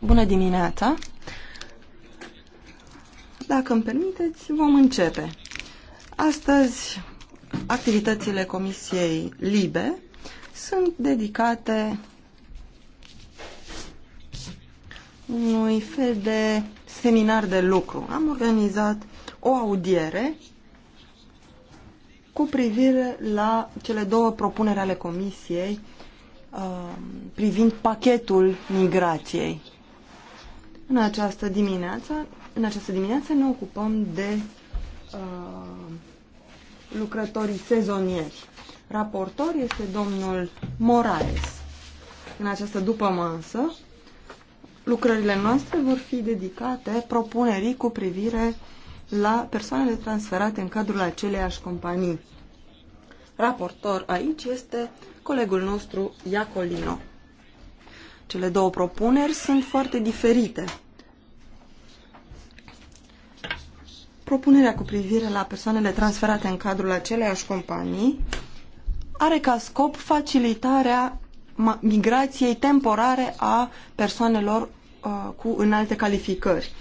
Bună dimineața. Dacă îmi permiteți, vom începe. Astăzi, activitățile Comisiei LIBE sunt dedicate unui fel de seminar de lucru. Am organizat o audiere cu privire la cele două propuneri ale Comisiei uh, privind pachetul migrației. În această dimineață, în această dimineață ne ocupăm de uh, lucrătorii sezonieri. Raportor este domnul Moraes. În această după-masă, lucrările noastre vor fi dedicate propunerii cu privire uh, la persoanele transferate în cadrul aceleiași companii. Raportor aici este colegul nostru Iacolino. Cele două propuneri sunt foarte diferite. Propunerea cu privire la persoanele transferate în cadrul aceleiași companii are ca scop facilitarea migrației temporare a persoanelor uh, cu înalte calificări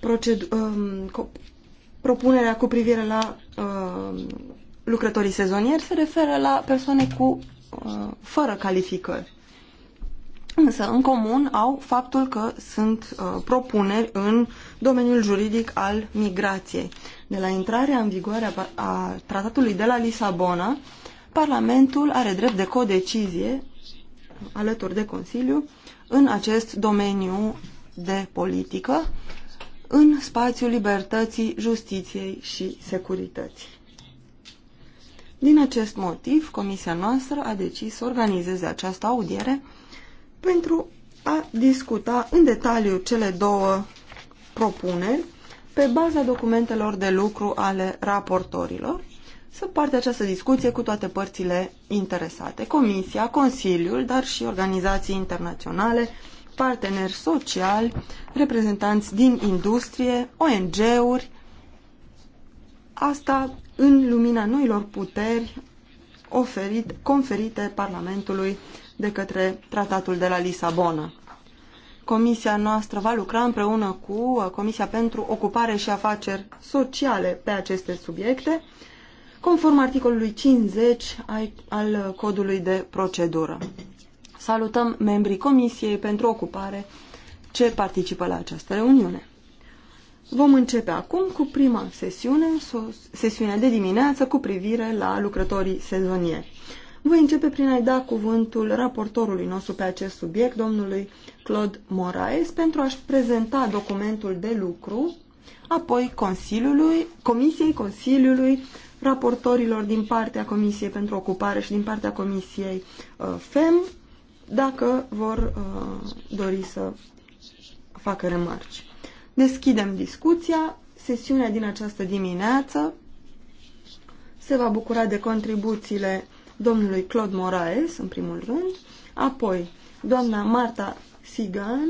proced um, propunerea cu privire la uh, lucrătorii sezonieri se referă la persoane cu uh, fără calificări. Însă, în comun, au faptul că sunt uh, propuneri în domeniul juridic al migrației. De la intrarea în vigoare a, a tratatului de la Lisabona, Parlamentul are drept de codecizie, alături de Consiliu, în acest domeniu de politică în spațiul libertății, justiției și securității. Din acest motiv, comisia noastră a decis să organizeze această audiere pentru a discuta în detaliu cele două propuneri pe baza documentelor de lucru ale raportorilor, să parte această discuție cu toate părțile interesate, Comisia, Consiliul, dar și organizații internaționale, parteneri sociali, reprezentanți din industrie, ONG-uri, asta în lumina noilor puteri oferit, conferite Parlamentului de către Tratatul de la Lisabona. Comisia noastră va lucra împreună cu Comisia pentru Ocupare și Afaceri Sociale pe aceste subiecte, conform articolului 50 al codului de procedură salutăm membrii Comisiei pentru Ocupare ce participă la această reuniune. Vom începe acum cu prima sesiune, sesiunea de dimineață cu privire la lucrătorii sezonieri. Voi începe prin a-i da cuvântul raportorului nostru pe acest subiect, domnului Claude Moraes, pentru a-și prezenta documentul de lucru, apoi Consiliului, Comisiei Consiliului, raportorilor din partea Comisiei pentru Ocupare și din partea Comisiei uh, FEM dacă vor uh, dori să facă remarci. Deschidem discuția. Sesiunea din această dimineață se va bucura de contribuțiile domnului Claude Moraes, în primul rând, apoi doamna Marta Sigan,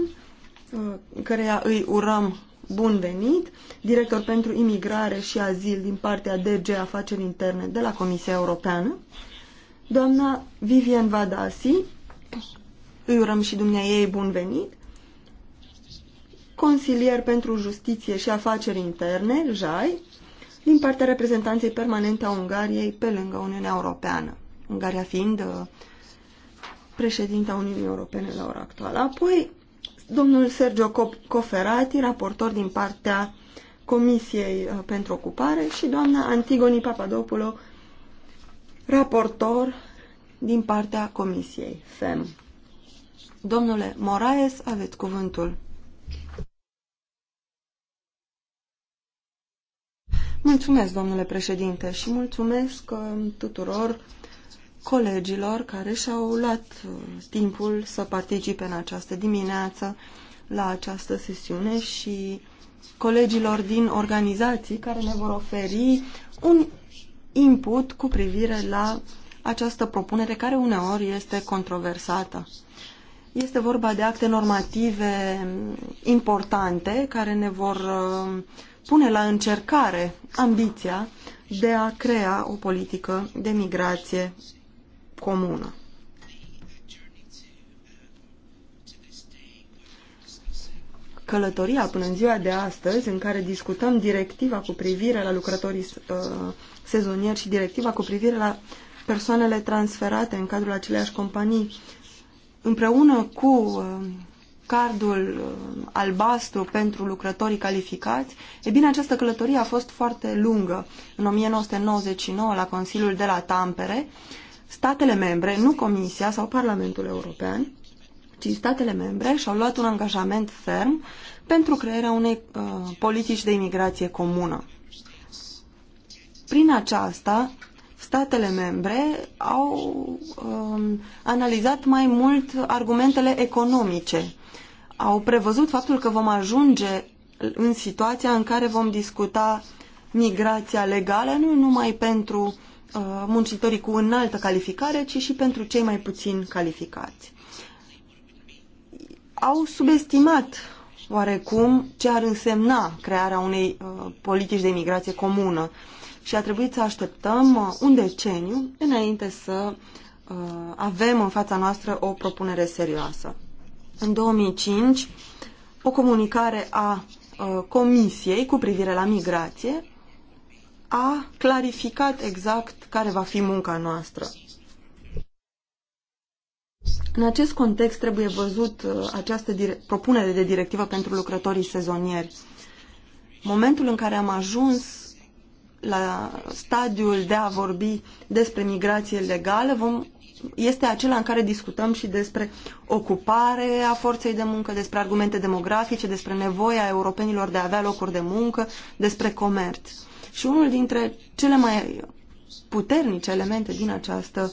uh, căreia îi urăm bun venit, director pentru imigrare și azil din partea DG Afaceri Interne de la Comisia Europeană, doamna Vivian Vadasi, îi urăm și dumneaei bun venit, consilier pentru justiție și afaceri interne, JAI, din partea reprezentanței permanente a Ungariei pe lângă Uniunea Europeană, Ungaria fiind uh, președinta Uniunii Europene la ora actuală. Apoi, domnul Sergio Coferati, raportor din partea Comisiei uh, pentru Ocupare și doamna Antigoni Papadopoulou, raportor din partea Comisiei FEM. Domnule Moraes, aveți cuvântul. Mulțumesc, domnule președinte, și mulțumesc uh, tuturor colegilor care și-au luat uh, timpul să participe în această dimineață la această sesiune și colegilor din organizații care ne vor oferi un input cu privire la această propunere care uneori este controversată. Este vorba de acte normative importante care ne vor uh, pune la încercare ambiția de a crea o politică de migrație comună. Călătoria până în ziua de astăzi, în care discutăm directiva cu privire la lucrătorii uh, sezonieri și directiva cu privire la persoanele transferate în cadrul aceleiași companii împreună cu uh, cardul uh, albastru pentru lucrătorii calificați, e bine, această călătorie a fost foarte lungă. În 1999, la Consiliul de la Tampere, statele membre, nu Comisia sau Parlamentul European, ci statele membre și-au luat un angajament ferm pentru crearea unei uh, politici de imigrație comună. Prin aceasta, statele membre au um, analizat mai mult argumentele economice. Au prevăzut faptul că vom ajunge în situația în care vom discuta migrația legală, nu numai pentru uh, muncitorii cu înaltă calificare, ci și pentru cei mai puțin calificați. Au subestimat oarecum ce ar însemna crearea unei uh, politici de migrație comună. Uh, și a trebuit să așteptăm uh, un deceniu înainte să uh, avem în fața noastră o propunere serioasă. În 2005, o comunicare a uh, Comisiei cu privire la migrație a clarificat exact care va fi munca noastră. În acest context trebuie văzut această propunere de directivă pentru lucrătorii sezonieri. Momentul în care am ajuns la stadiul de a vorbi despre migrație legală vom, este acela în care discutăm și despre ocupare a forței de muncă, despre argumente demografice, despre nevoia europenilor de a avea locuri de muncă, despre comerț. Și unul dintre cele mai puternice elemente din această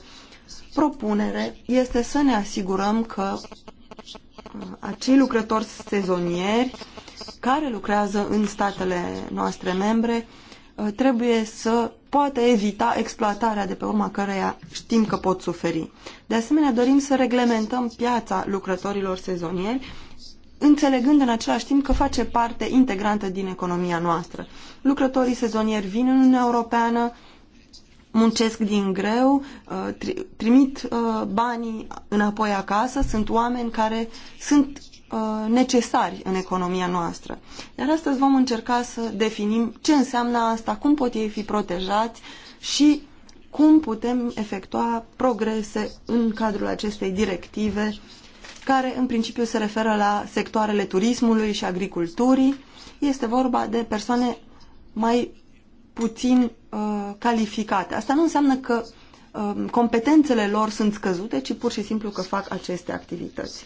propunere este să ne asigurăm că uh, acei lucrători sezonieri care lucrează în statele noastre membre Uh, trebuie să poată evita exploatarea de pe urma căreia știm că pot suferi. De asemenea, dorim să reglementăm piața lucrătorilor sezonieri, înțelegând în același timp că face parte integrantă din economia noastră. Lucrătorii sezonieri vin în Uniunea Europeană, muncesc din greu, uh, trimit uh, banii înapoi acasă, sunt oameni care sunt Uh, necesari în economia noastră. Iar astăzi vom încerca să definim ce înseamnă asta, cum pot ei fi protejați și cum putem efectua progrese în cadrul acestei directive care în principiu se referă la sectoarele turismului și agriculturii. Este vorba de persoane mai puțin uh, calificate. Asta nu înseamnă că uh, competențele lor sunt scăzute, ci pur și simplu că fac aceste activități.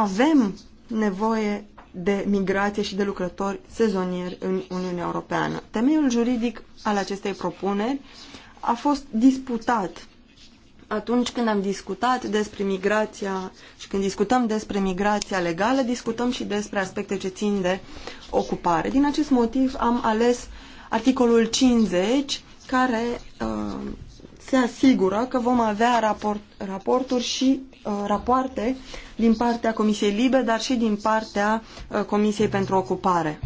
avem nevoie de migrație și de lucrători sezonieri în Uniunea Europeană. Temeiul juridic al acestei propuneri a fost disputat atunci când am discutat despre migrația și când discutăm despre migrația legală, discutăm și despre aspecte ce țin de ocupare. Din acest motiv am ales articolul 50 care uh, se asigură că vom avea raport, raporturi și uh, rapoarte din partea Comisiei Libe, dar și din partea uh, Comisiei pentru Ocupare.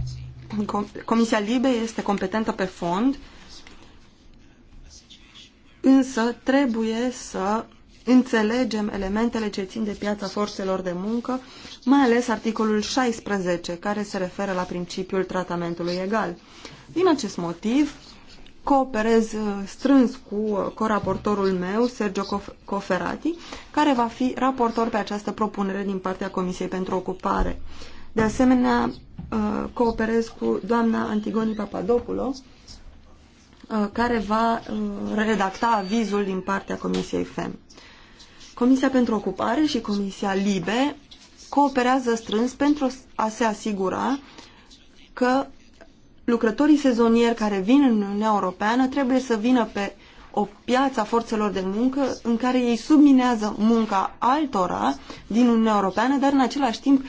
Com Comisia Libe este competentă pe fond, însă trebuie să înțelegem elementele ce țin de piața forțelor de muncă, mai ales articolul 16, care se referă la principiul tratamentului egal. Din acest motiv, cooperez uh, strâns cu uh, coraportorul meu, Sergio Coferati, care va fi raportor pe această propunere din partea Comisiei pentru Ocupare. De asemenea, uh, cooperez cu doamna Antigoni Papadopoulos, care va redacta avizul din partea Comisiei FEM. Comisia pentru Ocupare și Comisia LIBE cooperează strâns pentru a se asigura că lucrătorii sezonieri care vin în Uniunea Europeană trebuie să vină pe o piață a forțelor de muncă în care ei subminează munca altora din Uniunea Europeană, dar în același timp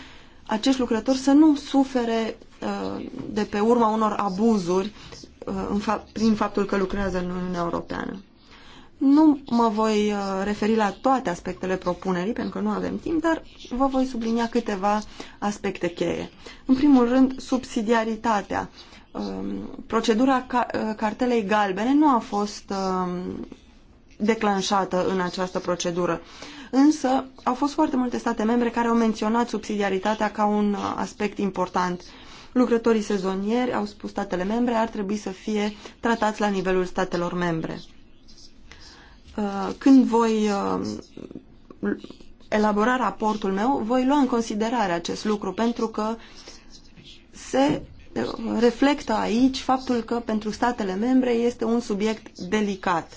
acești lucrători să nu sufere uh, de pe urma unor abuzuri uh, fa prin faptul că lucrează în Uniunea Europeană. Nu mă voi uh, referi la toate aspectele propunerii, pentru că nu avem timp, dar vă voi sublinia câteva aspecte cheie. În primul rând, subsidiaritatea. Uh, Um, procedura uh, cartelei galbene nu a fost um, declanșată în această procedură. Însă au fost foarte multe state membre care au menționat subsidiaritatea ca un uh, aspect important. Lucrătorii sezonieri, au spus statele membre, ar trebui să fie tratați la nivelul statelor membre. Uh, când voi elabora raportul meu, voi lua în considerare acest lucru, pentru că se reflectă aici faptul că pentru statele membre este un subiect delicat.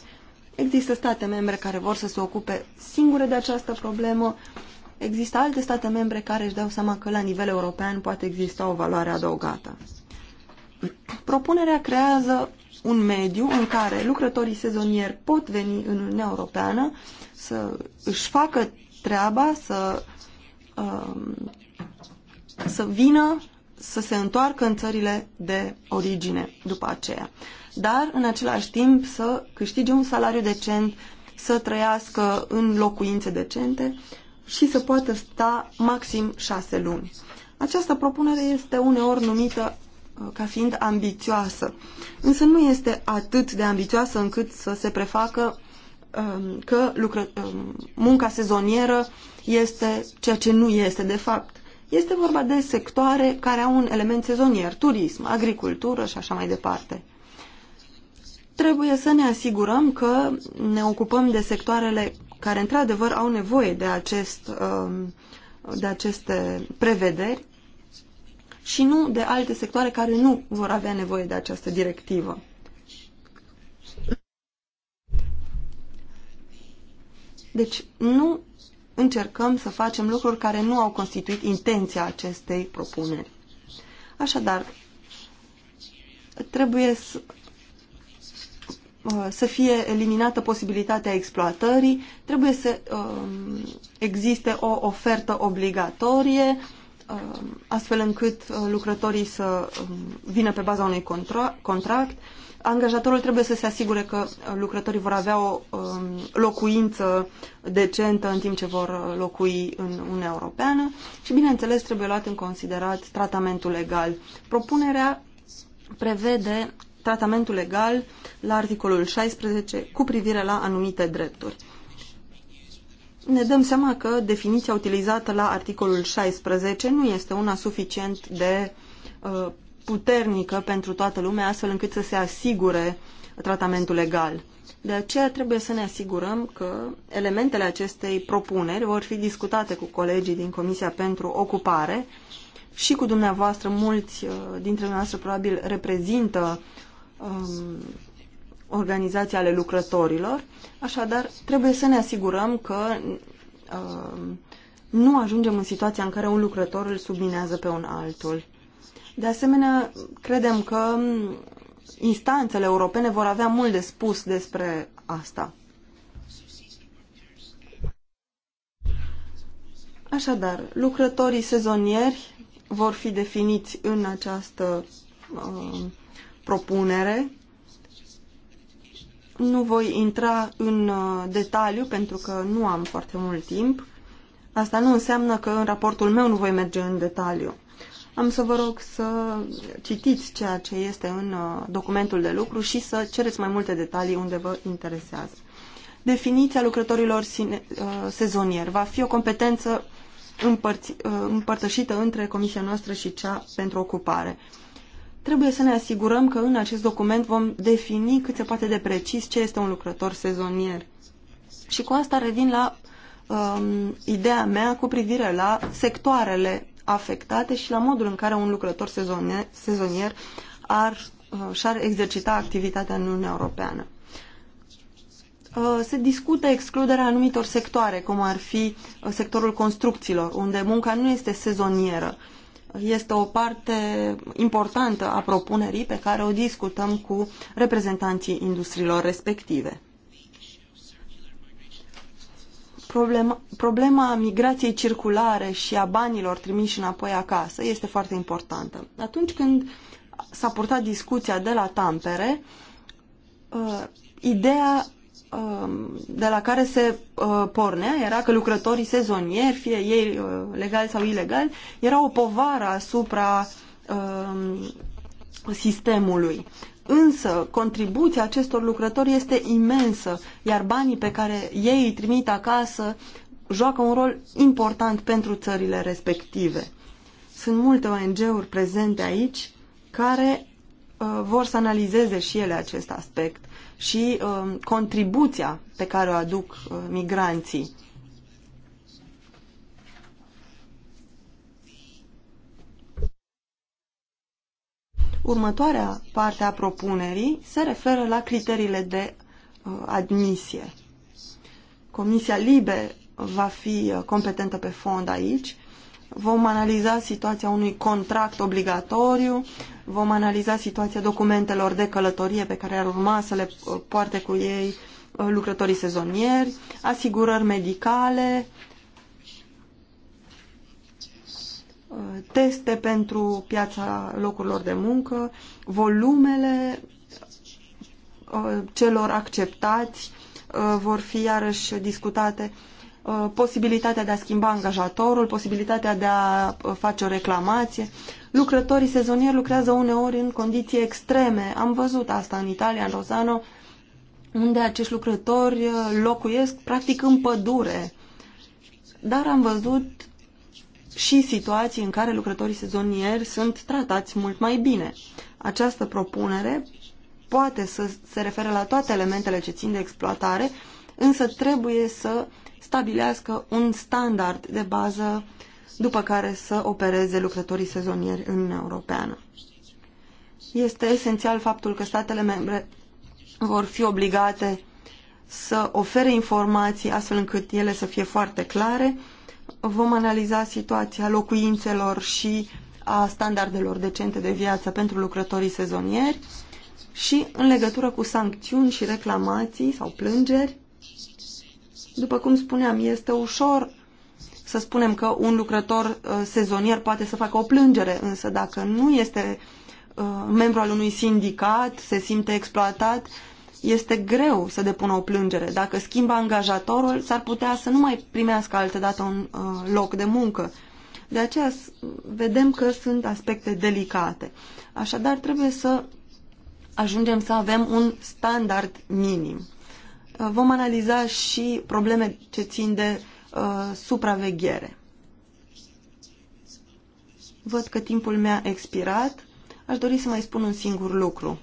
Există state membre care vor să se ocupe singure de această problemă, există alte state membre care își dau seama că la nivel european poate exista o valoare adăugată. Propunerea creează un mediu în care lucrătorii sezonieri pot veni în Uniunea Europeană să își facă treaba, să, um, să vină să se întoarcă în țările de origine după aceea. Dar, în același timp, să câștige un salariu decent, să trăiască în locuințe decente și să poată sta maxim șase luni. Această propunere este uneori numită uh, ca fiind ambițioasă, însă nu este atât de ambițioasă încât să se prefacă um, că lucră, um, munca sezonieră este ceea ce nu este de fapt. Este vorba de sectoare care au un element sezonier, turism, agricultură și așa mai departe. Trebuie să ne asigurăm că ne ocupăm de sectoarele care într-adevăr au nevoie de, acest, um, de aceste prevederi și nu de alte sectoare care nu vor avea nevoie de această directivă. Deci nu încercăm să facem lucruri care nu au constituit intenția acestei propuneri. Așadar, trebuie să, uh, să fie eliminată posibilitatea exploatării, trebuie să um, existe o ofertă obligatorie, um, astfel încât uh, lucrătorii să um, vină pe baza unui contra contract, angajatorul trebuie să se asigure că uh, lucrătorii vor avea o um, locuință decentă în timp ce vor uh, locui în Uniunea Europeană și, bineînțeles, trebuie luat în considerat tratamentul legal. Propunerea prevede tratamentul legal la articolul 16 cu privire la anumite drepturi. Ne dăm seama că definiția utilizată la articolul 16 nu este una suficient de uh, puternică pentru toată lumea, astfel încât să se asigure tratamentul legal. De aceea trebuie să ne asigurăm că elementele acestei propuneri vor fi discutate cu colegii din Comisia pentru Ocupare și cu dumneavoastră. Mulți uh, dintre dumneavoastră probabil reprezintă um, organizații ale lucrătorilor, așadar trebuie să ne asigurăm că um, nu ajungem în situația în care un lucrător îl subminează pe un altul. De asemenea, credem că instanțele europene vor avea mult de spus despre asta. Așadar, lucrătorii sezonieri vor fi definiți în această uh, propunere. Nu voi intra în uh, detaliu pentru că nu am foarte mult timp. Asta nu înseamnă că în raportul meu nu voi merge în detaliu. Am să vă rog să citiți ceea ce este în uh, documentul de lucru și să cereți mai multe detalii unde vă interesează. Definiția lucrătorilor uh, sezonieri va fi o competență împărți, uh, împărtășită între comisia noastră și cea pentru ocupare. Trebuie să ne asigurăm că în acest document vom defini cât se poate de precis ce este un lucrător sezonier. Și cu asta revin la um, ideea mea cu privire la sectoarele afectate și la modul în care un lucrător sezonier, ar, uh, și-ar exercita activitatea în Uniunea Europeană. Uh, se discută excluderea anumitor sectoare, cum ar fi uh, sectorul construcțiilor, unde munca nu este sezonieră. Este o parte importantă a propunerii pe care o discutăm cu reprezentanții industriilor respective. Problema, problema migrației circulare și a banilor trimiși înapoi acasă este foarte importantă. Atunci când s-a purtat discuția de la Tampere, uh, ideea um, de la care se uh, pornea era că lucrătorii sezonieri, fie ei uh, legali sau ilegali, erau o povară asupra um, sistemului. Însă, contribuția acestor lucrători este imensă, iar banii pe care ei îi trimit acasă joacă un rol important pentru țările respective. Sunt multe ONG-uri prezente aici care uh, vor să analizeze și ele acest aspect și uh, contribuția pe care o aduc uh, migranții. Următoarea parte a propunerii se referă la criteriile de uh, admisie. Comisia LIBE va fi uh, competentă pe fond aici. Vom analiza situația unui contract obligatoriu, vom analiza situația documentelor de călătorie pe care ar urma să le uh, poarte cu ei uh, lucrătorii sezonieri, asigurări medicale, teste pentru piața locurilor de muncă, volumele uh, celor acceptați uh, vor fi iarăși discutate, uh, posibilitatea de a schimba angajatorul, posibilitatea de a face o reclamație. Lucrătorii sezonieri lucrează uneori în condiții extreme. Am văzut asta în Italia, în Rosano, unde acești lucrători locuiesc practic în pădure. Dar am văzut și situații în care lucrătorii sezonieri sunt tratați mult mai bine. Această propunere poate să se refere la toate elementele ce țin de exploatare, însă trebuie să stabilească un standard de bază după care să opereze lucrătorii sezonieri în Uniunea Europeană. Este esențial faptul că statele membre vor fi obligate să ofere informații astfel încât ele să fie foarte clare vom analiza situația locuințelor și a standardelor decente de viață pentru lucrătorii sezonieri și în legătură cu sancțiuni și reclamații sau plângeri. După cum spuneam, este ușor să spunem că un lucrător uh, sezonier poate să facă o plângere, însă dacă nu este uh, membru al unui sindicat, se simte exploatat, este greu să depună o plângere. Dacă schimbă angajatorul, s-ar putea să nu mai primească altă dată un uh, loc de muncă. De aceea vedem că sunt aspecte delicate. Așadar, trebuie să ajungem să avem un standard minim. Uh, vom analiza și probleme ce țin de uh, supraveghere. Văd că timpul meu a expirat. Aș dori să mai spun un singur lucru.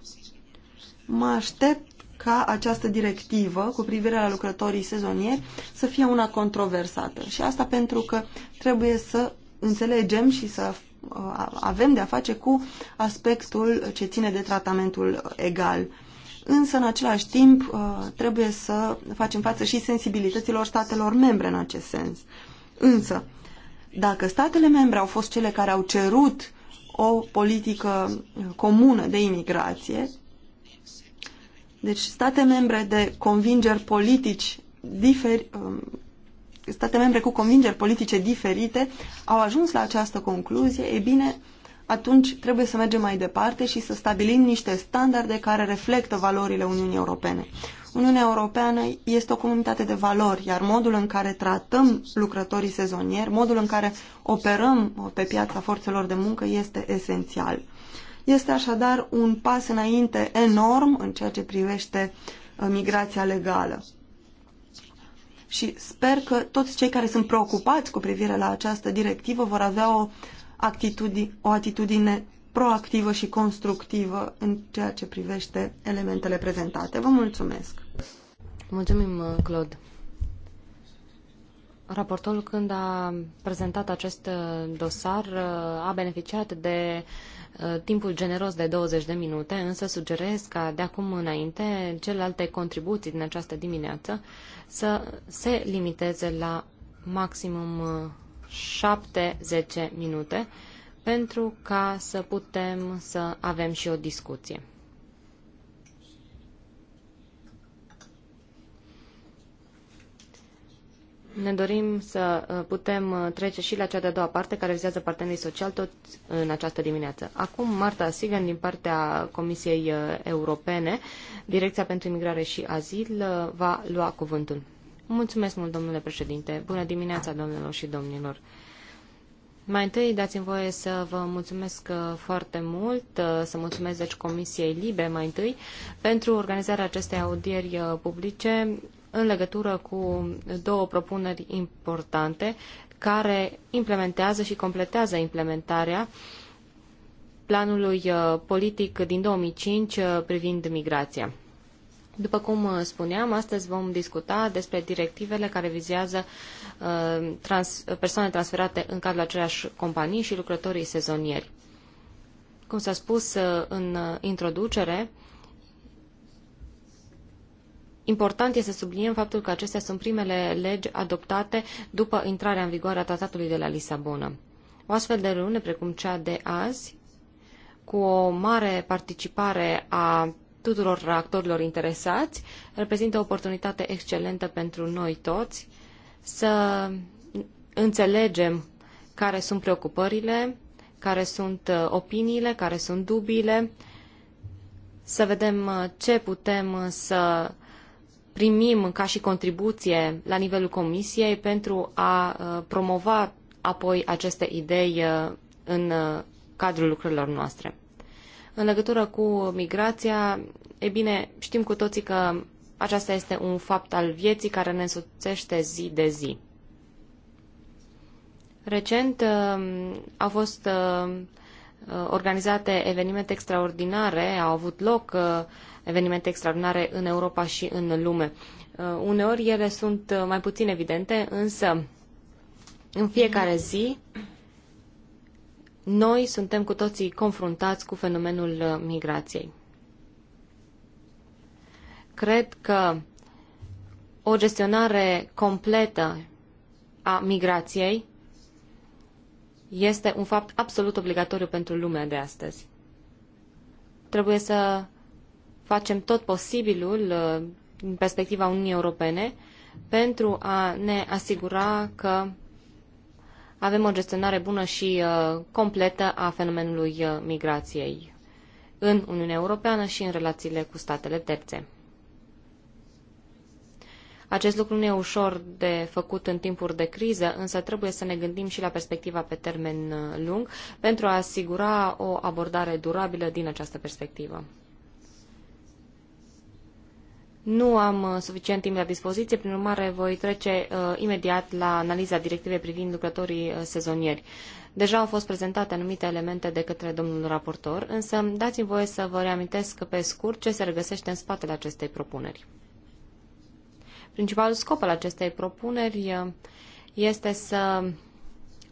Mă aștept ca această directivă cu privire la lucrătorii sezonieri să fie una controversată. Și asta pentru că trebuie să înțelegem și să uh, avem de-a face cu aspectul ce ține de tratamentul egal. Însă, în același timp, uh, trebuie să facem față și sensibilităților statelor membre în acest sens. Însă, dacă statele membre au fost cele care au cerut o politică uh, comună de imigrație, deci state membre de convingeri politici diferi, um, state membre cu convingeri politice diferite au ajuns la această concluzie, e bine, atunci trebuie să mergem mai departe și să stabilim niște standarde care reflectă valorile Uniunii Europene. Uniunea Europeană este o comunitate de valori, iar modul în care tratăm lucrătorii sezonieri, modul în care operăm pe piața forțelor de muncă este esențial. Este așadar un pas înainte enorm în ceea ce privește uh, migrația legală. Și sper că toți cei care sunt preocupați cu privire la această directivă vor avea o atitudine, o atitudine proactivă și constructivă în ceea ce privește elementele prezentate. Vă mulțumesc! Mulțumim, uh, Claude! Raportorul, când a prezentat acest uh, dosar, uh, a beneficiat de uh, timpul generos de 20 de minute, însă sugerez ca de acum înainte celelalte contribuții din această dimineață să se limiteze la maximum 7-10 minute pentru ca să putem să avem și o discuție. Ne dorim să uh, putem uh, trece și la cea de-a doua parte, care vizează partenerii sociali, tot în această dimineață. Acum, Marta Sigan, din partea Comisiei uh, Europene, Direcția pentru Imigrare și Azil, va lua cuvântul. Mulțumesc mult, domnule președinte. Bună dimineața, domnilor și domnilor. Mai întâi dați-mi voie să vă mulțumesc foarte mult, să mulțumesc deci Comisiei Libe mai întâi pentru organizarea acestei audieri publice în legătură cu două propuneri importante care implementează și completează implementarea planului uh, politic din 2005 uh, privind migrația. După cum uh, spuneam, astăzi vom discuta despre directivele care vizează trans, persoane transferate în cadrul aceleași companii și lucrătorii sezonieri. Cum s-a spus în introducere, Important este să subliniem faptul că acestea sunt primele legi adoptate după intrarea în vigoare a tratatului de la Lisabona. O astfel de reuniune, precum cea de azi, cu o mare participare a tuturor actorilor interesați, reprezintă o oportunitate excelentă pentru noi toți să înțelegem care sunt preocupările, care sunt uh, opiniile, care sunt dubiile, să vedem uh, ce putem uh, să primim ca și contribuție la nivelul Comisiei pentru a uh, promova apoi aceste idei uh, în uh, cadrul lucrărilor noastre. În legătură cu migrația, e bine, știm cu toții că aceasta este un fapt al vieții care ne însuțește zi de zi. Recent au fost Uh, organizate evenimente extraordinare, au avut loc uh, evenimente extraordinare în Europa și în lume. Uh, uneori ele sunt mai puțin evidente, însă în fiecare zi noi suntem cu toții confruntați cu fenomenul migrației. Cred că o gestionare completă a migrației este un fapt absolut obligatoriu pentru lumea de astăzi. Trebuie să facem tot posibilul uh, din perspectiva Uniunii Europene pentru a ne asigura că avem o gestionare bună și uh, completă a fenomenului uh, migrației în Uniunea Europeană și în relațiile cu statele terțe. Acest lucru nu e ușor de făcut în timpuri de criză, însă trebuie să ne gândim și la perspectiva pe termen uh, lung pentru a asigura o abordare durabilă din această perspectivă. Nu am uh, suficient timp la dispoziție, prin urmare voi trece uh, imediat la analiza directivei privind lucrătorii uh, sezonieri. Deja au fost prezentate anumite elemente de către domnul raportor, însă dați-mi voie să vă reamintesc pe scurt ce se regăsește în spatele acestei propuneri. Principalul scop al acestei propuneri uh, este să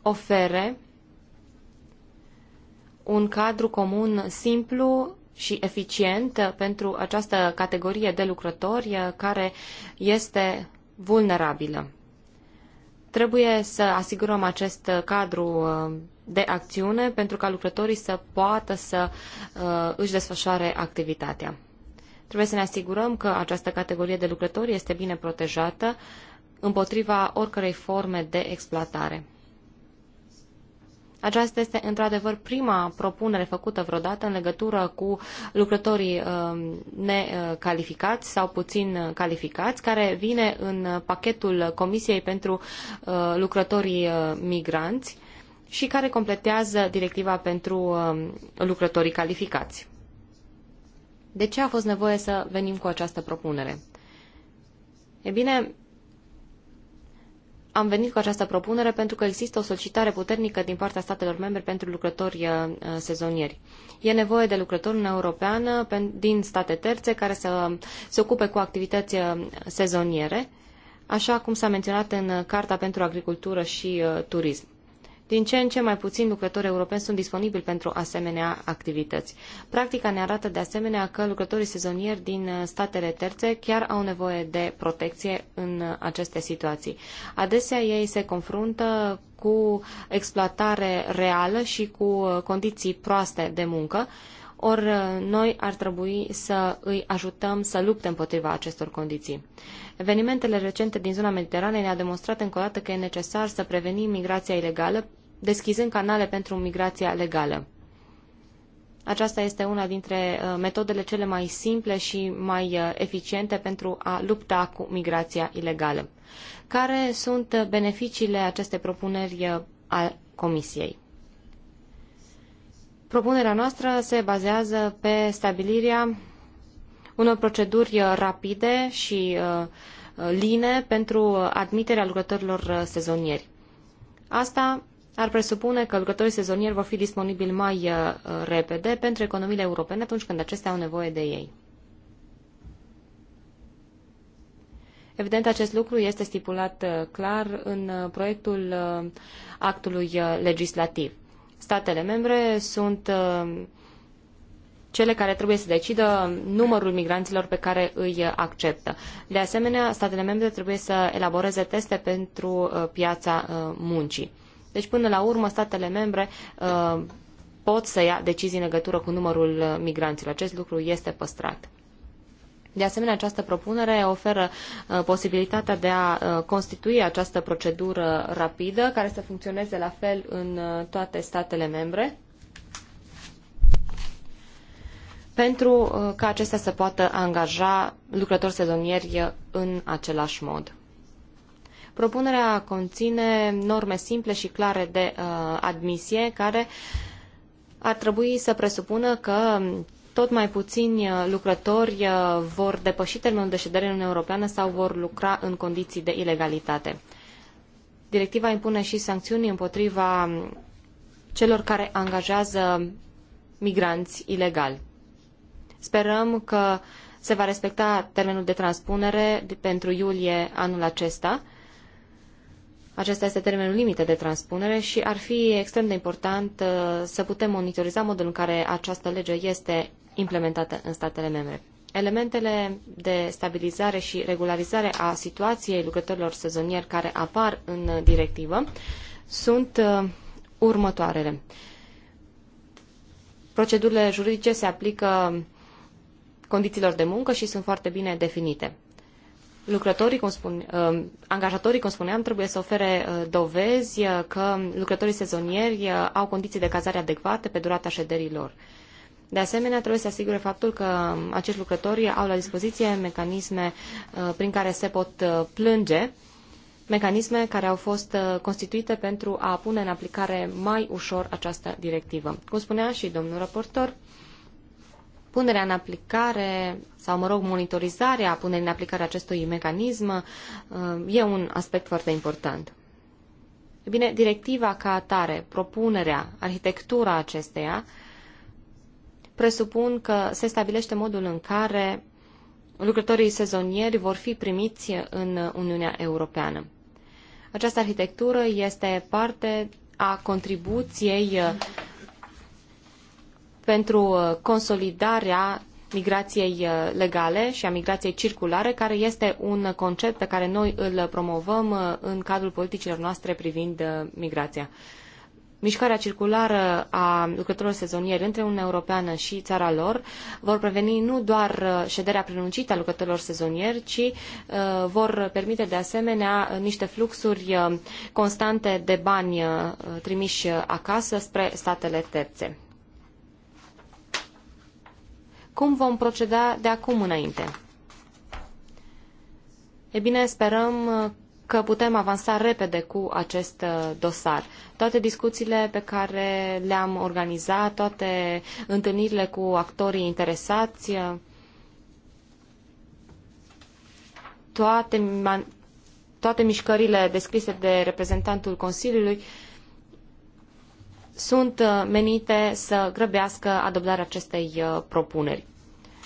ofere un cadru comun simplu și eficient uh, pentru această categorie de lucrători uh, care este vulnerabilă. Trebuie să asigurăm acest cadru de acțiune pentru ca lucrătorii să poată să își desfășoare activitatea. Trebuie să ne asigurăm că această categorie de lucrători este bine protejată împotriva oricărei forme de exploatare. Aceasta este într-adevăr prima propunere făcută vreodată în legătură cu lucrătorii uh, necalificați sau puțin calificați, care vine în pachetul Comisiei pentru uh, lucrătorii uh, migranți și care completează directiva pentru lucrătorii calificați. De ce a fost nevoie să venim cu această propunere? E bine, am venit cu această propunere pentru că există o solicitare puternică din partea statelor membre pentru lucrători uh, uh, sezonieri. E nevoie de lucrători în europeană din state terțe care să se ocupe cu activități uh, sezoniere, așa cum s-a menționat în Carta pentru Agricultură și Turism. Din ce în ce mai puțini lucrători europeni sunt disponibili pentru asemenea activități. Practica ne arată de asemenea că lucrătorii sezonieri din uh, statele terțe chiar au nevoie de protecție în uh, aceste situații. Adesea ei se confruntă cu exploatare reală și cu uh, condiții proaste de muncă, ori noi ar trebui să îi ajutăm să lupte împotriva acestor condiții. Evenimentele recente din zona Mediteranei ne-au demonstrat încă o dată că e necesar să prevenim migrația ilegală deschizând canale pentru migrația legală. Aceasta este una dintre uh, metodele cele mai simple și mai uh, eficiente pentru a lupta cu migrația ilegală. Care sunt uh, beneficiile acestei propuneri a Comisiei? Propunerea noastră se bazează pe stabilirea unor proceduri rapide și line pentru admiterea lucrătorilor sezonieri. Asta ar presupune că lucrătorii sezonieri vor fi disponibili mai uh, repede pentru economiile europene atunci când acestea au nevoie de ei. Evident, acest lucru este stipulat uh, clar în uh, proiectul actului legislativ. Statele membre sunt cele care trebuie să decidă numărul migranților pe care îi acceptă. De asemenea, statele membre trebuie să elaboreze teste pentru piața muncii. Deci, până la urmă, statele membre uh, pot să ia decizii în legătură cu numărul uh, migranților. Acest lucru este păstrat. De asemenea, această propunere oferă uh, posibilitatea de a uh, constitui această procedură rapidă, care să funcționeze la fel în uh, toate statele membre, pentru uh, ca acestea să poată angaja lucrători sezonieri în același mod. Propunerea conține norme simple și clare de uh, admisie care ar trebui să presupună că tot mai puțini uh, lucrători uh, vor depăși termenul de ședere în Uniunea Europeană sau vor lucra în condiții de ilegalitate. Directiva impune și sancțiuni împotriva celor care angajează migranți ilegali. Sperăm că se va respecta termenul de transpunere pentru iulie anul acesta acesta este termenul limită de transpunere și ar fi extrem de important uh, să putem monitoriza modul în care această lege este implementată în statele membre. Elementele de stabilizare și regularizare a situației lucrătorilor sezonieri care apar în directivă sunt uh, următoarele. Procedurile juridice se aplică condițiilor de muncă și sunt foarte bine definite lucrătorii, cum spun, uh, angajatorii, cum spuneam, trebuie să ofere uh, dovezi uh, că lucrătorii sezonieri au condiții de cazare adecvate pe durata șederilor. De asemenea, trebuie să asigure faptul că um, acești lucrători au la dispoziție mecanisme prin care se pot plânge, mecanisme care au fost constituite pentru a pune în aplicare mai ușor această directivă. Cum spunea și domnul raportor, punerea în aplicare sau, mă rog, monitorizarea punerii în aplicare acestui mecanism uh, e un aspect foarte important. E bine, directiva ca atare, propunerea, arhitectura acesteia, presupun că se stabilește modul în care lucrătorii sezonieri vor fi primiți în Uniunea Europeană. Această arhitectură este parte a contribuției pentru uh, consolidarea migrației uh, legale și a migrației circulare, care este un concept pe care noi îl promovăm uh, în cadrul politicilor noastre privind migrația. Mișcarea circulară a lucrătorilor sezonieri între Uniunea Europeană și țara lor vor preveni nu doar șederea prelungită a lucrătorilor sezonieri, ci vor permite de asemenea niște fluxuri constante de bani trimiși acasă spre statele terțe. Cum vom proceda de acum înainte? E bine, sperăm uh, că putem avansa repede cu acest uh, dosar. Toate discuțiile pe care le-am organizat, toate întâlnirile cu actorii interesați, uh, toate, toate mișcările descrise de reprezentantul Consiliului sunt menite să grăbească adoptarea acestei propuneri.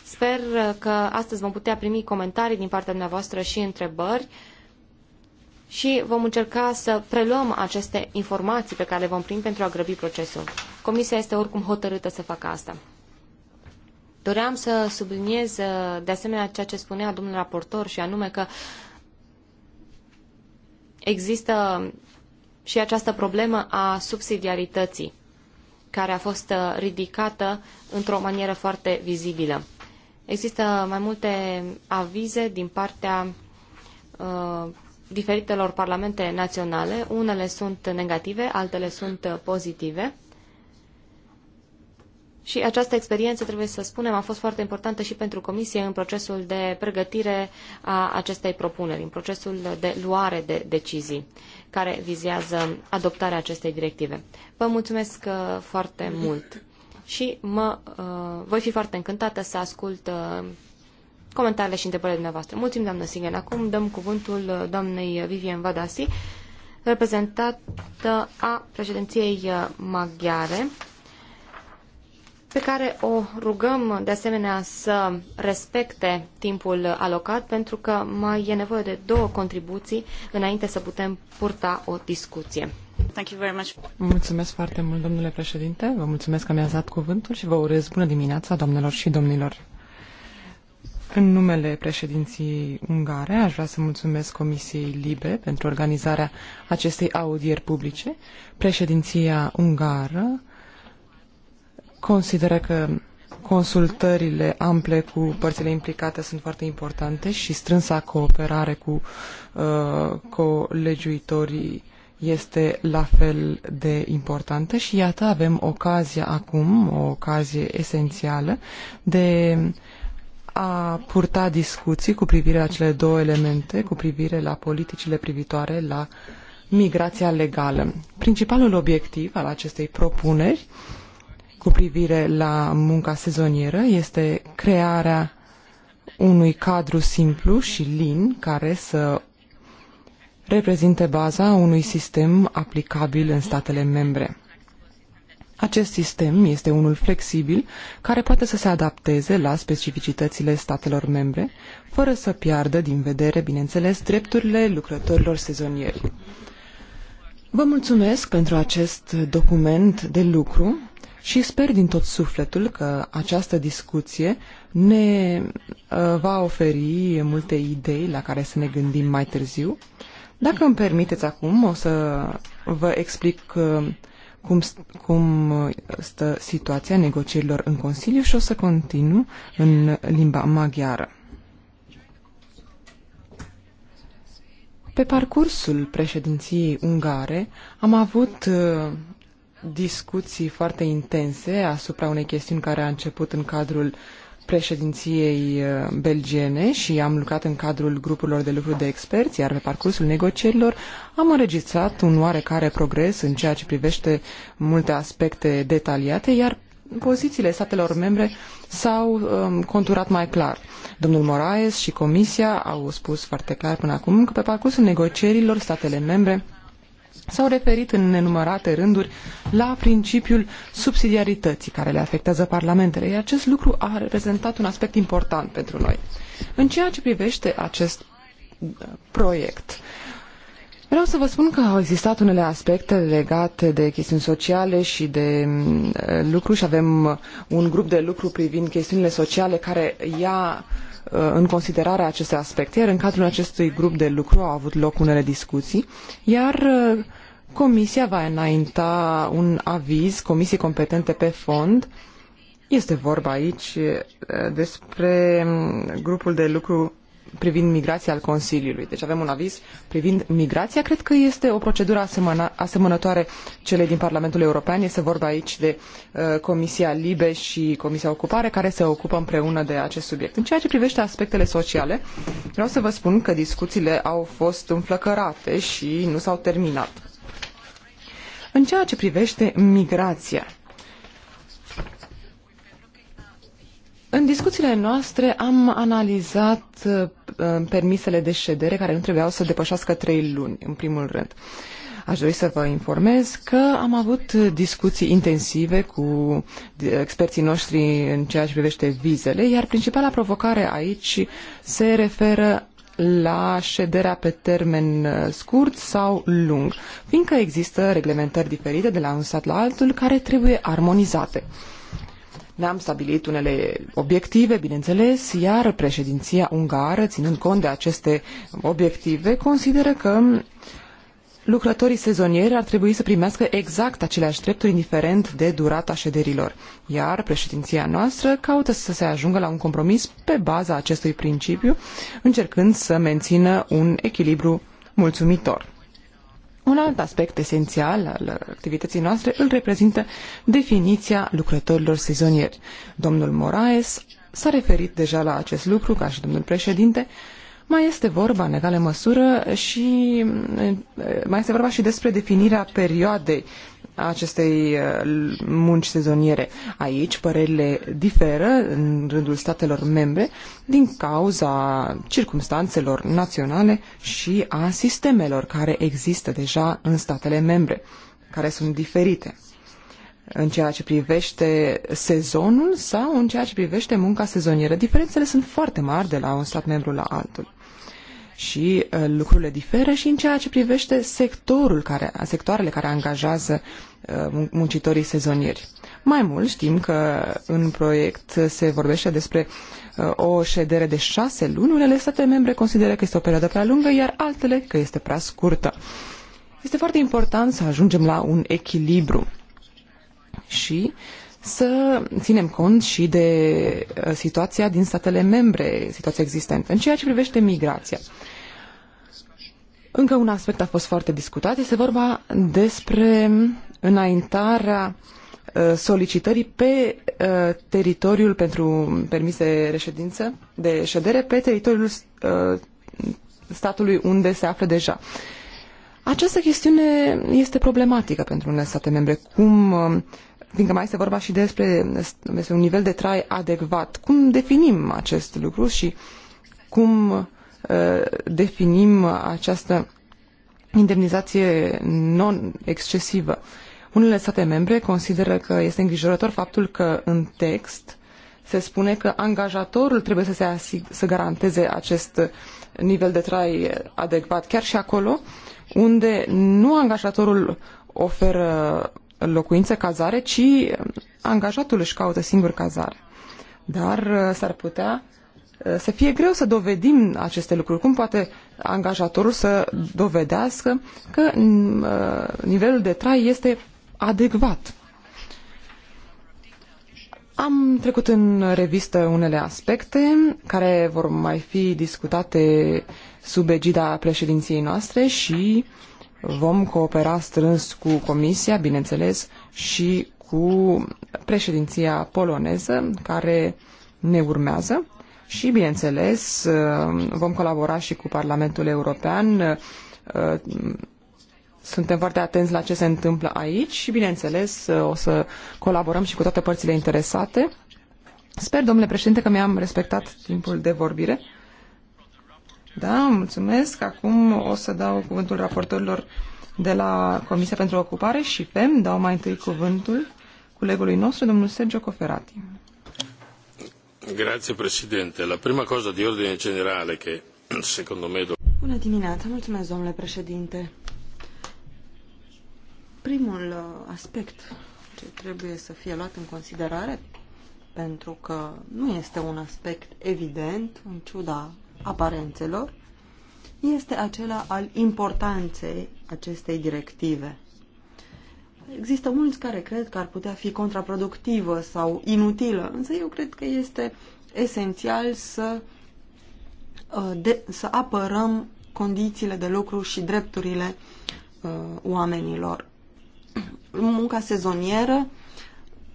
Sper uh, că astăzi vom putea primi comentarii din partea dumneavoastră și întrebări și vom încerca să preluăm aceste informații pe care le vom primi pentru a grăbi procesul. Comisia este oricum hotărâtă să facă asta. Doream să subliniez uh, de asemenea ceea ce spunea domnul raportor și anume că există și această problemă a subsidiarității care a fost uh, ridicată într-o manieră foarte vizibilă. Există mai multe avize din partea uh, diferitelor parlamente naționale. Unele sunt negative, altele sunt pozitive. Și această experiență, trebuie să spunem, a fost foarte importantă și pentru Comisie în procesul de pregătire a acestei propuneri, în procesul de luare de decizii care vizează adoptarea acestei directive. Vă mulțumesc uh, foarte mult! și mă, uh, voi fi foarte încântată să ascult uh, comentariile și întrebările dumneavoastră. Mulțumim, doamnă Singen. Acum dăm cuvântul uh, doamnei Vivian Vadasi, reprezentată a președinției uh, maghiare, pe care o rugăm de asemenea să respecte timpul alocat, pentru că mai e nevoie de două contribuții înainte să putem purta o discuție. Mulțumesc foarte mult, domnule președinte. Vă mulțumesc că mi-ați dat cuvântul și vă urez bună dimineața, doamnelor și domnilor. În numele președinției ungare, aș vrea să mulțumesc Comisiei Libe pentru organizarea acestei audieri publice. Președinția ungară consideră că consultările ample cu părțile implicate sunt foarte importante și strânsa cooperare cu uh, colegiuitorii este la fel de importantă și iată avem ocazia acum, o ocazie esențială de a purta discuții cu privire la cele două elemente, cu privire la politicile privitoare la migrația legală. Principalul obiectiv al acestei propuneri cu privire la munca sezonieră este crearea unui cadru simplu și lin care să reprezinte baza unui sistem aplicabil în statele membre. Acest sistem este unul flexibil care poate să se adapteze la specificitățile statelor membre, fără să piardă din vedere, bineînțeles, drepturile lucrătorilor sezonieri. Vă mulțumesc pentru acest document de lucru și sper din tot sufletul că această discuție ne uh, va oferi multe idei la care să ne gândim mai târziu dacă îmi permiteți acum, o să vă explic uh, cum, cum uh, stă situația negocierilor în Consiliu și o să continu în limba maghiară. Pe parcursul președinției ungare am avut uh, discuții foarte intense asupra unei chestiuni care a început în cadrul președinției uh, belgiene și am lucrat în cadrul grupurilor de lucru de experți, iar pe parcursul negocierilor am înregistrat un oarecare progres în ceea ce privește multe aspecte detaliate, iar pozițiile statelor membre s-au um, conturat mai clar. Domnul Moraes și Comisia au spus foarte clar până acum că pe parcursul negocierilor statele membre s-au referit în nenumărate rânduri la principiul subsidiarității care le afectează parlamentele, iar acest lucru a reprezentat un aspect important pentru noi. În ceea ce privește acest uh, proiect, Vreau să vă spun că au existat unele aspecte legate de chestiuni sociale și de uh, lucru și avem un grup de lucru privind chestiunile sociale care ia Uh, în considerare aceste aspecte, iar în cadrul acestui grup de lucru au avut loc unele discuții, iar uh, Comisia va înainta un aviz comisiei competente pe fond. Este vorba aici uh, despre um, grupul de lucru privind migrația al Consiliului. Deci avem un aviz privind migrația. Cred că este o procedură asemăna, asemănătoare celei din Parlamentul European. Este vorba aici de uh, Comisia Libe și Comisia Ocupare, care se ocupă împreună de acest subiect. În ceea ce privește aspectele sociale, vreau să vă spun că discuțiile au fost înflăcărate și nu s-au terminat. În ceea ce privește migrația, În discuțiile noastre am analizat uh, uh, permisele de ședere care nu trebuiau să depășească trei luni, în primul rând. Aș dori să vă informez că am avut discuții intensive cu uh, experții noștri în ceea ce privește vizele, iar principala provocare aici se referă la șederea pe termen uh, scurt sau lung, fiindcă există reglementări diferite de la un stat la altul care trebuie armonizate. Ne-am stabilit unele obiective, bineînțeles, iar președinția ungară, ținând cont de aceste obiective, consideră că lucrătorii sezonieri ar trebui să primească exact aceleași drepturi, indiferent de durata șederilor. Iar președinția noastră caută să se ajungă la un compromis pe baza acestui principiu, încercând să mențină un echilibru mulțumitor. Un alt aspect esențial al activității noastre îl reprezintă definiția lucrătorilor sezonieri. Domnul Moraes s-a referit deja la acest lucru, ca și domnul președinte, mai este vorba, în egală măsură, și mai este vorba și despre definirea perioadei acestei uh, munci sezoniere. Aici părerile diferă în rândul statelor membre din cauza circumstanțelor naționale și a sistemelor care există deja în statele membre, care sunt diferite în ceea ce privește sezonul sau în ceea ce privește munca sezonieră. Diferențele sunt foarte mari de la un stat membru la altul și uh, lucrurile diferă și în ceea ce privește sectorul care, sectoarele care angajează uh, muncitorii sezonieri. Mai mult știm că în proiect se vorbește despre uh, o ședere de șase luni. Unele state membre consideră că este o perioadă prea lungă, iar altele că este prea scurtă. Este foarte important să ajungem la un echilibru și uh, să ținem cont și de uh, situația din statele membre, situația existentă. În ceea ce privește migrația, încă un aspect a fost foarte discutat, este vorba despre înaintarea uh, solicitării pe uh, teritoriul pentru permis de reședință, de ședere, pe teritoriul statului unde se află deja. Această chestiune este problematică pentru unele state membre. Cum fiindcă mai este vorba și despre, despre un nivel de trai adecvat. Cum definim acest lucru și cum uh, definim această indemnizație non-excesivă? Unele state membre consideră că este îngrijorător faptul că în text se spune că angajatorul trebuie să, se asig- să garanteze acest nivel de trai adecvat, chiar și acolo unde nu angajatorul oferă locuință, cazare, ci um, angajatul își caută singur cazare. Dar uh, s-ar putea uh, să fie greu să dovedim aceste lucruri. Cum poate angajatorul să dovedească că mm, uh, nivelul de trai este adecvat? Am trecut în revistă unele aspecte care vor mai fi discutate sub egida președinției noastre și uh, Vom coopera strâns cu Comisia, bineînțeles, și cu președinția poloneză care ne urmează și, bineînțeles, uh, vom colabora și cu Parlamentul European. Uh, suntem foarte atenți la ce se întâmplă aici și, bineînțeles, uh, o să colaborăm și cu toate părțile interesate. Sper, domnule președinte, că mi-am respectat timpul de vorbire. Da, mulțumesc. Acum o să dau cuvântul raportorilor de la Comisia pentru Ocupare și FEM. Dau mai întâi cuvântul colegului nostru, domnul Sergio Coferati. Grazie președinte. La prima cosa de ordine generale che secondo me... Bună dimineața, mulțumesc domnule președinte. Primul uh, aspect ce trebuie să fie luat în considerare pentru că nu este un aspect evident, în ciuda aparențelor este acela al importanței acestei directive. Există mulți care cred că ar putea fi contraproductivă sau inutilă, însă eu cred că este esențial să, uh, de, să apărăm condițiile de lucru și drepturile uh, oamenilor. Munca sezonieră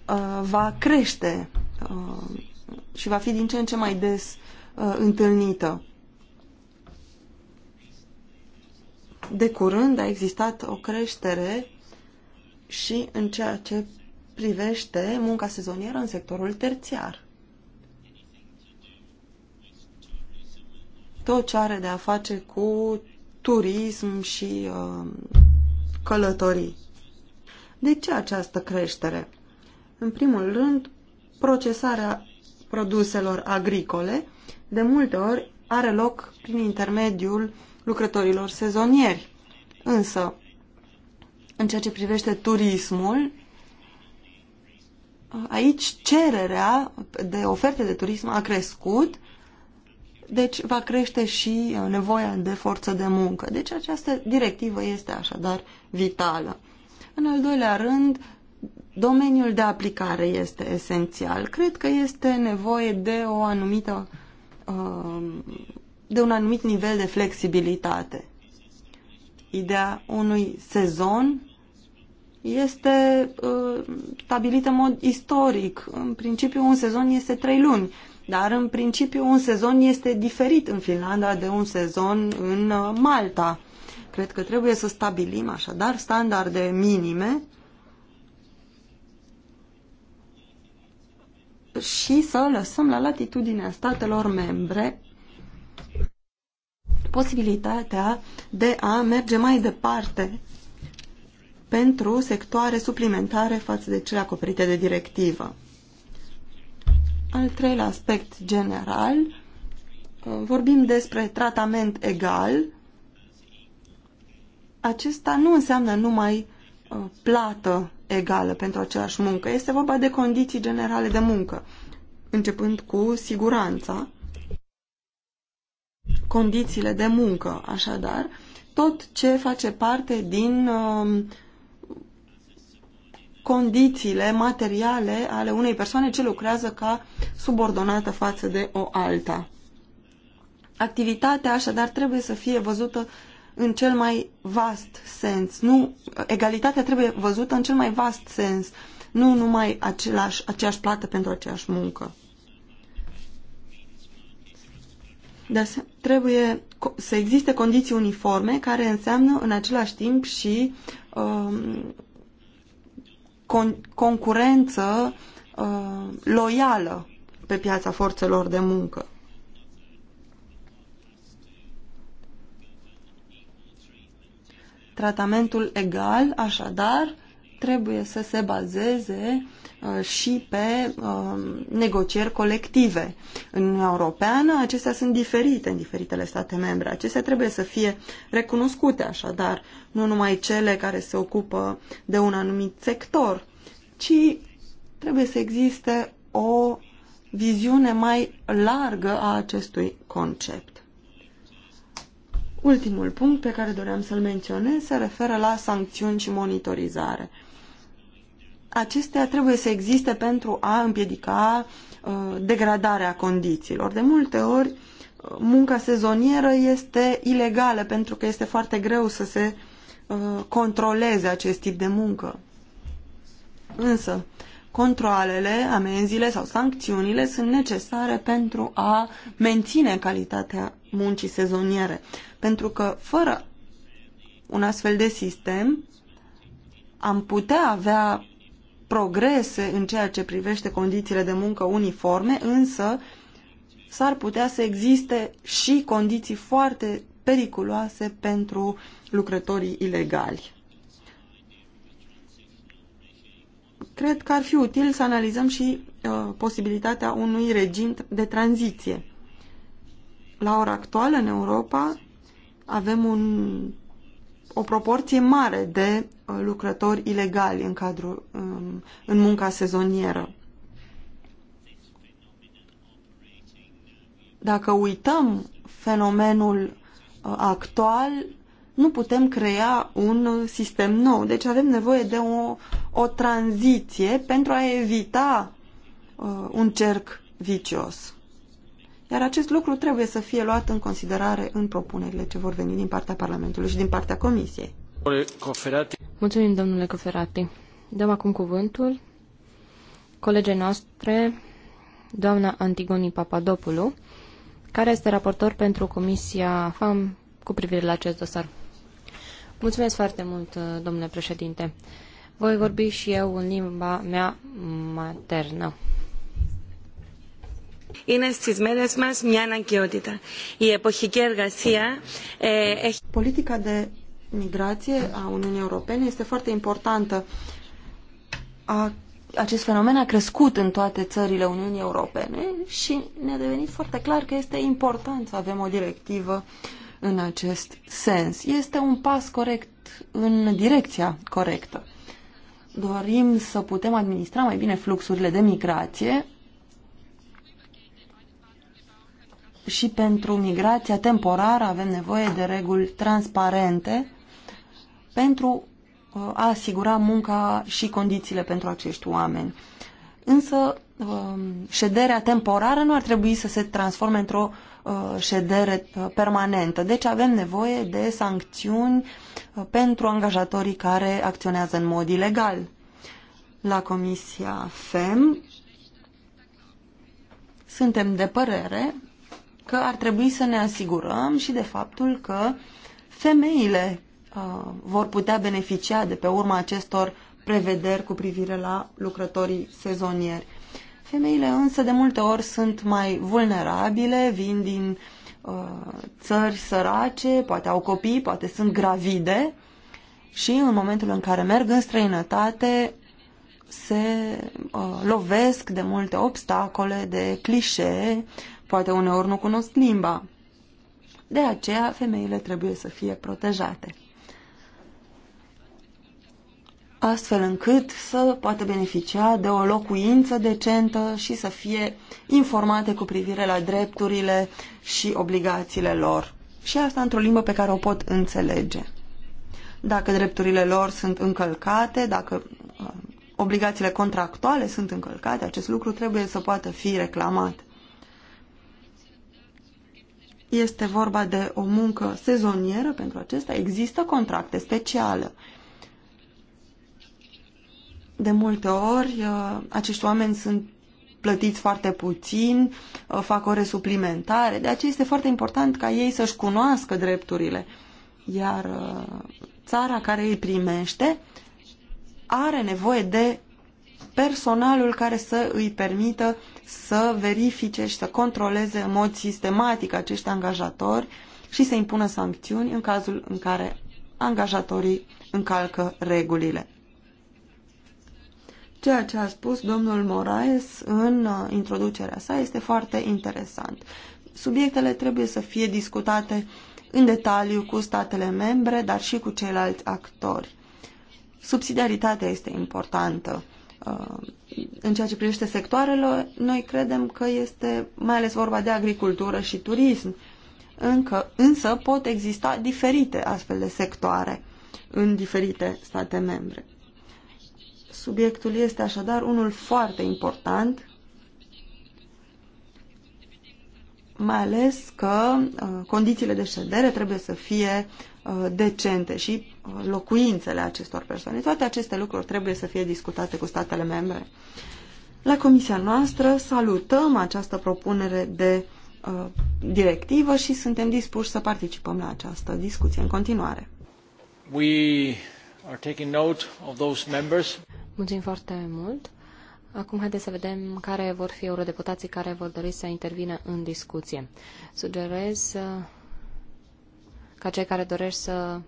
uh, va crește uh, și va fi din ce în ce mai des uh, întâlnită. De curând a existat o creștere și în ceea ce privește munca sezonieră în sectorul terțiar. Tot ce are de a face cu turism și uh, călătorii. De ce această creștere? În primul rând, procesarea produselor agricole de multe ori are loc prin intermediul lucrătorilor sezonieri. Însă, în ceea ce privește turismul, aici cererea de oferte de turism a crescut, deci va crește și uh, nevoia de forță de muncă. Deci această directivă este așadar vitală. În al doilea rând, domeniul de aplicare este esențial. Cred că este nevoie de o anumită Um, de un anumit nivel de flexibilitate. Ideea unui sezon este uh, stabilită în mod istoric. În principiu, un sezon este trei luni, dar în principiu un sezon este diferit în Finlanda de un sezon în uh, Malta. Cred că trebuie să stabilim așadar standarde minime și să lăsăm la latitudinea statelor membre posibilitatea de a merge mai departe pentru sectoare suplimentare față de cele acoperite de directivă. Al treilea aspect general, vorbim despre tratament egal. Acesta nu înseamnă numai uh, plată egală pentru aceeași muncă. Este vorba de condiții generale de muncă, începând cu siguranța, condițiile de muncă, așadar, tot ce face parte din um, condițiile materiale ale unei persoane ce lucrează ca subordonată față de o alta. Activitatea, așadar, trebuie să fie văzută în cel mai vast sens. Nu, egalitatea trebuie văzută în cel mai vast sens, nu numai același, aceeași plată pentru aceeași muncă. De asemenea, trebuie să existe condiții uniforme care înseamnă în același timp și um, con- concurență uh, loială pe piața forțelor de muncă. Tratamentul egal, așadar, trebuie să se bazeze uh, și pe um, negocieri colective. În Uniunea Europeană acestea sunt diferite în diferitele state membre. Acestea trebuie să fie recunoscute, așadar, nu numai cele care se ocupă de un anumit sector, ci trebuie să existe o viziune mai largă a acestui concept. Ultimul punct pe care doream să-l menționez se referă la sancțiuni și monitorizare. Acestea trebuie să existe pentru a împiedica uh, degradarea condițiilor. De multe ori, uh, munca sezonieră este ilegală pentru că este foarte greu să se uh, controleze acest tip de muncă. Însă, controlele, amenziile sau sancțiunile sunt necesare pentru a menține calitatea muncii sezoniere. Pentru că fără un astfel de sistem am putea avea progrese în ceea ce privește condițiile de muncă uniforme, însă s-ar putea să existe și condiții foarte periculoase pentru lucrătorii ilegali. Cred că ar fi util să analizăm și uh, posibilitatea unui regim de tranziție. La ora actuală, în Europa, avem un, o proporție mare de uh, lucrători ilegali în, cadrul, în, um, în munca sezonieră. Dacă uităm fenomenul uh, actual, nu putem crea un uh, sistem nou. Deci avem nevoie de o, o tranziție pentru a evita uh, un cerc vicios. Iar acest lucru trebuie să fie luat în considerare în propunerile ce vor veni din partea Parlamentului și din partea Comisiei. Coferati. Mulțumim, domnule Coferati. Dăm acum cuvântul colegei noastre, doamna Antigoni Papadopoulou, care este raportor pentru Comisia FAM cu privire la acest dosar. Mulțumesc foarte mult, domnule președinte. Voi vorbi și eu în limba mea maternă είναι στις μέρες μας μια αναγκαιότητα. Η εποχική εργασία ε, έχει... Politica de migrație a Uniunii Europene este foarte importantă. A, acest fenomen a crescut în toate țările Uniunii Europene și ne-a devenit foarte clar că este important să avem o directivă în acest sens. Este un pas corect în direcția corectă. Dorim să putem administra mai bine fluxurile de migrație și pentru migrația temporară avem nevoie de reguli transparente pentru uh, a asigura munca și condițiile pentru acești oameni. Însă um, șederea temporară nu ar trebui să se transforme într-o uh, ședere uh, permanentă. Deci avem nevoie de sancțiuni pentru angajatorii care acționează în mod ilegal. La Comisia FEM suntem de părere că ar trebui să ne asigurăm și de faptul că femeile uh, vor putea beneficia de pe urma acestor prevederi cu privire la lucrătorii sezonieri. Femeile însă de multe ori sunt mai vulnerabile, vin din uh, țări sărace, poate au copii, poate sunt gravide și în momentul în care merg în străinătate se uh, lovesc de multe obstacole, de clișee Poate uneori nu cunosc limba. De aceea, femeile trebuie să fie protejate. Astfel încât să poată beneficia de o locuință decentă și să fie informate cu privire la drepturile și obligațiile lor. Și asta într-o limbă pe care o pot înțelege. Dacă drepturile lor sunt încălcate, dacă uh, obligațiile contractuale sunt încălcate, acest lucru trebuie să poată fi reclamat este vorba de o muncă sezonieră pentru acesta, există contracte speciale. De multe ori, uh, acești oameni sunt plătiți foarte puțin, uh, fac ore suplimentare, de aceea este foarte important ca ei să-și cunoască drepturile. Iar uh, țara care îi primește are nevoie de personalul care să îi permită să verifice și să controleze în mod sistematic acești angajatori și să impună sancțiuni în cazul în care angajatorii încalcă regulile. Ceea ce a spus domnul Moraes în uh, introducerea sa este foarte interesant. Subiectele trebuie să fie discutate în detaliu cu statele membre, dar și cu ceilalți actori. Subsidiaritatea este importantă. Uh, în ceea ce privește sectoarele, noi credem că este mai ales vorba de agricultură și turism. Încă, însă pot exista diferite astfel de sectoare în diferite state membre. Subiectul este așadar unul foarte important, mai ales că uh, condițiile de ședere trebuie să fie uh, decente și locuințele acestor persoane. Toate aceste lucruri trebuie să fie discutate cu statele membre. La comisia noastră salutăm această propunere de uh, directivă și suntem dispuși să participăm la această discuție în continuare. We are taking note of those members. Mulțumim foarte mult. Acum haideți să vedem care vor fi eurodeputații care vor dori să intervină în discuție. Sugerez uh, ca cei care doresc să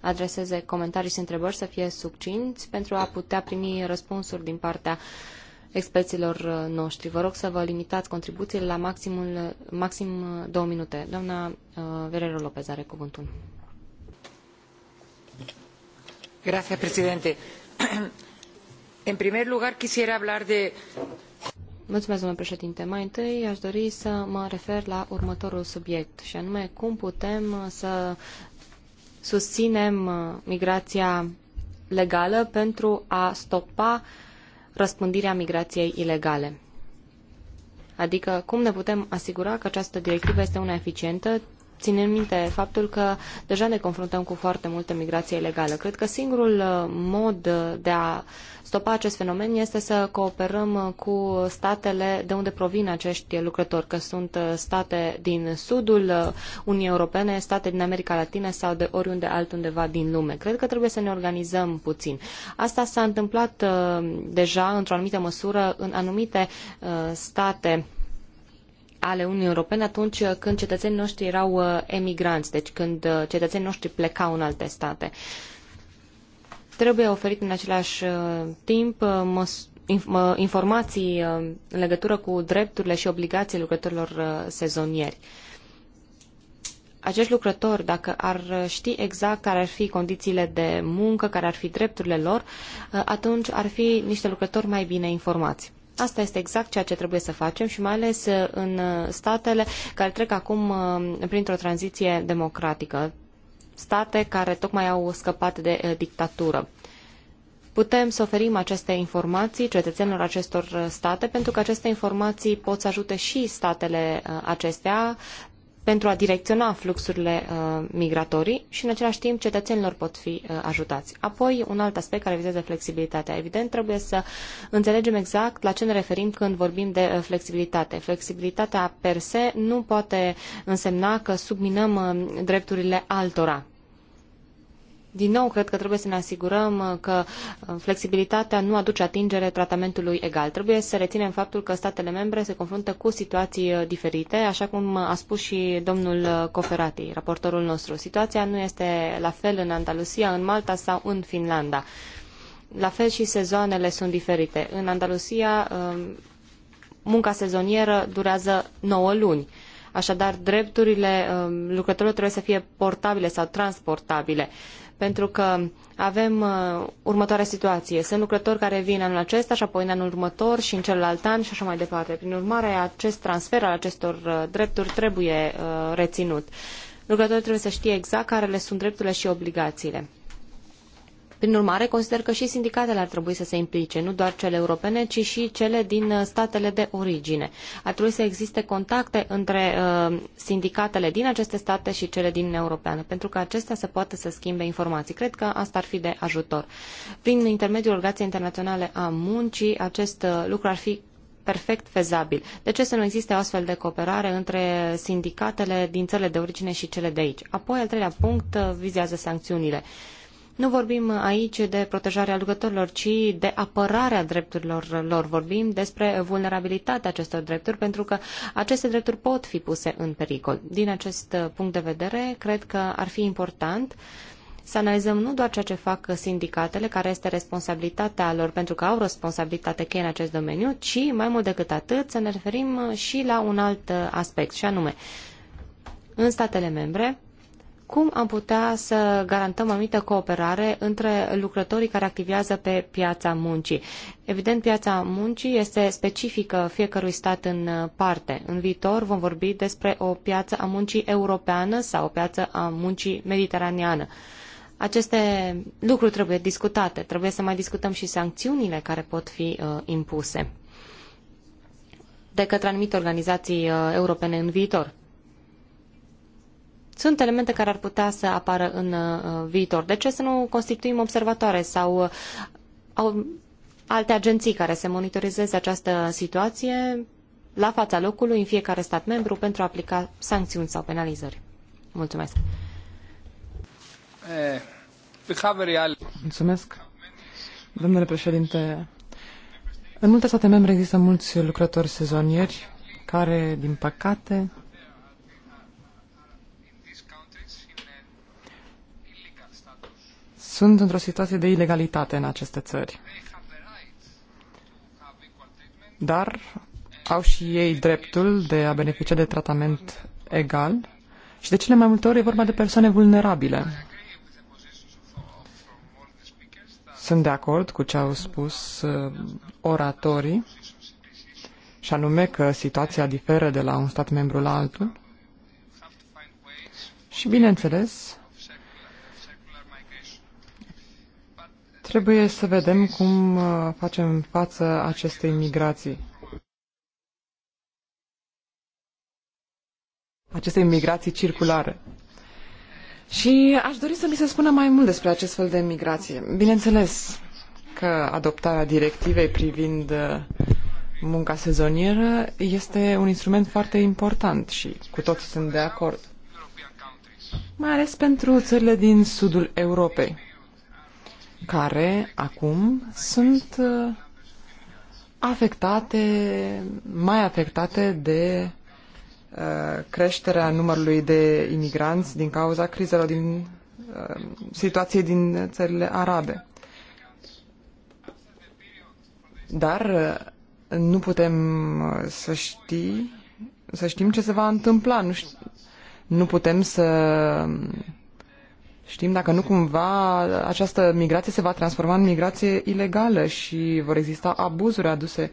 adreseze comentarii și întrebări, să fie succinți pentru a putea primi răspunsuri din partea experților uh, noștri. Vă rog să vă limitați contribuțiile la maximul, maxim uh, două minute. Doamna Verero uh, Lopez are cuvântul. Grazie, președinte. În primer lugar, quisiera hablar de... Mulțumesc, domnule președinte. Mai întâi aș dori să mă refer la următorul subiect, și anume cum putem să susținem uh, migrația legală pentru a stopa răspândirea migrației ilegale. Adică cum ne putem asigura că această directivă este una eficientă, Ținem minte faptul că deja ne confruntăm cu foarte multă migrație ilegală. Cred că singurul uh, mod uh, de a uh, stopa acest fenomen este să cooperăm uh, cu statele de unde provin acești lucrători, că sunt uh, state din sudul uh, Uniunii Europene, state din America Latină sau de oriunde altundeva din lume. Cred că trebuie să ne organizăm puțin. Asta s-a întâmplat deja, într-o anumită măsură, în anumite state ale Uniunii Europene atunci când cetățenii noștri erau emigranți, deci când cetățenii noștri plecau în alte state. Trebuie oferit în același uh, timp uh, informații uh, în legătură cu drepturile și obligațiile lucrătorilor sezonieri. Acești lucrători, dacă ar ști exact care ar fi condițiile de muncă, care ar fi drepturile lor, atunci ar fi niște lucrători mai bine informați. Asta este exact ceea ce trebuie să facem și mai ales în statele care trec acum printr-o tranziție democratică state care tocmai au scăpat de uh, dictatură. Putem să oferim aceste informații cetățenilor acestor state pentru că aceste informații pot să ajute și statele uh, acestea pentru a direcționa fluxurile uh, migratorii și în același timp cetățenilor pot fi uh, ajutați. Apoi, un alt aspect care vizează flexibilitatea. Evident, trebuie să înțelegem exact la ce ne referim când vorbim de uh, flexibilitate. Flexibilitatea per se nu poate însemna că subminăm uh, drepturile altora. Din nou, cred că trebuie să ne asigurăm uh, că uh, flexibilitatea nu aduce atingere tratamentului egal. Trebuie să reținem faptul că statele membre se confruntă cu situații uh, diferite, așa cum a spus și domnul Coferati, raportorul nostru. Situația nu este la fel în Andalusia, în Malta sau în Finlanda. La fel și sezoanele sunt diferite. În Andalusia, um, munca sezonieră durează 9 luni. Așadar, drepturile um, lucrătorilor trebuie să fie portabile sau transportabile pentru că avem uh, următoarea situație. Sunt lucrători care vin anul acesta și apoi în anul următor și în celălalt an și așa mai departe. Prin urmare, acest transfer al acestor uh, drepturi trebuie uh, reținut. Lucrătorii trebuie să știe exact care le sunt drepturile și obligațiile. Prin urmare, consider că și sindicatele ar trebui să se implice, nu doar cele europene, ci și cele din uh, statele de origine. Ar trebui să existe contacte între uh, sindicatele din aceste state și cele din Uniunea Europeană, pentru că acestea să poată să schimbe informații. Cred că asta ar fi de ajutor. Prin intermediul Organizației Internaționale a Muncii, acest uh, lucru ar fi perfect fezabil. De ce să nu existe o astfel de cooperare între sindicatele din țările de origine și cele de aici? Apoi, al treilea punct uh, vizează sancțiunile. Uh, nu vorbim aici de protejarea lucrătorilor, ci de apărarea drepturilor lor. Vorbim despre vulnerabilitatea acestor drepturi, pentru că aceste drepturi pot fi puse în pericol. Din acest punct de vedere, cred că ar fi important să analizăm nu doar ceea ce fac sindicatele, care este responsabilitatea lor, pentru că au responsabilitate cheie în acest domeniu, ci mai mult decât atât să ne referim și la un alt aspect, și anume, în statele membre, cum am putea să garantăm o anumită cooperare între lucrătorii care activează pe piața muncii. Evident, piața muncii este specifică fiecărui stat în parte. În viitor vom vorbi despre o piață a muncii europeană sau o piață a muncii mediteraneană. Aceste lucruri trebuie discutate. Trebuie să mai discutăm și sancțiunile care pot fi uh, impuse de către anumite organizații uh, europene în viitor. Sunt elemente care ar putea să apară în uh, viitor. De ce să nu constituim observatoare sau uh, alte agenții care să monitorizeze această situație la fața locului în fiecare stat membru pentru a aplica sancțiuni sau penalizări? Mulțumesc. Eh, Mulțumesc. Domnule președinte, în multe state membre există mulți lucrători sezonieri care, din păcate, sunt într-o situație de ilegalitate în aceste țări. Dar au și ei dreptul de a beneficia de tratament egal și de cele mai multe ori e vorba de persoane vulnerabile. Sunt de acord cu ce au spus uh, oratorii, și anume că situația diferă de la un stat membru la altul. Și, bineînțeles, Trebuie să vedem cum uh, facem față acestei migrații. Acestei migrații circulare. Și aș dori să mi se spună mai mult despre acest fel de migrație. Bineînțeles că adoptarea directivei privind uh, munca sezonieră este un instrument foarte important și cu toții sunt de acord. Mai ales pentru țările din sudul Europei care acum sunt uh, afectate, mai afectate de uh, creșterea numărului de imigranți din cauza crizelor din uh, situației din țările arabe. Dar nu putem să știi, să știm ce se va întâmpla. Nu, știu, nu putem să știm dacă nu cumva această migrație se va transforma în migrație ilegală și vor exista abuzuri aduse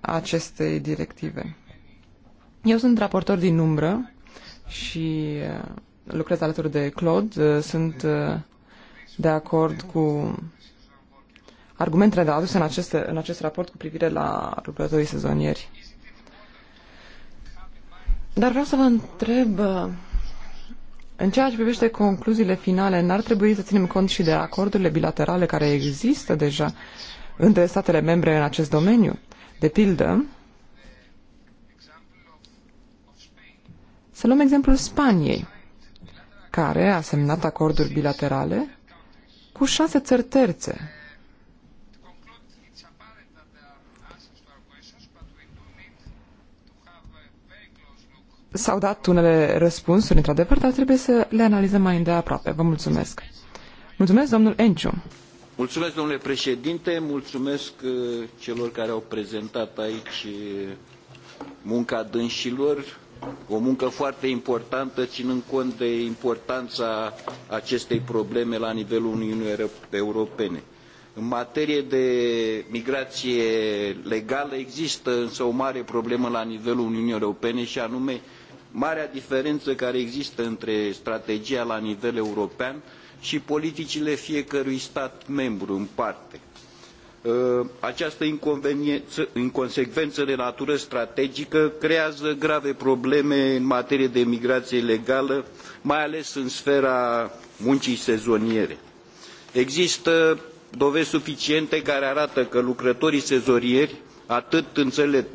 acestei directive. Eu sunt raportor din umbră și uh, lucrez alături de Claude. Uh, sunt uh, de acord cu argumentele aduse în acest, în acest raport cu privire la lucrătorii sezonieri. Dar vreau să vă întreb în ceea ce privește concluziile finale, n-ar trebui să ținem cont și de acordurile bilaterale care există deja între statele membre în acest domeniu. De pildă, să luăm exemplul Spaniei, care a semnat acorduri bilaterale cu șase țări terțe s-au dat unele răspunsuri, într-adevăr, dar trebuie să le analizăm mai îndeaproape. Vă mulțumesc. Mulțumesc, domnul Enciu. Mulțumesc, domnule președinte, mulțumesc uh, celor care au prezentat aici uh, munca dânșilor, o muncă foarte importantă, ținând cont de importanța acestei probleme la nivelul Uniunii Europene. În materie de migrație legală există însă o mare problemă la nivelul Uniunii Europene și anume marea diferență care există între strategia la nivel european și politicile fiecărui stat membru în parte. Uh, această inconsecvență de natură strategică creează grave probleme în materie de migrație legală, mai ales în sfera muncii sezoniere. Există dovezi suficiente care arată că lucrătorii sezonieri atât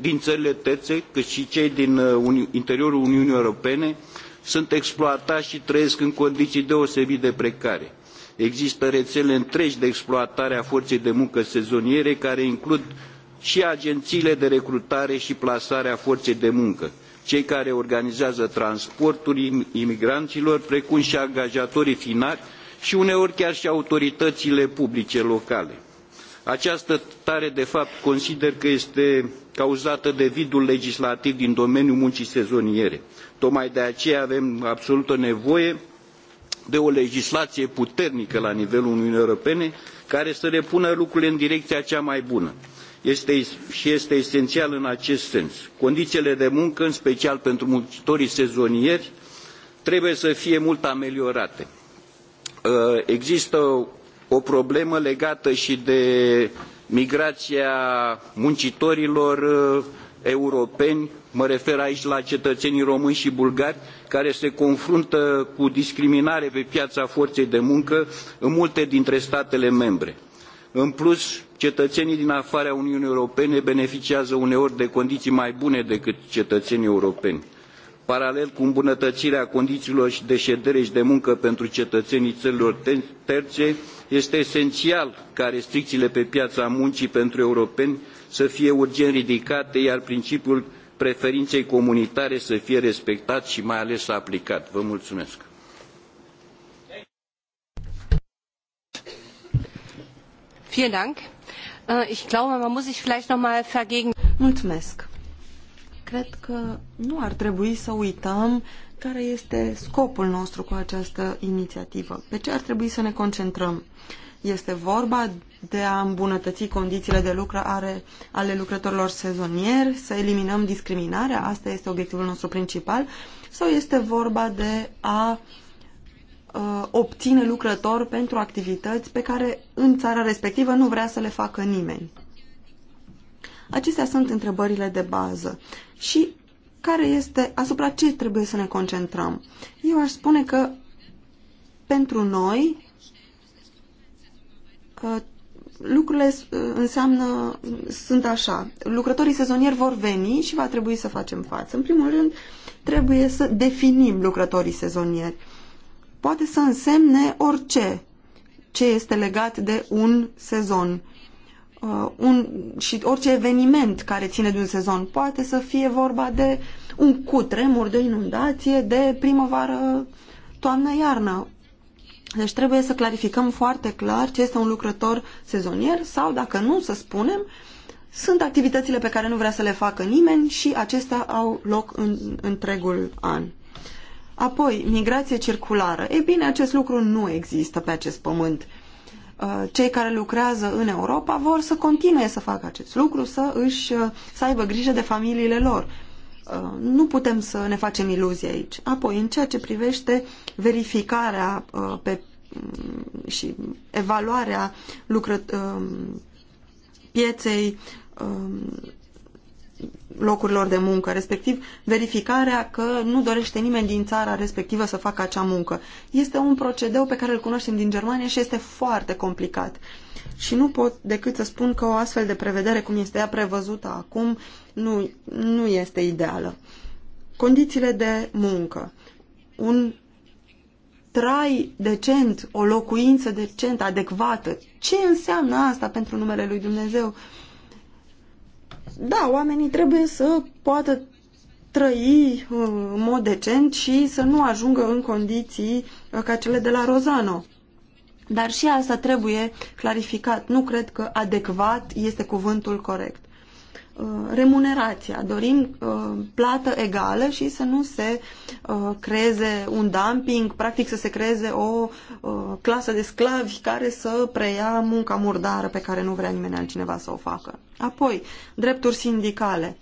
din țările terțe, cât și cei din uh, interiorul Uniunii Europene, sunt exploatați și trăiesc în condiții deosebit de precare. Există rețele întregi de exploatare a forței de muncă sezoniere, care includ și agențiile de recrutare și plasare a forței de muncă, cei care organizează transportul imigranților, precum și angajatorii finali și uneori chiar și autoritățile publice locale această stare de fapt consider că este cauzată de vidul legislativ din domeniul muncii sezoniere tocmai de aceea avem absolută nevoie de o legislaie puternică la nivelul uniunii europene care să repună lucrurile în direcia cea mai bună este, i este esenial în acest sens condiiile de muncă în special pentru muncitorii sezonieri trebuie să fie mult ameliorate ă, există o problemă legată și de migrația muncitorilor uh, europeni, mă refer aici la cetățenii români și bulgari, care se confruntă cu discriminare pe piața forței de muncă în multe dintre statele membre. În plus, cetățenii din afara Uniunii Europene beneficiază uneori de condiții mai bune decât cetățenii europeni. Paralel cu îmbunătățirea condițiilor de ședere și de muncă pentru cetățenii țărilor terțe, este esenial ca restriciile pe piaa muncii pentru europeni să fie urgent ridicate iar principiul preferinei comunitare să fie respectat i mai ales aplicat. Vă mulțumesc. Äh, mulțumesc. Cred că nu ar trebui să uităm care este scopul nostru cu această inițiativă? Pe ce ar trebui să ne concentrăm? Este vorba de a îmbunătăți condițiile de lucru are, ale lucrătorilor sezonieri, să eliminăm discriminarea, asta este obiectivul nostru principal, sau este vorba de a uh, obține lucrători pentru activități pe care în țara respectivă nu vrea să le facă nimeni? Acestea sunt întrebările de bază și care este, asupra ce trebuie să ne concentrăm. Eu aș spune că pentru noi lucrurile uh, înseamnă, sunt așa. Lucrătorii sezonieri vor veni și va trebui să facem față. În primul rând, trebuie să definim lucrătorii sezonieri. Poate să însemne orice ce este legat de un sezon uh, un, și orice eveniment care ține de un sezon. Poate să fie vorba de un cutremur, de inundație, de primăvară, toamnă, iarnă. Deci trebuie să clarificăm foarte clar ce este un lucrător sezonier sau, dacă nu, să spunem, sunt activitățile pe care nu vrea să le facă nimeni și acestea au loc în întregul an. Apoi, migrație circulară. Ei bine, acest lucru nu există pe acest pământ. Uh, Uh, cei care lucrează în Europa vor să continue să facă acest lucru, să, își, uh, să aibă grijă de familiile lor. Uh, nu putem să ne facem iluzie aici. Apoi, în ceea ce privește verificarea pe, mm, și evaluarea lucră, pieței um, locurilor de muncă, respectiv verificarea că nu dorește nimeni din țara respectivă să facă acea muncă. Este un procedeu pe care îl cunoaștem din Germania și este foarte complicat. Și nu pot decât să spun că o astfel de prevedere, cum este ea prevăzută acum, nu, nu este ideală. Condițiile de muncă. Un trai decent, o locuință decentă, adecvată. Ce înseamnă asta pentru numele lui Dumnezeu? Uh, da, oamenii trebuie să poată trăi uh, în mod decent și să nu ajungă în condiții uh, ca cele de la Rozano. Dar și asta trebuie clarificat. Nu cred că adecvat este cuvântul corect. Uh, remunerația. Dorim uh, plată egală și să nu se uh, creeze un dumping, practic să se creeze o clasă de sclavi care să preia munca murdară pe care nu vrea nimeni altcineva să o facă. Apoi, drepturi sindicale.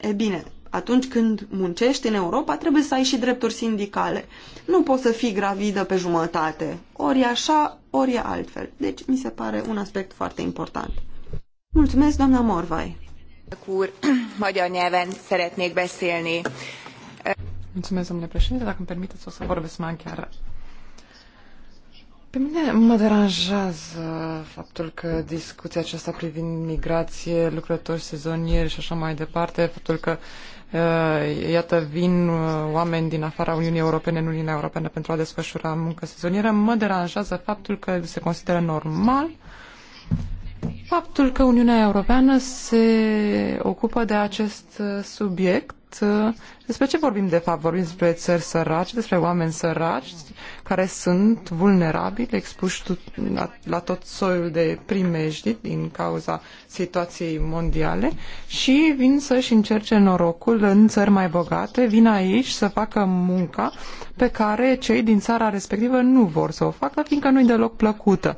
E bine, atunci când muncești în Europa, trebuie să ai și drepturi sindicale. Nu poți să fii gravidă pe jumătate. Ori e așa, ori e altfel. Deci, mi se pare un aspect foarte important. Mulțumesc, doamna Morvai. magyar nyelven szeretnék beszélni. Mulțumesc, domnule președinte. Dacă îmi permiteți, o să vorbesc maghiară. Pe mine mă deranjează faptul că discuția aceasta privind migrație, lucrători sezonieri și așa mai departe, faptul că uh, iată vin uh, oameni din afara Uniunii Europene în Uniunea Europeană pentru a desfășura muncă sezonieră, mă deranjează faptul că se consideră normal Faptul că Uniunea Europeană se ocupă de acest uh, subiect, uh, despre ce vorbim de fapt? Vorbim despre țări sărace, despre oameni săraci care sunt vulnerabili, expuși la, tot soiul de primejdii din cauza situației mondiale și vin să-și încerce norocul în țări mai bogate, vin aici să facă munca pe care cei din țara respectivă nu vor să o facă, fiindcă nu-i deloc plăcută.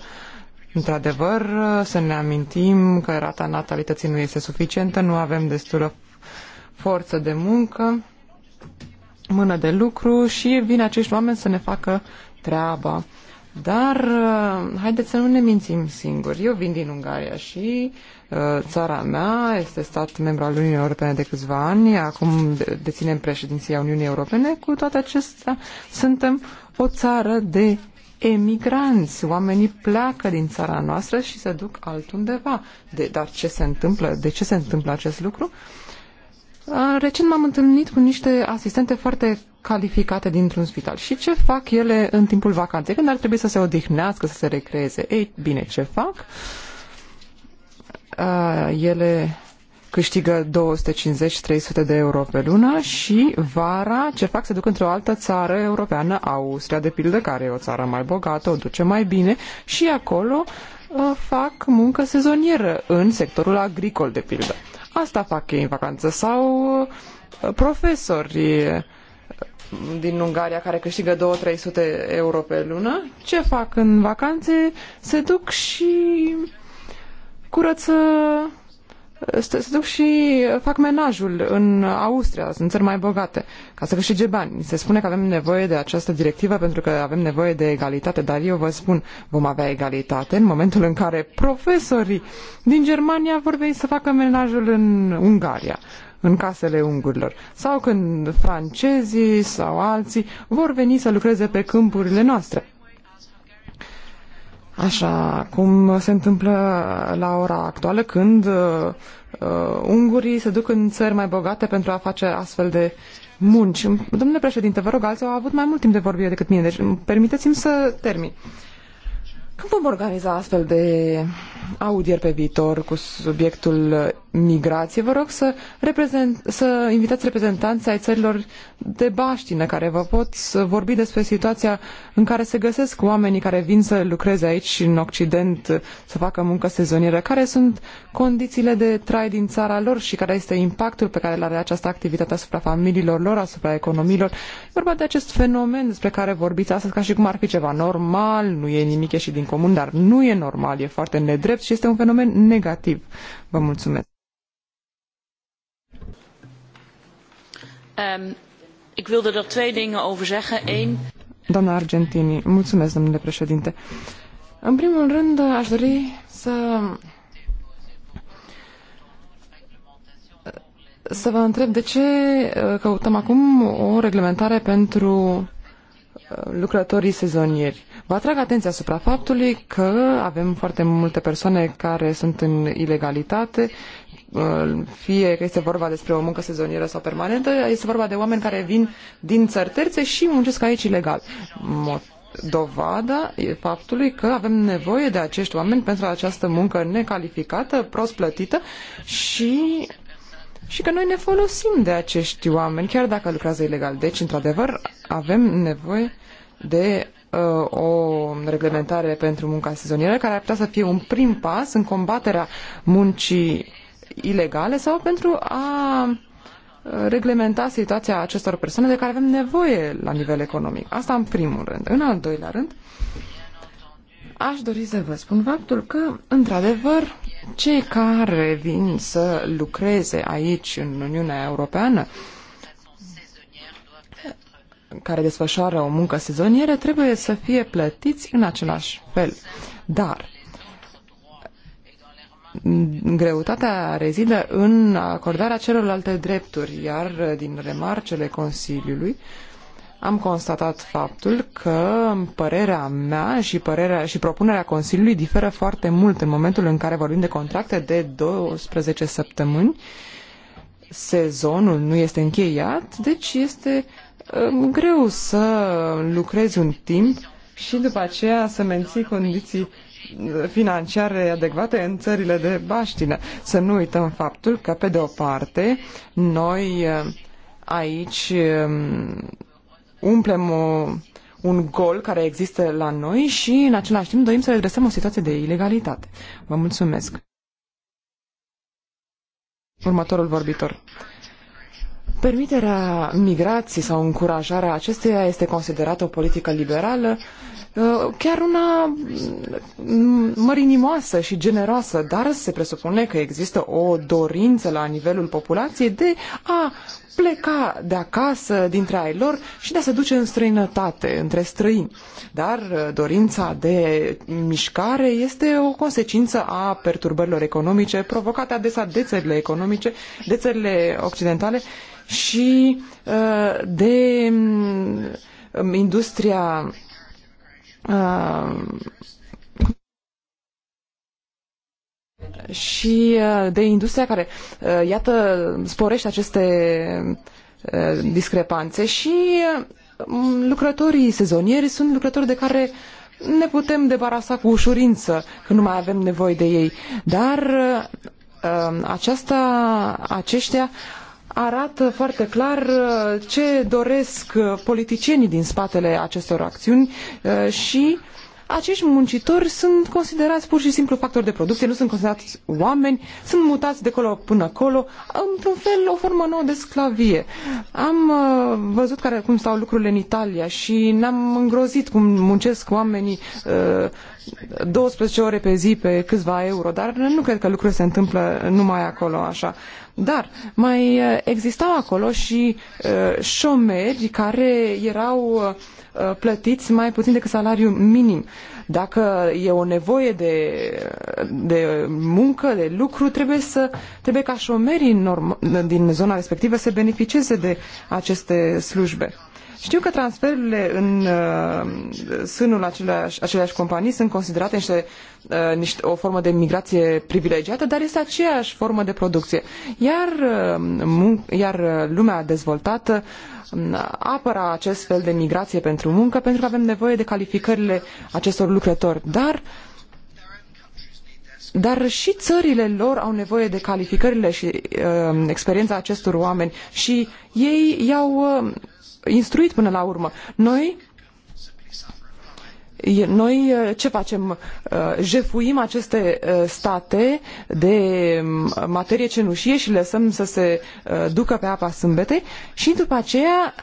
Într-adevăr, să ne amintim că rata natalității nu este suficientă, nu avem destulă forță de muncă, mână de lucru și vin acești oameni să ne facă treaba. Dar uh, haideți să nu ne mințim singuri. Eu vin din Ungaria și uh, țara mea este stat membru al Uniunii Europene de câțiva ani, acum deținem președinția Uniunii Europene, cu toate acestea suntem o țară de emigranți, oamenii pleacă din țara noastră și se duc altundeva. De, dar ce se întâmplă? De ce se întâmplă acest lucru? Recent m-am întâlnit cu niște asistente foarte calificate dintr-un spital. Și ce fac ele în timpul vacanței? Când ar trebui să se odihnească, să se recreeze? Ei, bine, ce fac? Ele câștigă 250-300 de euro pe lună și vara ce fac se duc într-o altă țară europeană, Austria de pildă, care e o țară mai bogată, o duce mai bine și acolo uh, fac muncă sezonieră în sectorul agricol de pildă. Asta fac ei în vacanță sau uh, profesori uh, din Ungaria care câștigă 2-300 euro pe lună, ce fac în vacanțe? Se duc și curăță se duc și fac menajul în Austria, sunt țări mai bogate, ca să câștige bani. Se spune că avem nevoie de această directivă pentru că avem nevoie de egalitate, dar eu vă spun, vom avea egalitate în momentul în care profesorii din Germania vor veni să facă menajul în Ungaria în casele ungurilor, sau când francezii sau alții vor veni să lucreze pe câmpurile noastre. Așa cum se întâmplă la ora actuală când uh, uh, ungurii se duc în țări mai bogate pentru a face astfel de munci. Domnule președinte, vă rog, alții au avut mai mult timp de vorbire decât mine, deci permiteți-mi să termin. Când vom organiza astfel de audieri pe viitor cu subiectul migrație, vă rog să, reprezent, să invitați reprezentanții ai țărilor de baștină care vă pot vorbi despre situația în care se găsesc oamenii care vin să lucreze aici și în Occident, să facă muncă sezonieră, care sunt condițiile de trai din țara lor și care este impactul pe care îl are această activitate asupra familiilor lor, asupra economiilor. E vorba de acest fenomen despre care vorbiți astăzi ca și cum ar fi ceva normal, nu e nimic ieșit din comun, dar nu e normal, e foarte nedrept și este un fenomen negativ. Vă mulțumesc. Ehm, ik wilde er twee dingen over zeggen. Eén... Doamna Argentini, mulțumesc, domnule președinte. În primul rând, aș dori să să vă întreb de ce uh, căutăm acum o reglementare pentru uh, lucrătorii sezonieri. Vă atrag atenția asupra faptului că avem foarte multe persoane care sunt în ilegalitate Uh, fie că este vorba despre o muncă sezonieră sau permanentă, este vorba de oameni care vin din țări terțe și muncesc aici ilegal. Dovada e faptului că avem nevoie de acești oameni pentru această muncă necalificată, prost plătită și și că noi ne folosim de acești oameni, chiar dacă lucrează ilegal. Deci, într-adevăr, avem nevoie de uh, o reglementare pentru munca sezonieră, care ar putea să fie un prim pas în combaterea muncii ilegale sau pentru a reglementa situația acestor persoane de care avem nevoie la nivel economic. Asta în primul rând. În al doilea rând, aș dori să vă spun faptul că, într-adevăr, cei care vin să lucreze aici, în Uniunea Europeană, care desfășoară o muncă sezonieră, trebuie să fie plătiți în același fel. Dar Greutatea rezidă în acordarea celorlalte drepturi, iar din remarcele Consiliului am constatat faptul că părerea mea și, părerea, și propunerea Consiliului diferă foarte mult în momentul în care vorbim de contracte de 12 săptămâni. Sezonul nu este încheiat, deci este uh, greu să lucrezi un timp și după aceea să menții condiții financiare adecvate în țările de baștină. Să nu uităm faptul că, pe de o parte, noi eh, aici eh, umplem o, un gol care există la noi și, în același timp, dorim să redresăm o situație de ilegalitate. Vă mulțumesc. Următorul vorbitor. Permiterea migrației sau încurajarea acesteia este considerată o politică liberală Uh, chiar una mm, mărinimoasă și generoasă, dar se presupune că există o dorință la nivelul populației de a pleca de acasă, dintre ai lor și de a se duce în străinătate, între străini. Dar uh, dorința de mișcare este o consecință a perturbărilor economice provocate adesea de țările economice, de țările occidentale și uh, de mm, industria Uh, și uh, de industria care, uh, iată, sporește aceste discrepanțe și lucrătorii sezonieri sunt lucrători de care ne putem debarasa cu ușurință când nu mai avem nevoie de ei. Dar aceasta, aceștia arată foarte clar uh, ce doresc uh, politicienii din spatele acestor acțiuni uh, și acești muncitori sunt considerați pur și simplu factori de producție, nu sunt considerați oameni, sunt mutați de colo până acolo, într-un fel o formă nouă de sclavie. Am uh, văzut care, cum stau lucrurile în Italia și ne-am îngrozit cum muncesc oamenii uh, 12 ore pe zi pe câțiva euro, dar nu cred că lucrurile se întâmplă numai acolo așa. Dar mai uh, existau acolo și uh, șomeri care erau uh, Uh, plătiți mai puțin decât salariul minim. Dacă e o nevoie de, de muncă, de lucru, trebuie, să, trebuie ca șomerii norm- din zona respectivă să beneficieze de aceste slujbe. Știu că transferurile în uh, sânul aceleași, aceleași companii sunt considerate niște, uh, niște, o formă de migrație privilegiată, dar este aceeași formă de producție. Iar, uh, iar uh, lumea dezvoltată um, apără acest fel de migrație pentru muncă pentru că avem nevoie de calificările acestor lucrători. Dar dar și țările lor au nevoie de calificările și uh, experiența acestor oameni și ei iau uh, instruit până la urmă. Noi noi ce facem? Jefuim aceste state de materie cenușie și lăsăm să se ducă pe apa sâmbetei și după aceea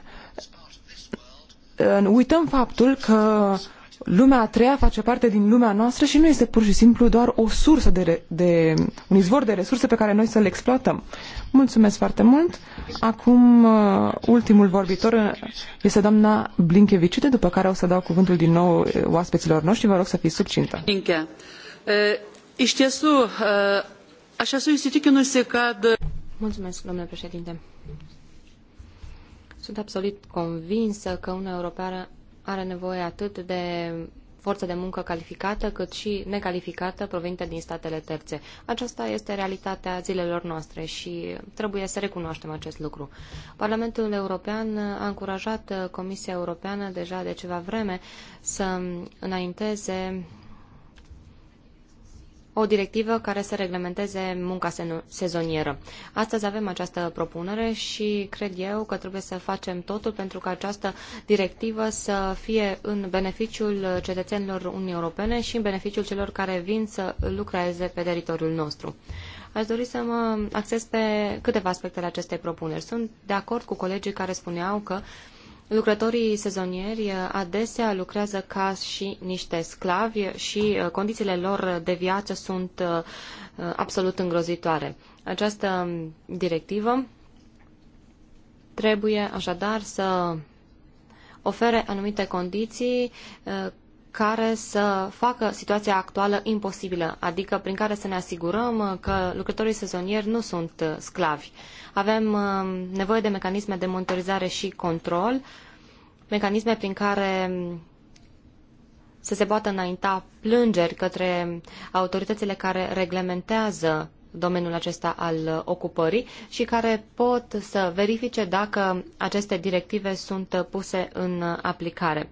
uităm faptul că uh, lumea a treia face parte din lumea noastră și nu este pur și simplu doar o sursă de, de un izvor de resurse pe care noi să le exploatăm. Mulțumesc foarte mult. Acum uh, ultimul vorbitor uh, este doamna Blinkeviciute, după care o să dau cuvântul din nou uh, oaspeților noștri. Vă rog să fiți subcintă. Mulțumesc, domnule președinte. Sunt absolut convinsă că Uniunea Europeană are nevoie atât de forță de muncă calificată, cât și necalificată provenită din statele terțe. Aceasta este realitatea zilelor noastre și trebuie să recunoaștem acest lucru. Parlamentul European a încurajat Comisia Europeană deja de ceva vreme să înainteze o directivă care să reglementeze munca sezonieră. Astăzi avem această propunere și cred eu că trebuie să facem totul pentru ca această directivă să fie în beneficiul cetățenilor Uniunii Europene și în beneficiul celor care vin să lucreze pe teritoriul nostru. Aș dori să mă acces pe câteva aspecte ale acestei propuneri. Sunt de acord cu colegii care spuneau că uh, Lucrătorii sezonieri uh, adesea lucrează ca și niște sclavi și uh, condițiile lor de viață sunt uh, absolut îngrozitoare. Această um, directivă trebuie așadar să ofere anumite condiții care să facă situația actuală imposibilă, adică prin care să ne asigurăm uh, că lucrătorii sezonieri nu sunt uh, sclavi. Avem uh, nevoie de mecanisme de monitorizare și control, mecanisme prin care um, să se poată înainta plângeri către autoritățile care reglementează domeniul acesta al ocupării și care pot să verifice dacă aceste directive sunt puse în aplicare.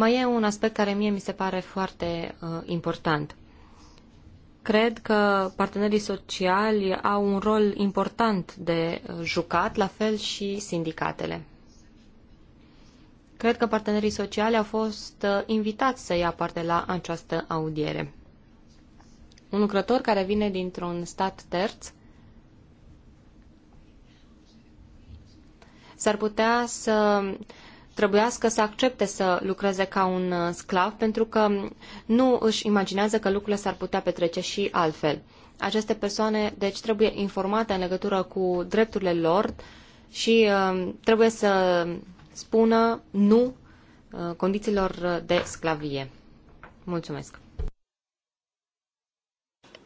Mai e un aspect care mie mi se pare foarte uh, important. Cred că partenerii sociali au un rol important de uh, jucat, la fel și sindicatele. Cred că partenerii sociali au fost uh, invitați să ia parte la această audiere. Un lucrător care vine dintr-un stat terț s-ar putea să trebuiască să accepte să lucreze ca un uh, sclav pentru că nu își imaginează că lucrurile s-ar putea petrece și altfel. Aceste persoane, deci, trebuie informate în legătură cu drepturile lor și uh, trebuie să spună nu uh, condițiilor de sclavie. Mulțumesc.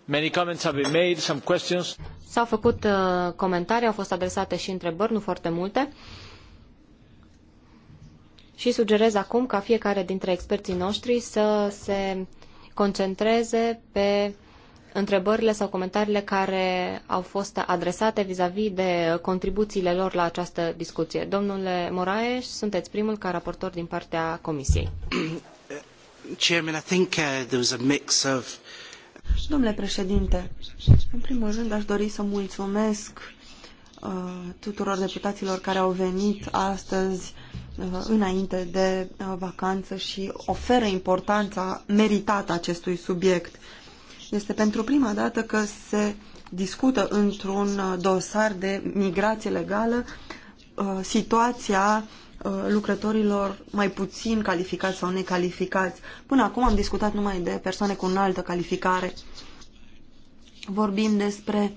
Many comments have been made, some questions. S-au făcut uh, comentarii, au fost adresate și întrebări, nu foarte multe. Uh, și sugerez acum ca fiecare dintre experții noștri să se concentreze pe întrebările sau comentariile care au fost adresate vis-a-vis -vis de contribuțiile lor la această discuție. Domnule Moraes, sunteți primul ca raportor din partea Comisiei. Chairman, I think uh, there was a mix of... Domnule președinte, în primul rând aș dori să mulțumesc uh, tuturor deputaților care au venit astăzi Uh, înainte de uh, vacanță și oferă importanța meritată acestui subiect. Este pentru prima dată că se discută într-un uh, dosar de migrație legală situația lucrătorilor mai puțin calificați sau necalificați. Până acum am discutat numai de persoane cu înaltă calificare. Vorbim despre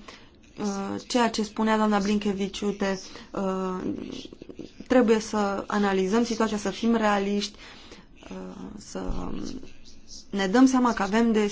ceea ce spunea doamna Blinkeviciute trebuie să analizăm situația, să fim realiști, uh, să ne dăm seama că avem de,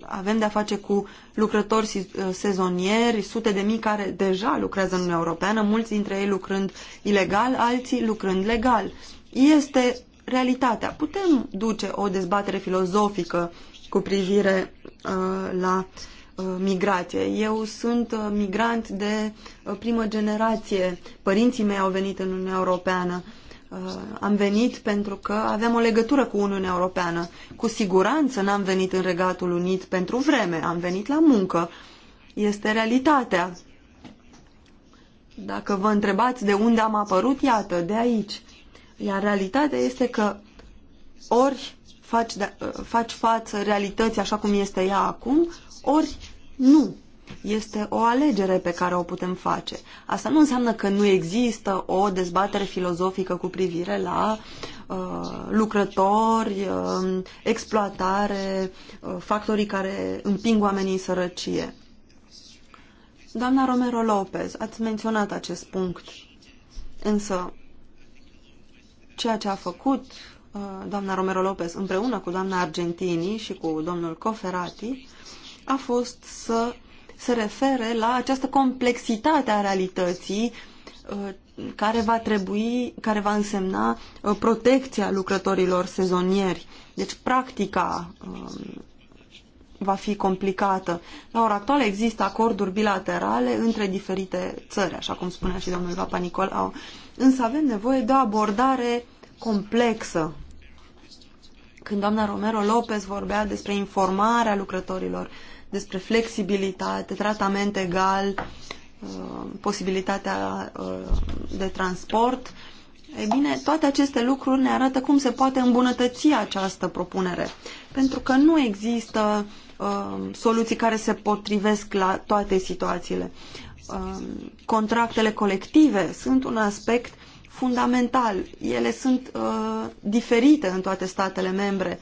avem de a face cu lucrători uh, sezonieri, sute de mii care deja lucrează în Uniunea Europeană, mulți dintre ei lucrând ilegal, alții lucrând legal. Este realitatea. Putem duce o dezbatere filozofică cu privire uh, la uh, Uh, migrație. Eu sunt uh, migrant de uh, primă generație. Părinții mei au venit în Uniunea Europeană. Am venit pentru că aveam o legătură cu Uniunea Europeană. Cu siguranță n-am venit în Regatul Unit pentru vreme, am venit la muncă. Este realitatea. Dacă vă întrebați de unde am apărut, iată, de aici. Iar realitatea este că ori faci, de, da, faci față realității așa cum este ea acum, ori nu. Este o alegere pe care o putem face. Asta nu înseamnă că nu există o dezbatere filozofică cu privire la uh, lucrători, uh, exploatare, uh, factorii care împing oamenii în sărăcie. Doamna Romero Lopez, ați menționat acest punct. Însă, ceea ce a făcut uh, doamna Romero Lopez împreună cu doamna Argentini și cu domnul Coferati a fost să se refere la această complexitate a realității uh, care va trebui, care va însemna uh, protecția lucrătorilor sezonieri. Deci practica um, va fi complicată. La ora actuală există acorduri bilaterale între diferite țări, așa cum spunea și domnul Papa Nicolau. Însă avem nevoie de o abordare complexă. Când doamna Romero Lopez vorbea despre informarea lucrătorilor, uh, despre flexibilitate, tratament egal, uh, posibilitatea uh, de transport. Ei bine, toate aceste lucruri ne arată cum se poate îmbunătăți această propunere, pentru că nu există uh, soluții care se potrivesc la toate situațiile. Contractele colective sunt un aspect fundamental. Ele sunt uh, diferite în toate statele membre.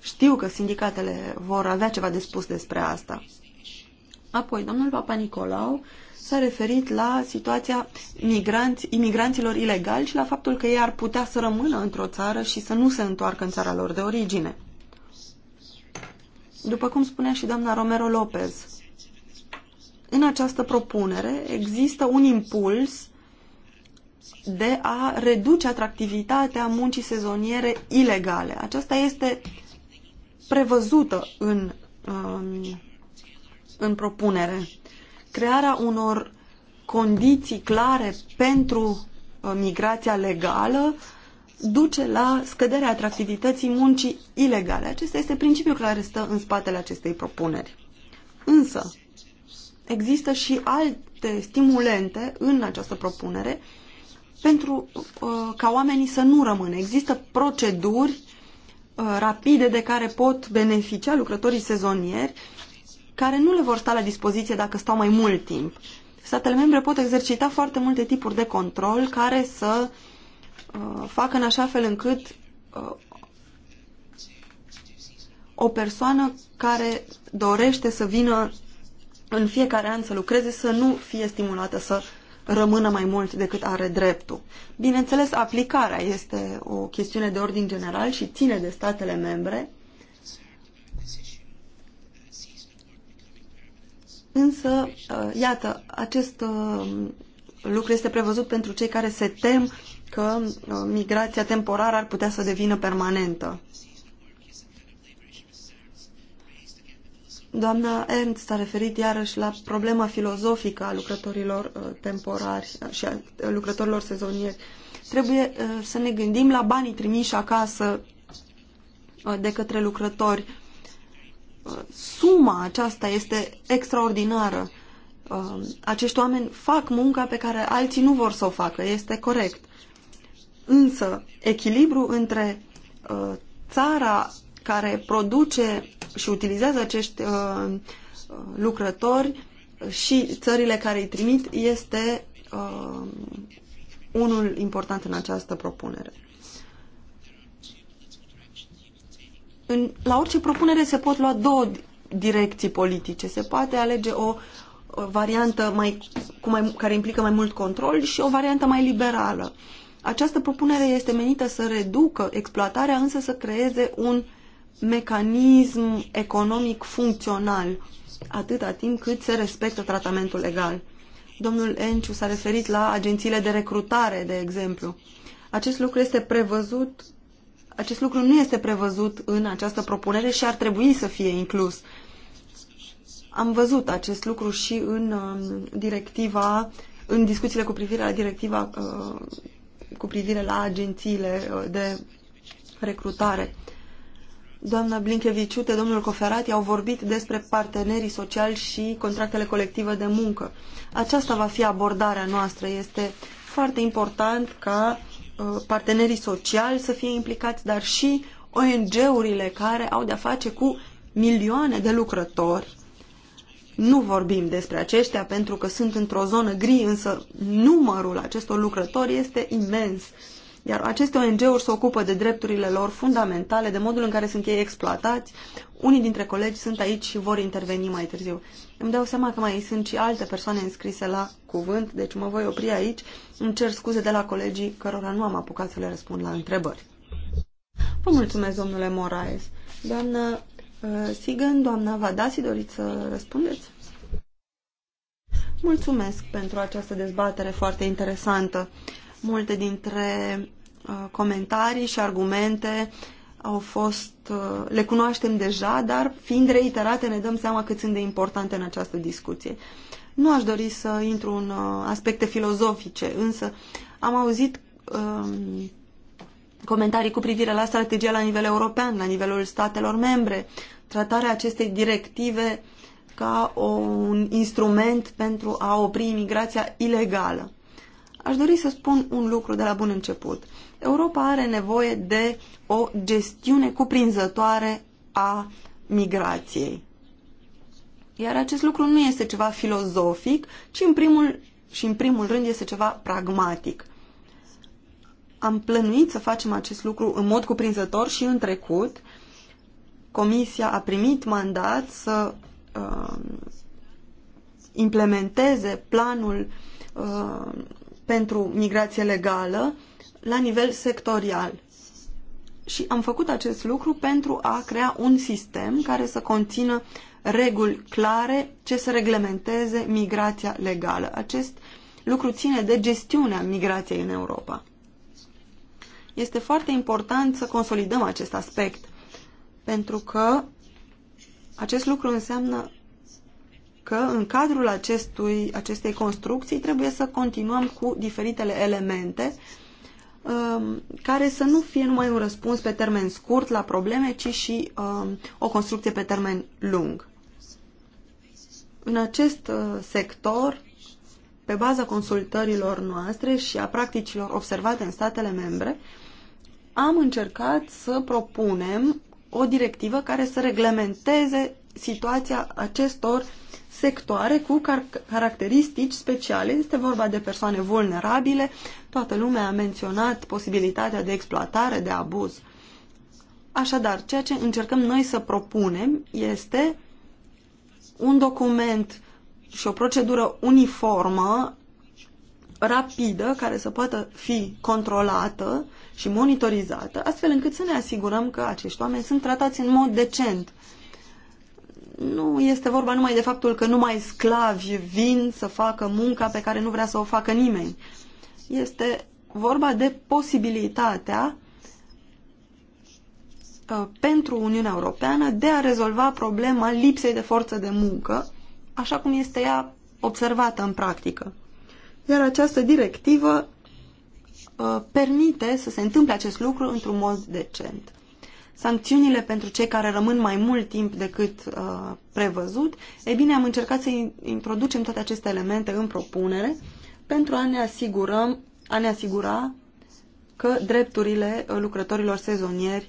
Știu că sindicatele vor avea ceva de spus despre asta. Apoi, domnul Papa Nicolau s-a referit la situația migranți, imigranților ilegali și la faptul că ei ar putea să rămână într-o țară și să nu se întoarcă în țara lor de origine. După cum spunea și doamna Romero Lopez, în această propunere există un impuls de a reduce atractivitatea muncii sezoniere ilegale. Aceasta este prevăzută în, um, în propunere. Crearea unor condiții clare pentru uh, migrația legală duce la scăderea atractivității muncii ilegale. Acesta este principiul care stă în spatele acestei propuneri. Însă, există și alte stimulente în această propunere pentru uh, ca oamenii să nu rămână. Există proceduri uh, rapide de care pot beneficia lucrătorii sezonieri care nu le vor sta la dispoziție dacă stau mai mult timp. Statele membre pot exercita foarte multe tipuri de control care să uh, facă în așa fel încât o persoană care dorește să vină în fiecare an să lucreze să nu fie stimulată să rămână mai mult decât are dreptul. Bineînțeles, aplicarea este o chestiune de ordin general și ține de statele membre, însă, uh, iată, acest uh, lucru este prevăzut pentru cei care se tem că uh, migrația temporară ar putea să devină permanentă. Doamna Ernst s-a referit iarăși la problema filozofică a lucrătorilor uh, temporari uh, și a uh, lucrătorilor sezonieri. Trebuie să ne gândim la banii trimiși acasă de către lucrători. Suma aceasta este extraordinară. Acești oameni fac munca pe care alții nu vor să o facă, este corect. Însă, echilibru între țara care produce și utilizează acești uh, lucrători și țările care îi trimit este uh, unul important în această propunere. În, la orice propunere se pot lua două direcții politice. Se poate alege o, variantă mai, cu mai, care implică mai mult control și o variantă mai liberală. Această propunere este menită să reducă exploatarea, însă să creeze un uh, mecanism economic funcțional atâta timp cât se respectă tratamentul legal. Domnul Enciu s-a referit la agențiile de recrutare, de exemplu. Acest lucru este prevăzut acest lucru nu este prevăzut în această propunere și ar trebui să fie inclus. Am văzut acest lucru și în um, directiva, în discuțiile cu privire la directiva uh, cu privire la agențiile uh, de recrutare. Doamna Blinkeviciute, domnul Coferati au vorbit despre partenerii sociali și contractele colective de muncă. Aceasta va fi abordarea noastră. Este foarte important ca uh, partenerii sociali să fie implicați, dar și ONG-urile care au de-a face cu milioane de lucrători. Nu vorbim despre aceștia pentru că sunt într-o zonă gri, însă numărul acestor lucrători este imens. Iar aceste ONG-uri se ocupă de drepturile lor fundamentale, de modul în care sunt ei exploatați. Unii dintre colegi sunt aici și vor interveni mai târziu. Îmi dau seama că mai sunt și alte persoane înscrise la cuvânt, deci mă voi opri aici. Îmi cer scuze de la colegii cărora nu am apucat să le răspund la întrebări. Vă mulțumesc, domnule Moraes. Doamna uh, Sigan, doamna Vadasi, doriți să răspundeți? Mulțumesc pentru această dezbatere foarte interesantă. Uh, Multe dintre uh, comentarii și argumente au fost, uh, le cunoaștem deja, dar fiind reiterate ne dăm seama cât sunt de importante în această discuție. Nu aș dori să intru în uh, aspecte filozofice, însă am auzit um, comentarii cu privire la strategia la nivel european, la nivelul statelor membre, tratarea acestei directive ca un instrument pentru a opri imigrația ilegală. Aș dori să spun un lucru de la bun început. Europa are nevoie de o gestiune cuprinzătoare a migrației. Iar acest lucru nu este ceva filozofic, ci în primul, și în primul rând este ceva pragmatic. Am plănuit să facem acest lucru în mod cuprinzător și în trecut. Comisia a primit mandat să uh, implementeze planul uh, pentru migrație legală la nivel sectorial. Și am făcut acest lucru pentru a crea un sistem care să conțină reguli clare ce să reglementeze migrația legală. Acest lucru ține de gestiunea migrației în Europa. Este foarte important să consolidăm acest aspect, pentru că acest lucru înseamnă că în cadrul acestui, acestei construcții trebuie să continuăm cu diferitele elemente um, care să nu fie numai un răspuns pe termen scurt la probleme, ci și um, o construcție pe termen lung. În acest uh, sector, pe baza consultărilor noastre și a practicilor observate în statele membre, am încercat să propunem o directivă care să reglementeze situația acestor sectoare cu car caracteristici speciale. Este vorba de persoane vulnerabile. Toată lumea a menționat posibilitatea de exploatare, de abuz. Așadar, ceea ce încercăm noi să propunem este un document și o procedură uniformă, rapidă, care să poată fi controlată și monitorizată, astfel încât să ne asigurăm că acești oameni sunt tratați în mod decent nu este vorba numai de faptul că numai sclavi vin să facă munca pe care nu vrea să o facă nimeni. Este vorba de posibilitatea uh, pentru Uniunea Europeană de a rezolva problema lipsei de forță de muncă, așa cum este ea observată în practică. Iar această directivă uh, permite să se întâmple acest lucru într-un mod decent sancțiunile pentru cei care rămân mai mult timp decât uh, prevăzut, e bine, am încercat să introducem toate aceste elemente în propunere pentru a ne, asigurăm, a ne asigura că drepturile uh, lucrătorilor sezonieri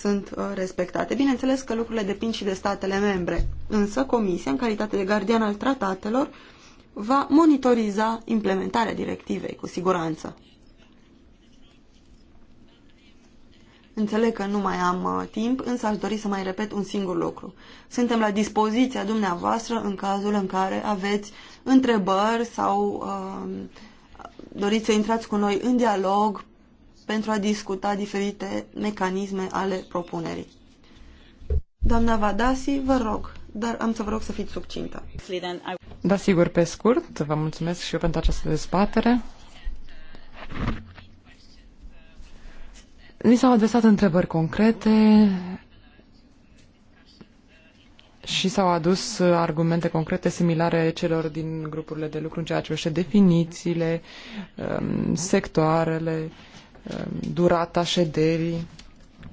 sunt uh, respectate. Bineînțeles că lucrurile depind și de statele membre, însă Comisia, în calitate de gardian al tratatelor, va monitoriza implementarea directivei, cu siguranță. Înțeleg că nu mai am uh, timp, însă aș dori să mai repet un singur lucru. Suntem la dispoziția dumneavoastră în cazul în care aveți întrebări sau uh, doriți să intrați cu noi în dialog pentru a discuta diferite mecanisme ale propunerii. Doamna Vadasi, vă rog, dar am să vă rog să fiți succintă. Da, sigur, pe scurt, vă mulțumesc și eu pentru această dezbatere. Ni s-au adresat întrebări concrete și s-au adus argumente concrete similare celor din grupurile de lucru în ceea ce privește definițiile, um, sectoarele, um, durata șederii,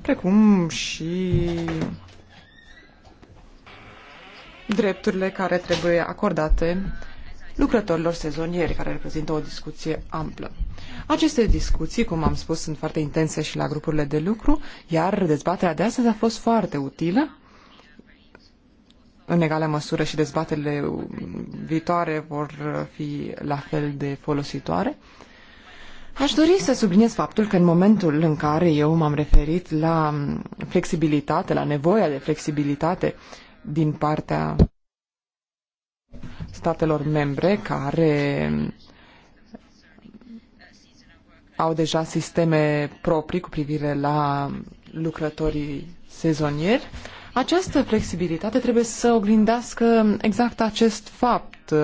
precum și drepturile care trebuie acordate lucrătorilor sezonieri, care reprezintă o discuție amplă. Aceste discuții, cum am spus, sunt foarte intense și la grupurile de lucru, iar dezbaterea de astăzi a fost foarte utilă. În egală măsură și dezbaterile viitoare vor fi la fel de folositoare. Aș dori să subliniez faptul că în momentul în care eu m-am referit la flexibilitate, la nevoia de flexibilitate din partea statelor membre care au deja sisteme proprii cu privire la lucrătorii sezonieri. Această flexibilitate trebuie să oglindească exact acest fapt, uh,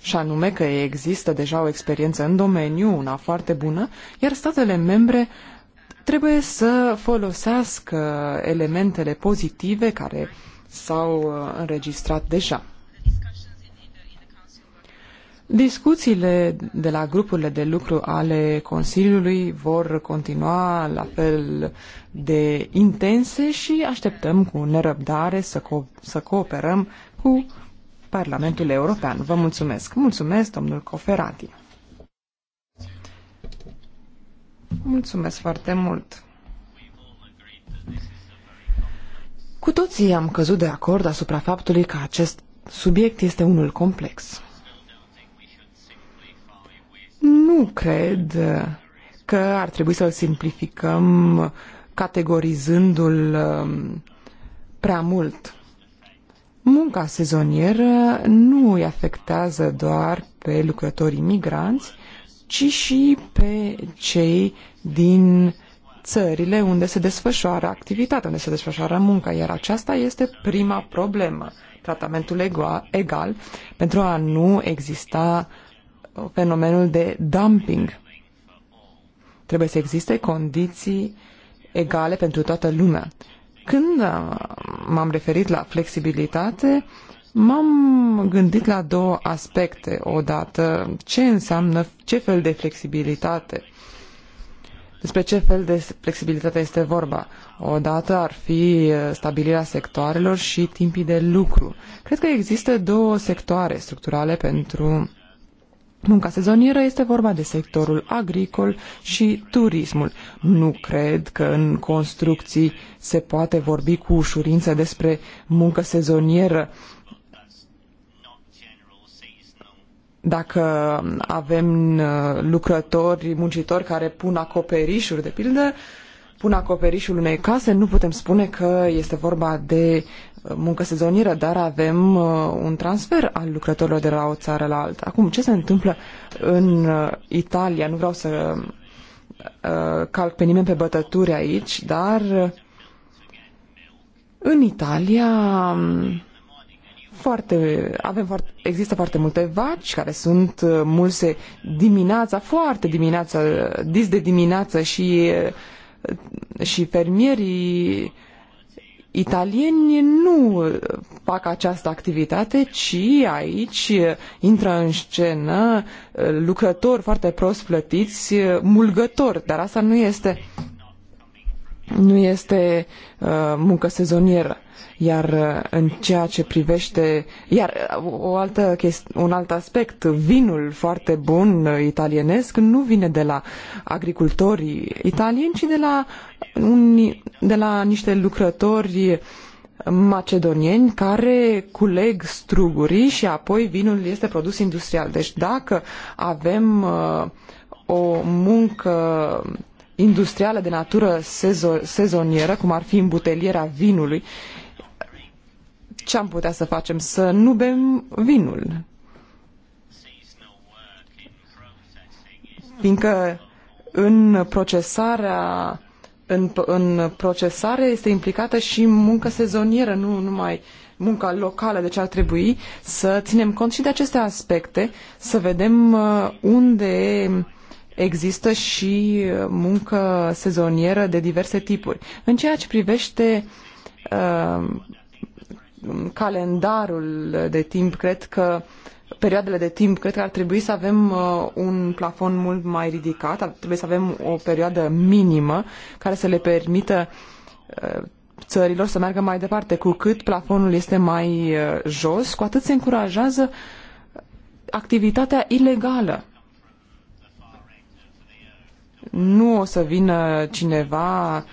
și anume că există deja o experiență în domeniu, una foarte bună, iar statele membre trebuie să folosească elementele pozitive care s-au uh, înregistrat deja. Discuțiile de la grupurile de lucru ale Consiliului vor continua la fel de intense și așteptăm cu nerăbdare să, co- să cooperăm cu Parlamentul European. Vă mulțumesc. Mulțumesc, domnul Coferati. Mulțumesc foarte mult. Cu toții am căzut de acord asupra faptului că acest subiect este unul complex. Nu cred că ar trebui să-l simplificăm categorizându-l um, prea mult. Munca sezonieră nu îi afectează doar pe lucrătorii migranți, ci și pe cei din țările unde se desfășoară activitatea, unde se desfășoară munca, iar aceasta este prima problemă, tratamentul egal, egal pentru a nu exista fenomenul de dumping. Trebuie să existe condiții egale pentru toată lumea. Când uh, m-am referit la flexibilitate, m-am gândit la două aspecte. Odată, ce înseamnă, ce fel de flexibilitate despre ce fel de flexibilitate este vorba? Odată ar fi uh, stabilirea sectoarelor și timpii de lucru. Cred că există două sectoare structurale pentru Munca sezonieră este vorba de sectorul agricol și turismul. Nu cred că în construcții se poate vorbi cu ușurință despre muncă sezonieră. Dacă avem uh, lucrători, muncitori care pun acoperișuri, de pildă, pun acoperișul unei case, nu putem spune că este vorba de muncă sezonieră, dar avem uh, un transfer al lucrătorilor de la o țară la alta. Acum, ce se întâmplă în uh, Italia? Nu vreau să uh, calc pe nimeni pe bătături aici, dar în Italia um, foarte, avem foarte, există foarte multe vaci care sunt mulse dimineața, foarte dimineața, dis de dimineață și, și fermierii italieni nu uh, fac această activitate, ci aici uh, intră în scenă uh, lucrători foarte prost plătiți, mulgători, dar asta nu este nu este uh, muncă sezonieră. Iar uh, în ceea ce privește, iar uh, o altă chesti- un alt aspect, vinul foarte bun uh, italienesc nu vine de la agricultorii italieni, ci de la, unii, de la niște lucrători macedonieni care culeg strugurii și apoi vinul este produs industrial. Deci dacă avem uh, o muncă industrială de natură sezo- sezonieră, cum ar fi îmbutelierea vinului, ce am putea să facem? Să nu bem vinul. Fiindcă în procesarea în, în procesare este implicată și muncă sezonieră, nu numai munca locală, deci ar trebui să ținem cont și de aceste aspecte, să vedem uh, unde există și uh, muncă sezonieră de diverse tipuri. În ceea ce privește uh, calendarul de timp, cred că perioadele de timp, cred că ar trebui să avem uh, un plafon mult mai ridicat, ar trebui să avem o perioadă minimă care să le permită uh, țărilor să meargă mai departe. Cu cât plafonul este mai uh, jos, cu atât se încurajează activitatea ilegală nu o să vină cineva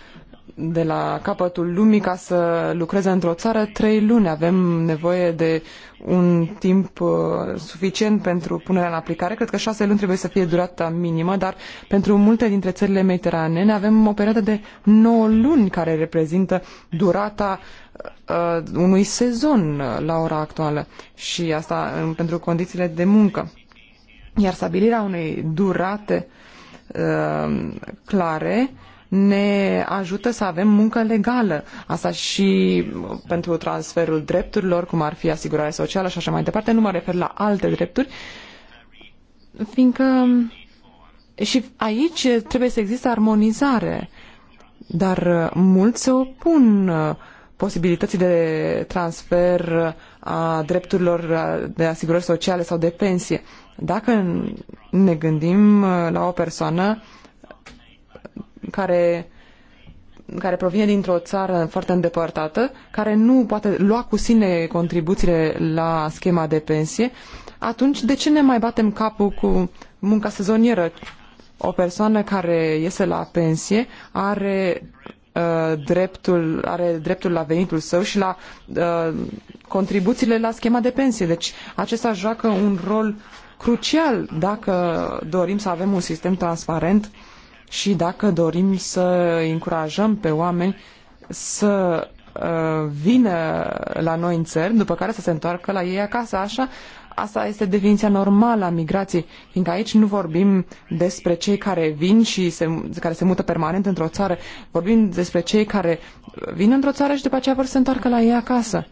de la capătul lumii ca să lucreze într-o țară trei luni. Avem nevoie de un timp uh, suficient pentru punerea în aplicare. Cred că șase luni trebuie să fie durata minimă, dar pentru multe dintre țările mediteranene avem o perioadă de nouă luni care reprezintă durata uh, unui sezon uh, la ora actuală și asta uh, pentru condițiile de muncă. Iar stabilirea unei durate uh, Um, clare ne ajută să avem muncă legală. Asta și pentru transferul drepturilor, cum ar fi asigurarea socială și așa mai departe. Nu mă refer la alte drepturi, fiindcă și aici trebuie să existe armonizare. Dar mulți se opun posibilității de transfer a drepturilor de asigurări sociale sau de pensie. Dacă ne gândim uh, la o persoană care care provine dintr-o țară foarte îndepărtată, care nu poate lua cu sine contribuțiile la schema de pensie, atunci de ce ne mai batem capul cu munca sezonieră? O persoană care iese la pensie are uh, dreptul, are dreptul la venitul său și la uh, contribuțiile la schema de pensie. Deci acesta joacă un rol crucial dacă dorim să avem un sistem transparent și dacă dorim să încurajăm pe oameni să uh, vină la noi în țări, după care să se întoarcă la ei acasă. Așa, asta este definiția normală a migrației, fiindcă aici nu vorbim despre cei care vin și se, care se mută permanent într-o țară, vorbim despre cei care vin într-o țară și după aceea vor să se întoarcă la ei acasă.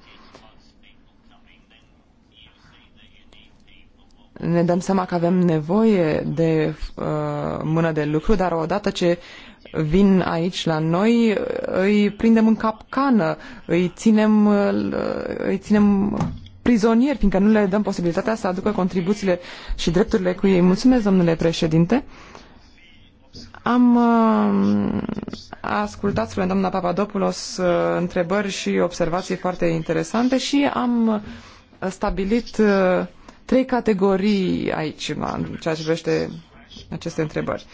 ne dăm seama că avem nevoie de uh, mână de lucru, dar odată ce vin aici la noi, îi prindem în capcană, îi ținem, uh, îi ținem prizonieri, fiindcă nu le dăm posibilitatea să aducă contribuțiile și drepturile cu ei. Mulțumesc, domnule președinte. Am uh, ascultat, spune doamna Papadopoulos, uh, întrebări și observații foarte interesante și am uh, stabilit uh, trei categorii aici în ceea ce vrește aceste întrebări.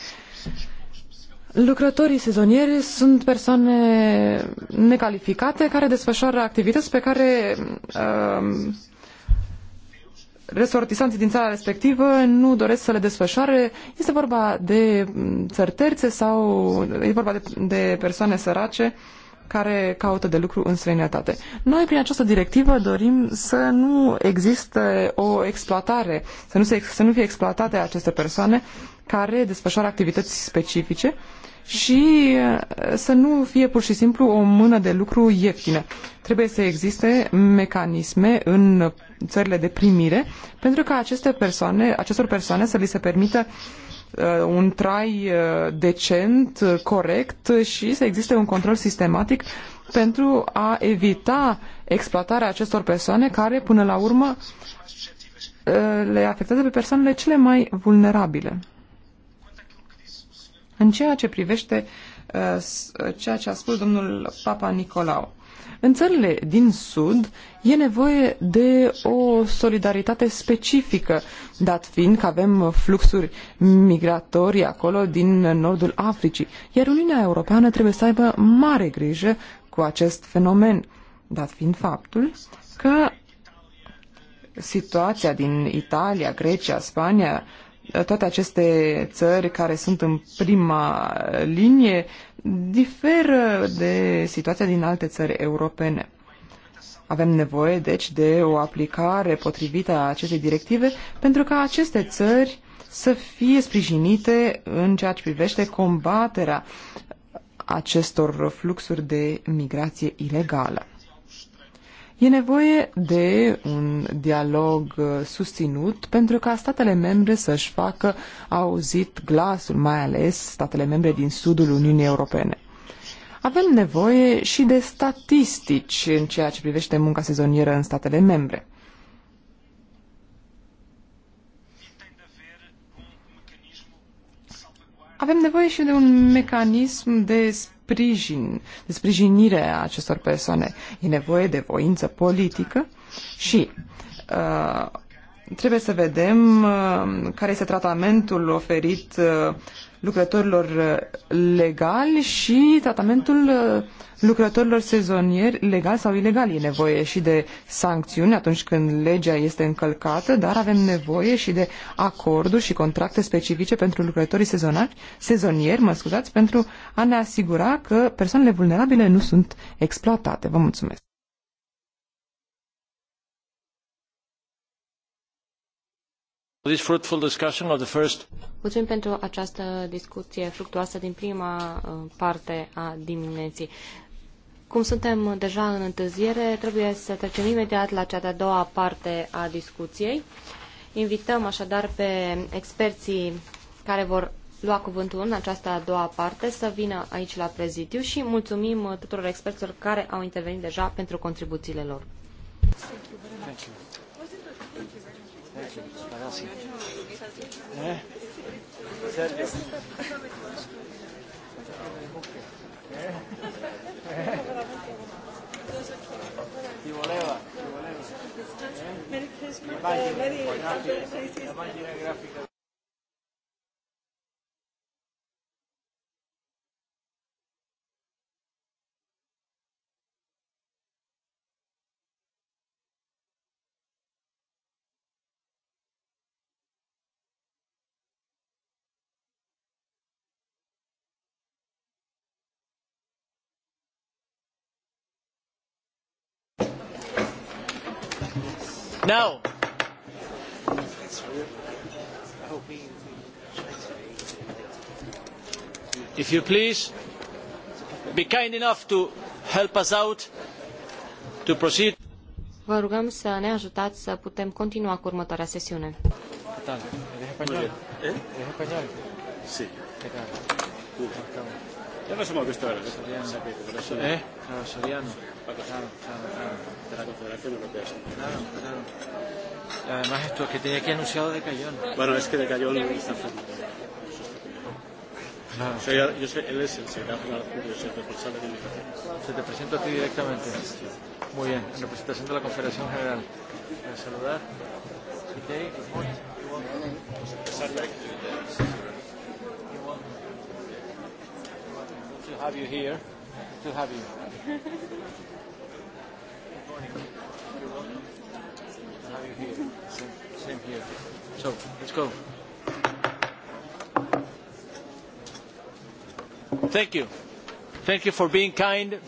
Lucrătorii sezonieri sunt persoane necalificate care desfășoară activități pe care uh, resortisanții din țara respectivă nu doresc să le desfășoare. Este vorba de țări terțe sau e vorba de, de persoane sărace uh, care caută de lucru în străinătate. Noi, prin această directivă, dorim să nu existe o exploatare, să nu, se, să nu fie exploatate aceste persoane care desfășoară activități specifice și uh, să nu fie pur și simplu o mână de lucru ieftină. Trebuie să existe mecanisme în țările de primire pentru ca aceste persoane, acestor persoane să li se permită uh, Uh, un trai uh, decent, uh, corect și să existe un control sistematic pentru a evita exploatarea acestor persoane care, până la urmă, le afectează pe persoanele cele mai vulnerabile. În ceea ce privește ceea ce a spus domnul Papa Nicolau, în țările din Sud e nevoie de o solidaritate specifică, dat fiind că avem fluxuri migratorii acolo din nordul Africii, iar Uniunea Europeană trebuie să aibă mare grijă cu acest fenomen, dat fiind faptul că situația din Italia, Grecia, Spania, toate aceste țări care sunt în prima linie diferă de situația din alte țări europene. Avem nevoie, deci, de o aplicare potrivită a acestei directive pentru ca aceste țări să fie sprijinite în ceea ce privește combaterea acestor fluxuri de migrație ilegală. E nevoie de un dialog uh, susținut pentru ca statele membre să-și facă auzit glasul, mai ales statele membre din sudul Uniunii Europene. Avem nevoie și de statistici în ceea ce privește munca sezonieră în statele membre. Avem nevoie și de un mecanism de sprijin, de sprijinire a acestor persoane. E nevoie de voință politică și uh, trebuie să vedem uh, care este tratamentul oferit uh, lucrătorilor uh, legali și tratamentul uh, lucrătorilor sezonieri legal sau ilegal. E nevoie și de sancțiuni atunci când legea este încălcată, dar avem nevoie și de acorduri și contracte specifice pentru lucrătorii sezonari, sezonieri, mă scuzați, pentru a ne asigura că persoanele vulnerabile nu sunt exploatate. Vă mulțumesc! Mulțumim pentru această discuție fructuoasă din prima uh, parte a dimineții. Cum suntem deja în întârziere, trebuie să trecem imediat la cea de-a doua parte a discuției. Invităm așadar pe experții care vor lua cuvântul în această a doua parte să vină aici la prezidiu și mulțumim uh, tuturor experților care au intervenit deja pentru contribuțiile lor. Thank you very much. Thank you. Ragazzi. Eh? Sergio. Eh? Eh? Ti ti voleva. Eh? Merry Christmas. Now, if you please, be kind enough to help us out to proceed. Vă rugăm să ne ajutați să putem continua cu următoarea sesiune. ¿Qué tal? ¿Qué tal? Ya nos hemos visto varias veces. Soriano. ¿Eh? Claro, Soriano. Claro, claro, De la Europea. Claro, claro. Y además esto que tenía aquí anunciado de Cayón. Bueno, es que de Cayón está Claro. Soy, yo sé, él es el secretario general de yo soy el de Se te presento a ti directamente. Muy bien, en representación de la Confederación General. Voy a saludar. Okay, to have you here. Good to have you. Good morning. You're welcome. to have you here. Same, same here. So, let's go. Thank you. Thank you for being kind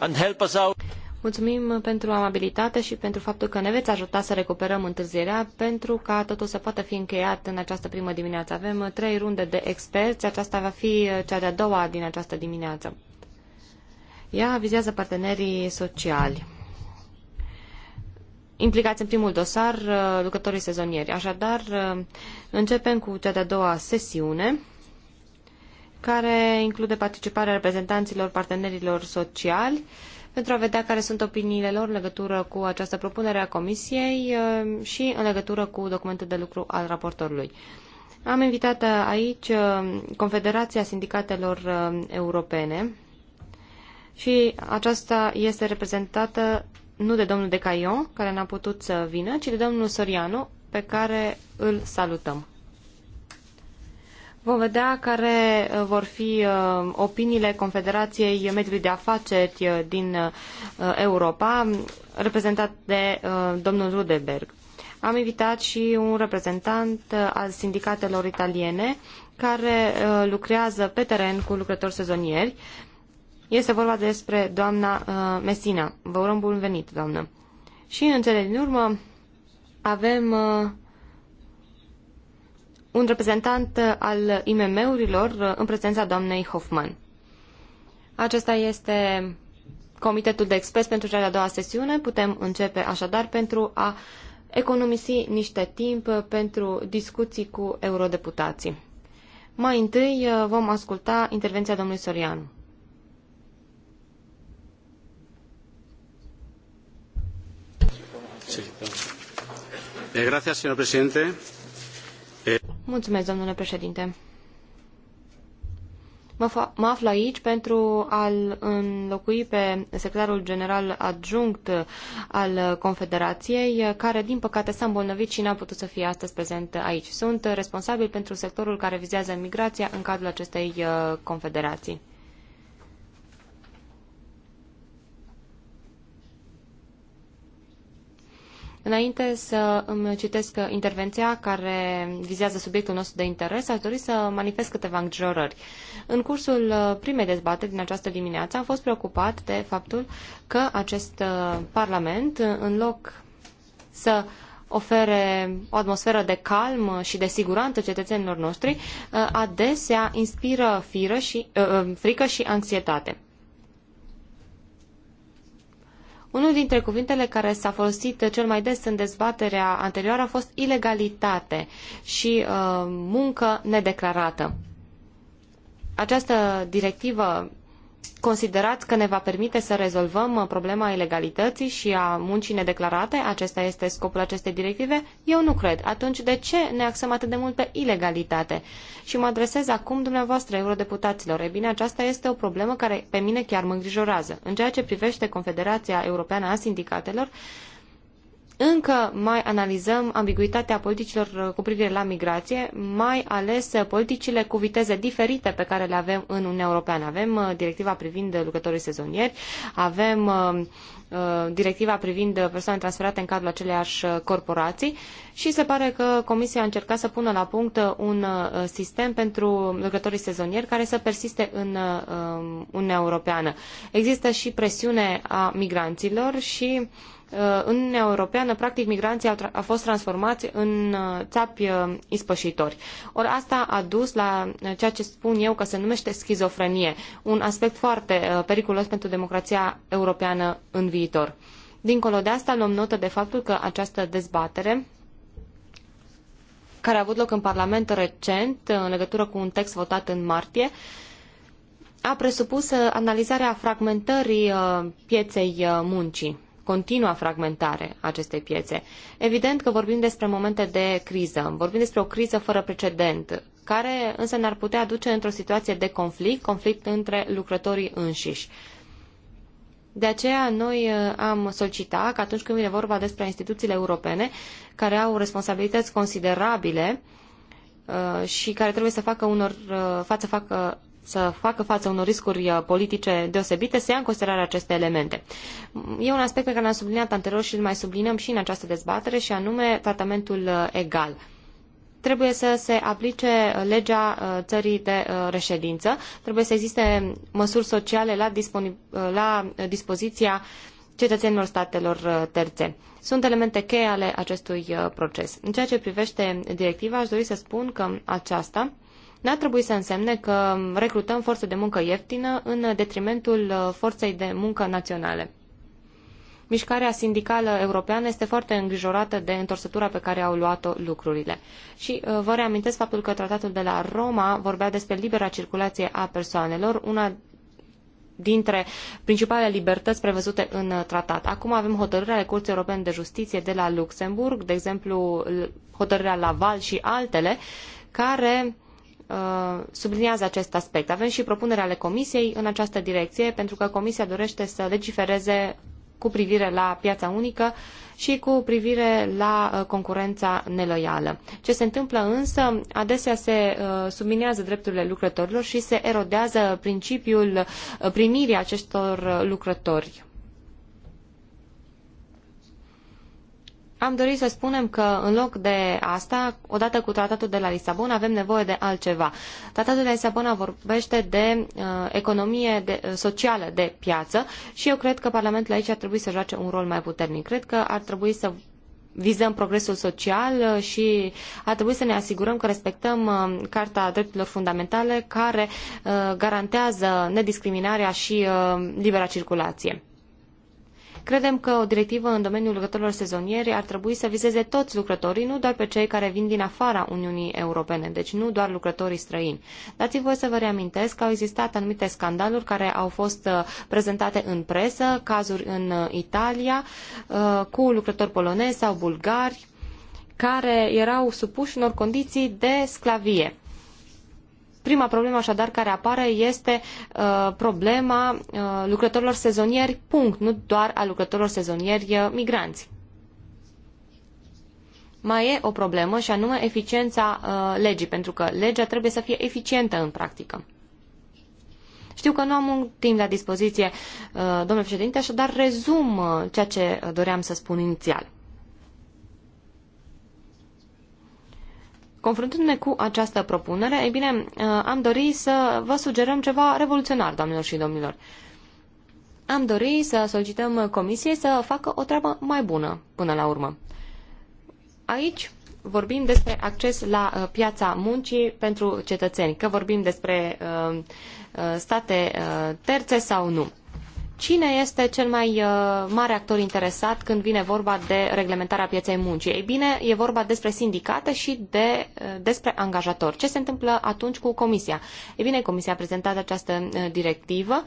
and help us out. Mulțumim pentru amabilitate și pentru faptul că ne veți ajuta să recuperăm întârzierea pentru ca totul să poată fi încheiat în această primă dimineață. Avem trei runde de experți, aceasta va fi cea de-a doua din această dimineață. Ea vizează partenerii sociali. Implicați în primul dosar uh, lucrătorii sezonieri. Așadar, uh, începem cu cea de-a doua sesiune care include participarea reprezentanților partenerilor sociali pentru a vedea care sunt opiniile lor în legătură cu această propunere a Comisiei uh, și în legătură cu documentul de lucru al raportorului. Am invitat aici uh, Confederația Sindicatelor uh, Europene și aceasta este reprezentată nu de domnul De care n-a putut să vină, ci de domnul Soriano, pe care îl salutăm. Vom vedea care uh, vor fi uh, opiniile Confederației Mediului de Afaceri uh, din Europa, reprezentat de domnul Rudeberg. Am invitat și un reprezentant al sindicatelor italiene care lucrează pe teren cu lucrători sezonieri. Este vorba despre doamna Messina. Vă urăm bun venit, doamnă. Și în cele din urmă avem un reprezentant al IMM-urilor uh, în prezența doamnei Hoffman. Acesta este comitetul de Expres pentru cea de-a doua sesiune. Putem începe așadar pentru a economisi niște timp uh, pentru discuții cu eurodeputații. Mai întâi uh, vom asculta intervenția domnului Sorianu. Sí, eh, gracias, señor presidente. Mulțumesc, domnule președinte. Mă, mă aflu aici pentru a-l înlocui pe secretarul general adjunct al Confederației, care, din păcate, s-a îmbolnăvit și n-a putut să fie astăzi prezent aici. Sunt responsabil pentru sectorul care vizează migrația în cadrul acestei uh, confederații. Înainte să îmi citesc intervenția care vizează subiectul nostru de interes, aș dori să manifest câteva îngrijorări. În cursul primei dezbateri din această dimineață am fost preocupat de faptul că acest uh, Parlament, în loc să ofere o atmosferă de calm și de siguranță cetățenilor noștri, uh, adesea inspiră firă și, uh, frică și anxietate. Unul dintre cuvintele care s-a folosit cel mai des în dezbaterea anterioară a fost ilegalitate și uh, muncă nedeclarată. Această directivă Considerați că ne va permite să rezolvăm problema ilegalității și a muncii nedeclarate? Acesta este scopul acestei directive? Eu nu cred. Atunci de ce ne axăm atât de mult pe ilegalitate? Și mă adresez acum dumneavoastră, eurodeputaților. E bine, aceasta este o problemă care pe mine chiar mă îngrijorează. În ceea ce privește Confederația Europeană a Sindicatelor, încă mai analizăm ambiguitatea politicilor uh, cu privire la migrație, mai ales uh, politicile cu viteze diferite pe care le avem în Uniunea Europeană. Avem uh, directiva privind lucrătorii sezonieri, avem directiva privind persoane transferate în cadrul aceleiași corporații și se pare că Comisia a încercat să pună la punct un sistem pentru lucrătorii sezonieri care să persiste în um, Uniunea Europeană. Există și presiune a migranților și Uh, în Uniunea Europeană, practic, migranții au, au fost transformați în uh, țapi uh, ispășitori. Ori asta a dus la ceea ce spun eu că se numește schizofrenie, un aspect foarte periculos pentru democrația europeană în viitor. Dincolo de asta, luăm notă de faptul că această dezbatere care a avut loc în Parlament recent, în legătură cu un text votat în martie, a presupus analizarea fragmentării pieței muncii continua fragmentare a acestei piețe. Evident că vorbim despre momente de criză, vorbim despre o criză fără precedent, care însă ne-ar putea aduce într-o situație de conflict, conflict între lucrătorii înșiși. De aceea noi uh, am solicitat că atunci când vine vorba despre instituțiile europene care au responsabilități considerabile uh, și care trebuie să facă unor, uh, față facă să facă față unor riscuri uh, politice deosebite, să ia în considerare aceste elemente. E un aspect pe care l-am subliniat anterior și îl mai subliniem și în această dezbatere, și anume tratamentul uh, egal trebuie să se aplice uh, legea țării de reședință, trebuie să existe măsuri sociale la, la dispoziția cetățenilor statelor terțe. Sunt elemente cheie ale acestui proces. În ceea ce privește directiva, aș dori să spun că aceasta n-ar trebui să însemne că recrutăm forță de muncă ieftină în detrimentul uh, forței de muncă naționale. Mișcarea sindicală europeană este foarte îngrijorată de întorsătura pe care au luat-o lucrurile. Și uh, vă reamintesc faptul că tratatul de la Roma vorbea despre libera circulație a persoanelor, una dintre principalele libertăți prevăzute în uh, tratat. Acum avem hotărârea ale Curții Europene de Justiție de la Luxemburg, de exemplu hotărârea Laval și altele, care Uh, subliniază acest aspect. Avem și propunere ale Comisiei în această direcție, pentru că Comisia dorește să legifereze cu privire la piața unică și cu privire la uh, concurența neloială. Ce se întâmplă însă, adesea se uh, subminează drepturile lucrătorilor și se erodează principiul primirii acestor lucrători. Am dorit să spunem că în loc de asta, odată cu tratatul de la Lisabona, avem nevoie de altceva. Tratatul de la Lisabona vorbește de uh, economie de, uh, socială de piață și eu cred că Parlamentul aici ar trebui să joace un rol mai puternic. Cred că ar trebui să vizăm progresul social uh, și ar trebui să ne asigurăm că respectăm uh, Carta Drepturilor Fundamentale care uh, garantează nediscriminarea și libera circulație. Credem că o directivă în domeniul lucrătorilor sezonieri ar trebui să vizeze toți lucrătorii, nu doar pe cei care vin din afara Uniunii Europene, deci nu doar lucrătorii străini. Dați-mi să vă reamintesc că au existat anumite scandaluri care au fost uh, prezentate în presă, cazuri în uh, Italia, uh, cu lucrători polonezi sau bulgari, care erau supuși unor condiții de sclavie. Prima problemă așadar care apare este uh, problema uh, lucrătorilor sezonieri, punct, nu doar a lucrătorilor sezonieri uh, migranți. Mai e o problemă și anume eficiența uh, legii, pentru că legea trebuie să fie eficientă în practică. Știu că nu am un timp la dispoziție, uh, domnule președinte, așadar rezum uh, ceea ce uh, doream să spun inițial. Confruntându-ne cu această propunere, ei bine, uh, am dorit să vă sugerăm ceva revoluționar, doamnelor și domnilor. Am dorit să solicităm comisiei să facă o treabă mai bună până la urmă. Aici vorbim despre acces la uh, piața muncii pentru cetățeni, că vorbim despre uh, state terțe sau nu. Cine este cel mai uh, mare actor interesat când vine vorba de reglementarea pieței muncii? Ei bine, e vorba despre sindicate și de, uh, despre angajatori. Ce se întâmplă atunci cu Comisia? Ei bine, Comisia a prezentat această uh, directivă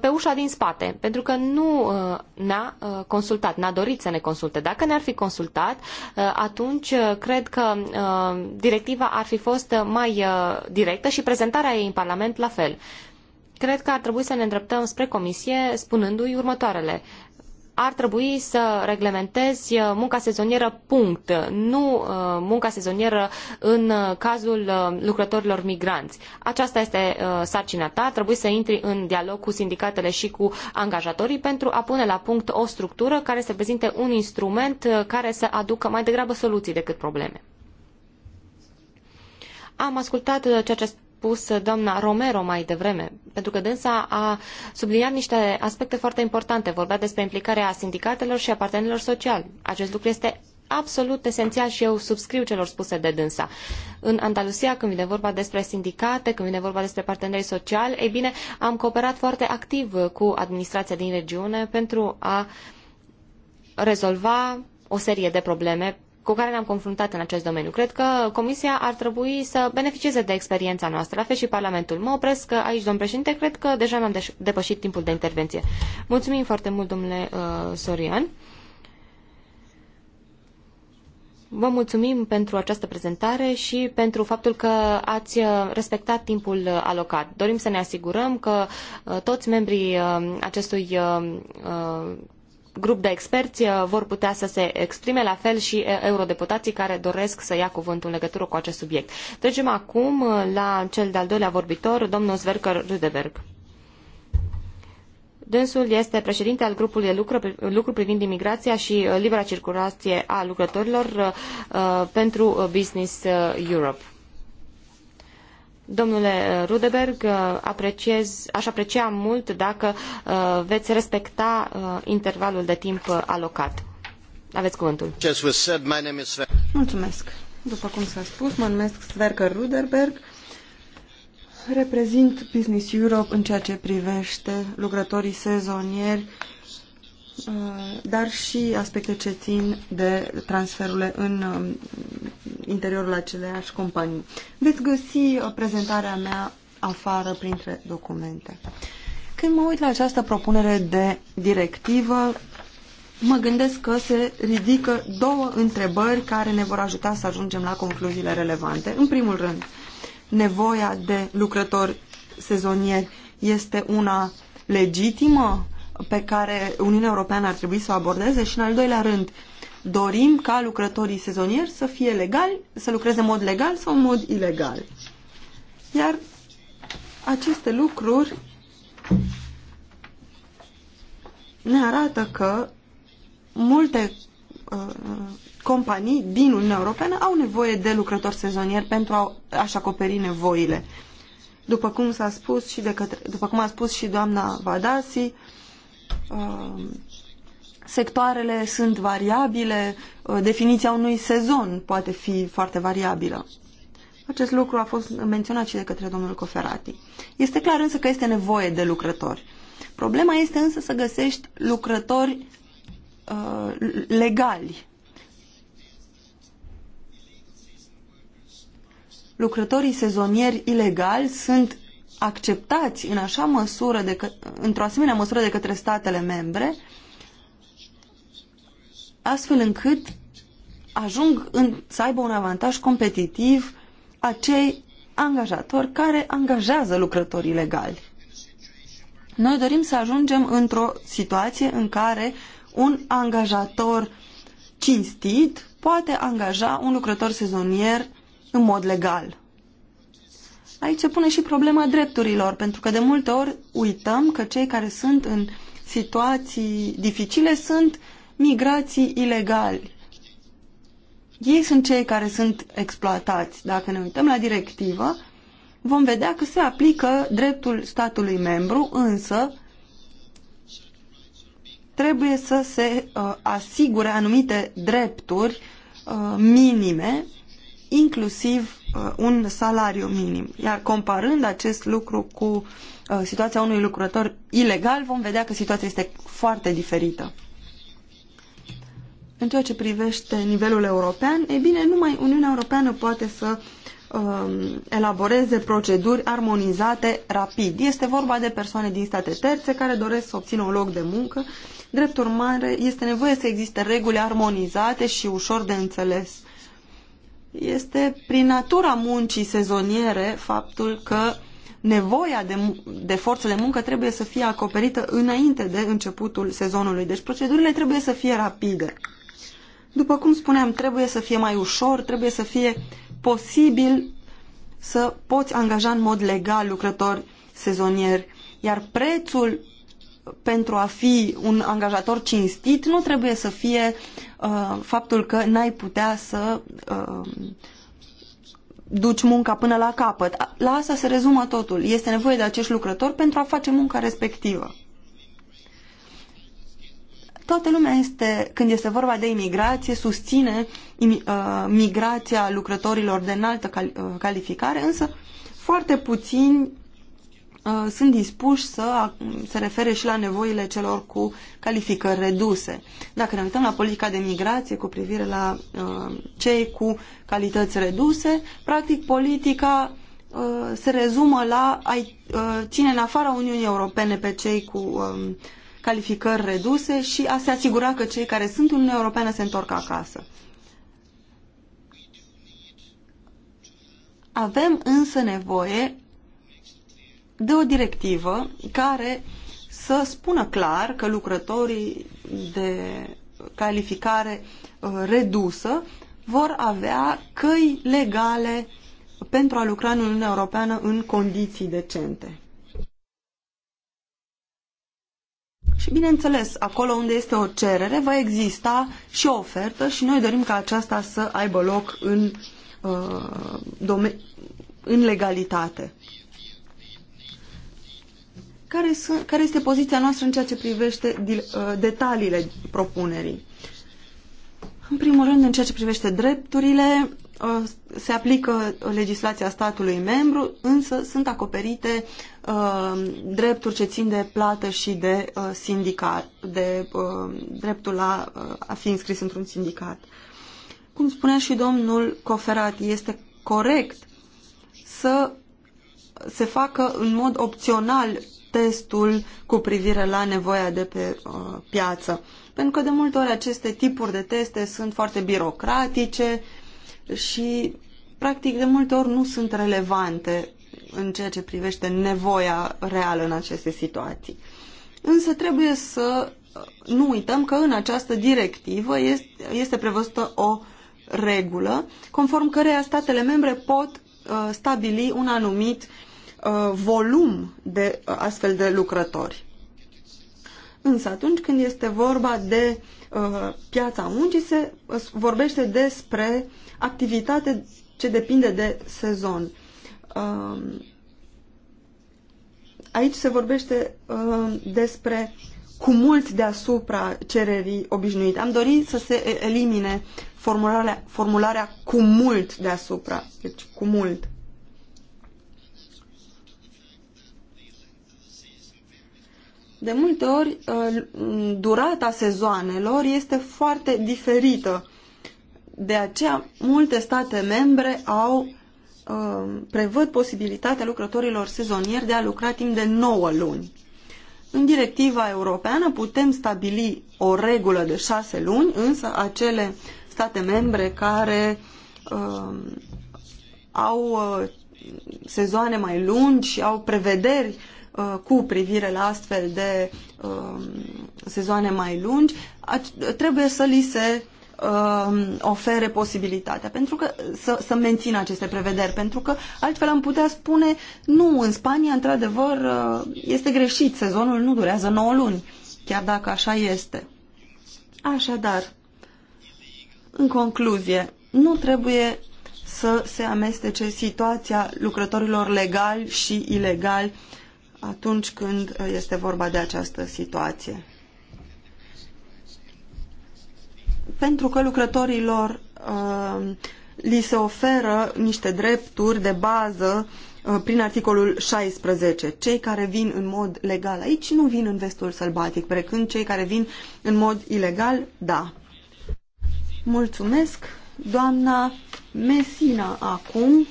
pe ușa din spate, pentru că nu ne-a consultat, n-a dorit să ne consulte. Dacă ne-ar fi consultat, atunci cred că directiva ar fi fost mai directă și prezentarea ei în Parlament la fel cred că ar trebui să ne îndreptăm spre comisie spunându-i următoarele. Ar trebui să reglementezi uh, munca sezonieră punct, nu uh, munca sezonieră în uh, cazul lucrătorilor migranți. Aceasta este sarcina ta, trebuie să intri în dialog cu sindicatele și cu angajatorii pentru a pune la punct o structură care să prezinte un instrument care să aducă mai degrabă soluții decât probleme. Am ascultat ceea ce spus doamna Romero mai devreme, pentru că dânsa a subliniat niște aspecte foarte importante. Vorbea despre implicarea sindicatelor și a partenerilor sociali. Acest lucru este absolut esențial și eu subscriu celor spuse de dânsa. În Andalusia, când vine vorba despre sindicate, când vine vorba despre partenerii sociali, ei bine, am cooperat foarte activ cu administrația din regiune pentru a rezolva o serie de probleme cu care ne-am confruntat în acest domeniu. Cred că Comisia ar trebui să beneficieze de experiența noastră, la fel și Parlamentul. Mă opresc aici, domn președinte, cred că deja mi-am depășit timpul de intervenție. Mulțumim foarte mult, domnule uh, Sorian. Vă mulțumim pentru această prezentare și pentru faptul că ați uh, respectat timpul uh, alocat. Dorim să ne asigurăm că uh, toți membrii acestui grup de experți uh, vor putea să se exprime, la fel și uh, eurodeputații care doresc să ia cuvântul în legătură cu acest subiect. Trecem acum uh, la cel de-al doilea vorbitor, domnul Sverker Rudeberg. Dânsul este președinte al grupului de lucru, lucru privind imigrația și libera circulație a lucrătorilor uh, pentru Business Europe. Domnule uh, Rudeberg, uh, apreciez, aș aprecia mult dacă uh, veți respecta intervalul de timp alocat. Aveți cuvântul. Mulțumesc. După cum s-a spus, mă numesc Sverker Ruderberg. Reprezint Business Europe în ceea ce privește lucrătorii sezonieri Uh, dar și aspecte ce țin de transferurile în um, interiorul aceleiași companii. Veți găsi uh, prezentarea mea afară printre documente. Când mă uit la această propunere de directivă, mă gândesc că se ridică două întrebări care ne vor ajuta să ajungem la concluziile relevante. În primul rând, nevoia de lucrători sezonieri este una legitimă pe care Uniunea Europeană ar trebui să o abordeze și, în al doilea rând, dorim ca lucrătorii sezonieri să fie legali, să lucreze în mod legal sau în mod ilegal. Iar aceste lucruri ne arată că multe uh, companii din Uniunea Europeană au nevoie de lucrători sezonieri pentru a, și acoperi nevoile. După cum s-a spus și de către, după cum a spus și doamna Vadasi, Um, sectoarele sunt variabile, uh, definiția unui sezon poate fi foarte variabilă. Acest lucru a fost menționat și de către domnul Coferati. Este clar însă că este nevoie de lucrători. Problema este însă să găsești lucrători uh, legali. Lucrătorii sezonieri ilegali sunt acceptați în așa măsură, de că, într-o asemenea măsură de către statele membre, astfel încât ajung în, să aibă un avantaj competitiv acei angajatori care angajează lucrători ilegali. Noi dorim să ajungem într-o situație în care un angajator cinstit poate angaja un lucrător sezonier în mod legal. Aici se pune și problema drepturilor, pentru că de multe ori uităm că cei care sunt în situații dificile sunt migrații ilegali. Ei sunt cei care sunt exploatați. Dacă ne uităm la directivă, vom vedea că se aplică dreptul statului membru, însă trebuie să se uh, asigure anumite drepturi uh, minime inclusiv uh, un salariu minim. Iar comparând acest lucru cu uh, situația unui lucrător ilegal, vom vedea că situația este foarte diferită. În ceea ce privește nivelul european, e bine, numai Uniunea Europeană poate să um, elaboreze proceduri armonizate rapid. Este vorba de persoane din state terțe care doresc să obțină un loc de muncă. Drept urmare, este nevoie să existe reguli armonizate și ușor de înțeles este prin natura muncii sezoniere faptul că nevoia de, de forță de muncă trebuie să fie acoperită înainte de începutul sezonului. Deci procedurile trebuie să fie rapide. După cum spuneam, trebuie să fie mai ușor, trebuie să fie posibil să poți angaja în mod legal lucrători sezonieri, iar prețul pentru a fi un angajator cinstit nu trebuie să fie uh, faptul că n-ai putea să uh, duci munca până la capăt. La asta se rezumă totul. Este nevoie de acești lucrători pentru a face munca respectivă. Toată lumea este, când este vorba de imigrație, susține uh, migrația lucrătorilor de înaltă uh, calificare, însă foarte puțini Uh, sunt dispuși să se refere și la nevoile celor cu calificări reduse. Dacă ne uităm la politica de migrație cu privire la uh, cei cu calități reduse, practic politica uh, se rezumă la a ține în afara Uniunii Europene pe cei cu um, calificări reduse și a se asigura că cei care sunt în Uniunea Europeană se întorc acasă. Avem însă nevoie de o directivă care să spună clar că lucrătorii de calificare uh, redusă vor avea căi legale pentru a lucra în Uniunea Europeană în condiții decente. Și bineînțeles, acolo unde este o cerere, va exista și o ofertă și noi dorim ca aceasta să aibă loc în, uh, în legalitate care, sunt, care este poziția noastră în ceea ce privește uh, detaliile propunerii. În primul rând, în ceea ce privește drepturile, uh, se aplică legislația statului membru, însă sunt acoperite uh, drepturi ce țin de plată și de sindicat, de dreptul la a fi înscris într-un sindicat. Cum spunea și domnul Coferat, este corect să se facă în mod opțional testul cu privire la nevoia de pe uh, piață. Pentru că de multe ori aceste tipuri de teste sunt foarte birocratice și practic de multe ori nu sunt relevante în ceea ce privește nevoia reală în aceste situații. Însă trebuie să uh, nu uităm că în această directivă este, este prevăzută o regulă conform căreia statele membre pot uh, stabili un anumit Uh, volum de uh, astfel de lucrători. Însă atunci când este vorba de uh, piața muncii, se vorbește despre activitate ce depinde de sezon. Um, aici se vorbește um, despre cu mult deasupra cererii obișnuite. Am dorit să se elimine formularea, formularea cu mult deasupra, deci cu mult. De multe ori, uh, durata sezoanelor este foarte diferită. De aceea, multe state membre au uh, prevăd posibilitatea lucrătorilor sezonieri de a lucra timp de 9 luni. În directiva europeană putem stabili o regulă de 6 luni, însă acele state membre care uh, au uh, sezoane mai lungi și au prevederi Uh, cu privire la astfel de um, sezoane mai lungi, trebuie să li se um, ofere posibilitatea pentru că să, să mențină aceste prevederi, pentru că altfel am putea spune nu, în Spania, într-adevăr, uh, este greșit, sezonul nu durează 9 luni, chiar dacă așa este. Așadar, în concluzie, nu trebuie să se amestece situația lucrătorilor legali și ilegali uh, atunci când uh, este vorba de această situație. Pentru că lucrătorilor uh, li se oferă niște drepturi de bază uh, prin articolul 16. Cei care vin în mod legal aici nu vin în vestul sălbatic, precând cei care vin în mod ilegal, da. Mulțumesc, doamna Mesina, acum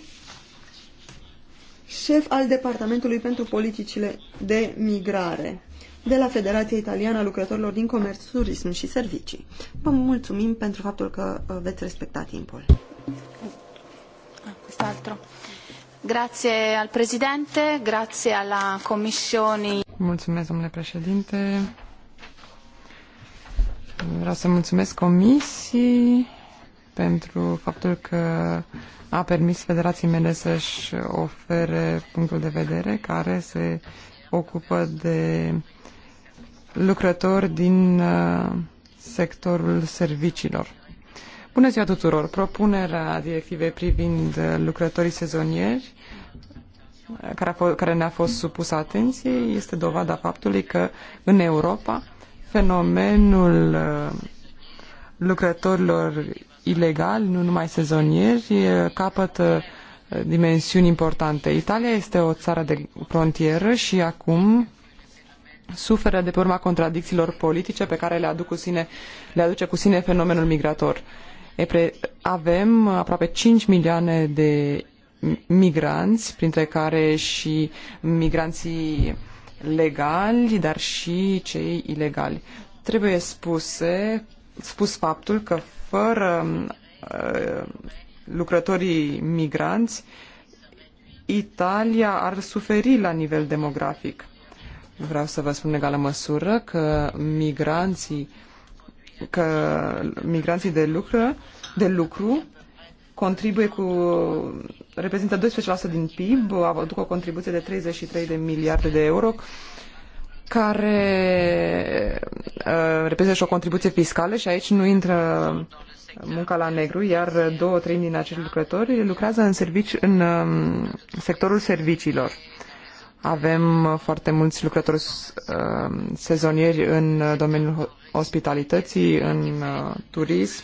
șef al Departamentului pentru Politicile de Migrare de la Federația Italiană a Lucrătorilor din Comerț, Turism și Servicii. Vă mulțumim pentru faptul că uh, veți respecta timpul. Ah, quest'altro. Grazie al Presidente, grazie alla Commissione. Mulțumesc, domnule președinte. Vreau să mulțumesc comisiei pentru faptul că a permis federației mele să-și ofere punctul de vedere care se ocupă de lucrători din uh, sectorul serviciilor. Bună ziua tuturor! Propunerea directivei privind uh, lucrătorii sezonieri care, a fost, care ne-a fost supus atenției este dovada faptului că în Europa fenomenul uh, lucrătorilor ilegali, nu numai sezonieri, capătă dimensiuni importante. Italia este o țară de frontieră și acum suferă de pe urma contradicțiilor politice pe care le, aduc cu sine, le aduce cu sine fenomenul migrator. Avem aproape 5 milioane de migranți, printre care și migranții legali, dar și cei ilegali. Trebuie spuse, spus faptul că fără uh, lucrătorii migranți, Italia ar suferi la nivel demografic. Vreau să vă spun în egală măsură că migranții, că migranții de, lucră, de lucru contribuie cu, reprezintă 12% din PIB, aduc o contribuție de 33 de miliarde de euro care uh, reprezintă și o contribuție fiscală și aici nu intră munca la negru, iar două trei din acești lucrători lucrează în, servici, în uh, sectorul serviciilor. Avem foarte mulți lucrători uh, sezonieri în domeniul ospitalității, în uh, turism.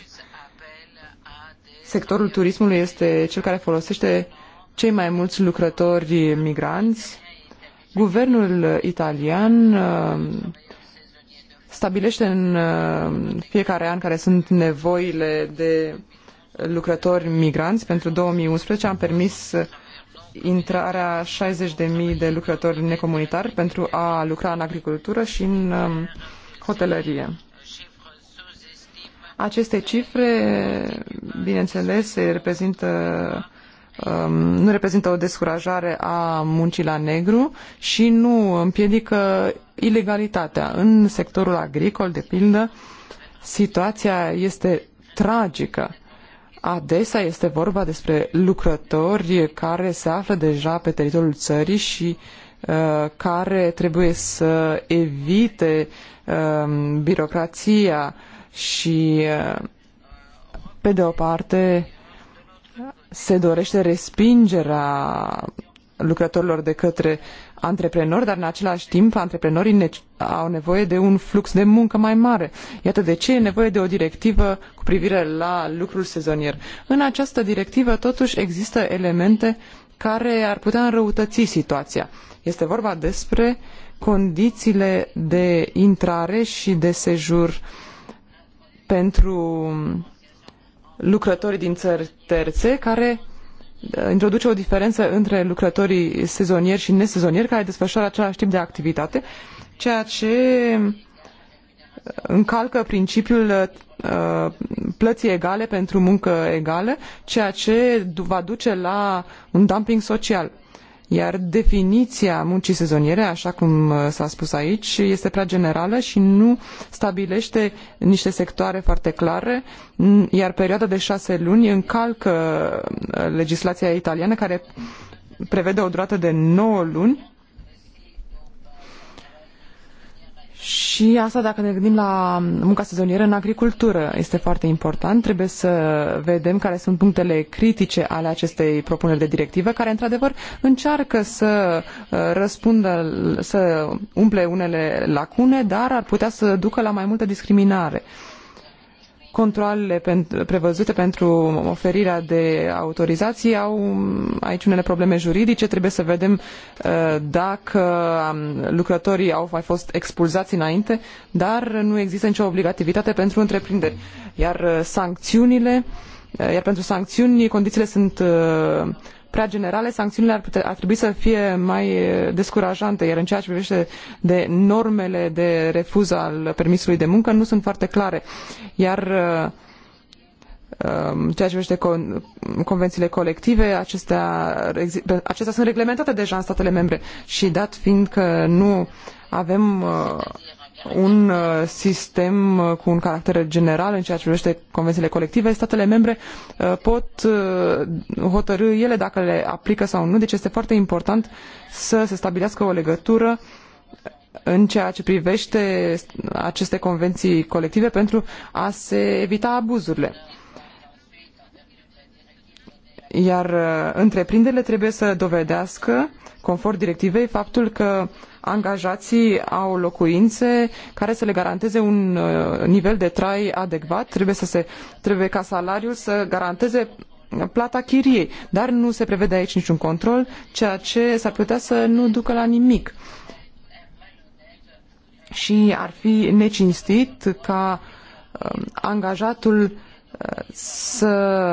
Sectorul turismului este cel care folosește cei mai mulți lucrători migranți Guvernul uh, italian uh, stabilește în uh, fiecare an care sunt nevoile de lucrători migranți. Pentru 2011 am permis intrarea 60.000 de lucrători necomunitari pentru a lucra în agricultură și în um, hotelărie. Aceste cifre, bineînțeles, reprezintă Um, nu reprezintă o descurajare a muncii la negru și nu împiedică ilegalitatea. În sectorul agricol, de pildă, situația este tragică. Adesea este vorba despre lucrători care se află deja pe teritoriul țării și uh, care trebuie să evite uh, birocrația și, uh, pe de o parte, se dorește respingerea lucrătorilor de către antreprenori, dar în același timp antreprenorii au nevoie de un flux de muncă mai mare. Iată de ce e nevoie de o directivă cu privire la lucrul sezonier. În această directivă totuși există elemente care ar putea înrăutăți situația. Este vorba despre condițiile de intrare și de sejur pentru lucrătorii din ări terțe, care uh, introduce o diferență între lucrătorii sezonieri și nesezonieri care desfășoară același tip de activitate, ceea ce uh, încalcă principiul uh, plății egale pentru muncă egală, ceea ce va duce la un dumping social. Iar definiția muncii sezoniere, așa cum uh, s-a spus aici, este prea generală și nu stabilește niște sectoare foarte clare, iar perioada de șase luni încalcă uh, legislația italiană care prevede o durată de 9 luni Și asta dacă ne gândim la munca sezonieră în agricultură este foarte important. Trebuie să vedem care sunt punctele critice ale acestei propuneri de directivă, care într-adevăr încearcă să uh, răspundă, să umple unele lacune, dar ar putea să ducă la mai multă discriminare. Uh, controalele prevăzute pentru oferirea de autorizații au aici unele probleme juridice. Trebuie să vedem uh, dacă um, lucrătorii au mai fost expulzați înainte, dar nu există nicio obligativitate pentru întreprinderi. Iar uh, sancțiunile, uh, iar pentru sancțiuni condițiile sunt prea generale, sancțiunile ar, putea ar trebui să fie mai eh, descurajante, iar în ceea ce privește de normele de refuz al permisului de muncă nu sunt foarte clare. Iar eh, eh, ceea ce privește con, convențiile colective, acestea, acestea sunt reglementate deja în statele membre și dat fiind că nu avem un uh, sistem uh, cu un caracter general în ceea ce privește convențiile colective, statele membre uh, pot hotărâ ele dacă le aplică sau nu, deci este foarte important să se stabilească o legătură în ceea ce privește aceste convenții colective pentru a se evita abuzurile. Iar întreprinderile trebuie să dovedească, conform directivei, faptul că uh, angajații au locuințe care să le garanteze un uh, nivel de trai adecvat, trebuie, să se, trebuie ca salariul să garanteze plata chiriei, dar nu se prevede aici niciun control, ceea ce s-ar putea să nu ducă la nimic. Și ar fi necinstit ca um, angajatul să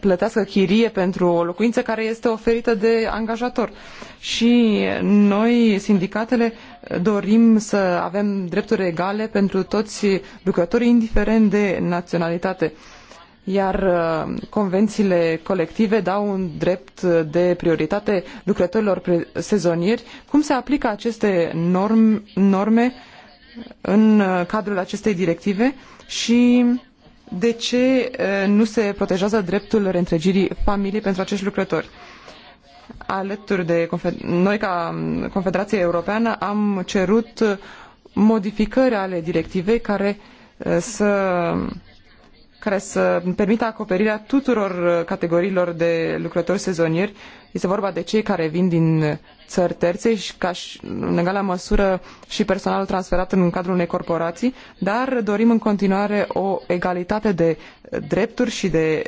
plătească chirie pentru o locuință care este oferită de angajator. Și noi, sindicatele, dorim să avem drepturi egale pentru toți lucrătorii, indiferent de naționalitate. Iar uh, convențiile colective dau un drept de prioritate lucrătorilor sezonieri. Cum se aplică aceste norm, norme în uh, cadrul acestei directive și de ce nu se protejează dreptul reîntregirii familiei pentru acești lucrători. Alături de noi, ca Confederație Europeană, am cerut modificări ale directivei care să care să permită acoperirea tuturor categoriilor de lucrători sezonieri este vorba de cei care vin din țări terțe și ca și, în egală măsură și personalul transferat în cadrul unei corporații, dar dorim în continuare o egalitate de drepturi și, de,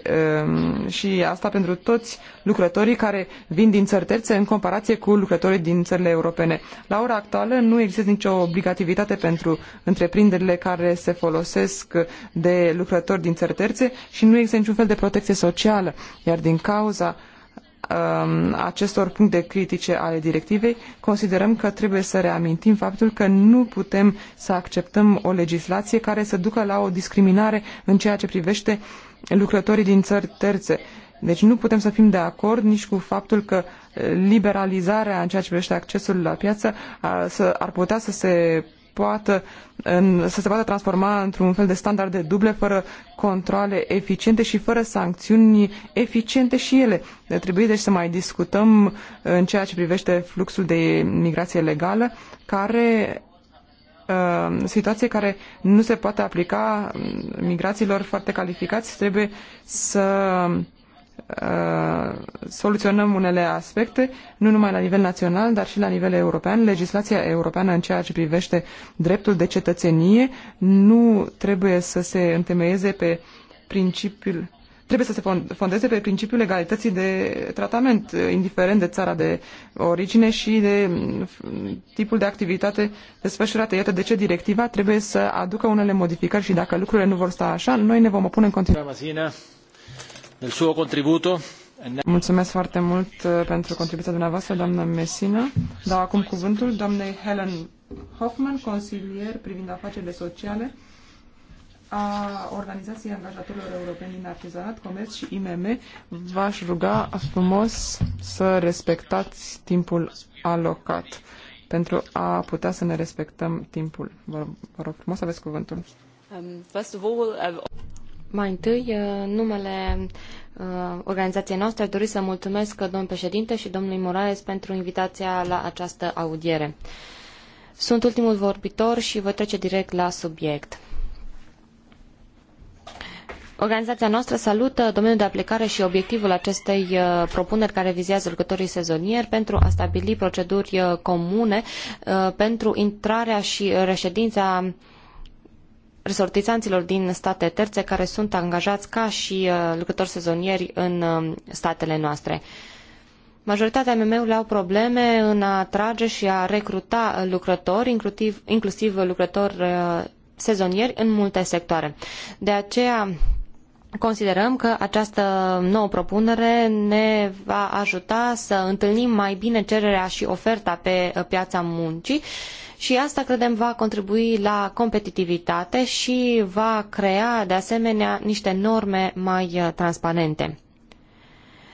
um, și asta pentru toți lucrătorii care vin din țări terțe în comparație cu lucrătorii din țările europene. La ora actuală nu există nicio obligativitate pentru întreprinderile care se folosesc de lucrători din țări terțe și nu există niciun fel de protecție socială, iar din cauza Um, acestor puncte critice ale directivei, considerăm că trebuie să reamintim faptul că nu putem să acceptăm o legislație care să ducă la o discriminare în ceea ce privește lucrătorii din țări terțe. Deci nu putem să fim de acord nici cu faptul că liberalizarea în ceea ce privește accesul la piață ar, ar putea să se poată, în, să se poată transforma într-un fel de standarde duble, fără controle eficiente și fără sancțiuni eficiente și ele. Trebuie deci să mai discutăm în ceea ce privește fluxul de migrație legală, care uh, situație care nu se poate aplica migrațiilor foarte calificați, trebuie să Uh, soluționăm unele aspecte, nu numai la nivel național, dar și la nivel european. Legislația europeană în ceea ce privește dreptul de cetățenie nu trebuie să se întemeieze pe principiul trebuie să se fondeze pe principiul egalității de tratament, indiferent de țara de origine și de tipul de activitate desfășurată. Iată de ce directiva trebuie să aducă unele modificări și dacă lucrurile nu vor sta așa, noi ne vom opune în continuare del Mulțumesc foarte mult uh, pentru contribuția dumneavoastră, doamnă Messina. Dau acum cuvântul doamnei Helen Hoffman, consilier privind afacerile sociale a Organizației Angajatorilor Europeni din Artizanat, Comerț și IMM. V-aș ruga frumos să respectați timpul alocat pentru a putea să ne respectăm timpul. Vă, rog frumos, aveți cuvântul. Um, mai întâi, uh, numele uh, organizației noastre, aș dori să mulțumesc domnului președinte și domnului Moraes pentru invitația la această audiere. Sunt ultimul vorbitor și vă trece direct la subiect. Organizația noastră salută domeniul de aplicare și obiectivul acestei uh, propuneri care vizează lucrătorii sezonieri pentru a stabili proceduri comune pentru intrarea și reședința resortizanților din state terțe care sunt angajați ca și uh, lucrători sezonieri în um, statele noastre. Majoritatea MM-urilor au probleme în a atrage și a recruta lucrători, inclusiv, inclusiv lucrători uh, sezonieri în multe sectoare. De aceea considerăm că această nouă propunere ne va ajuta să întâlnim mai bine cererea și oferta pe uh, piața muncii și asta credem va contribui la competitivitate și va crea de asemenea niște norme mai uh, transparente.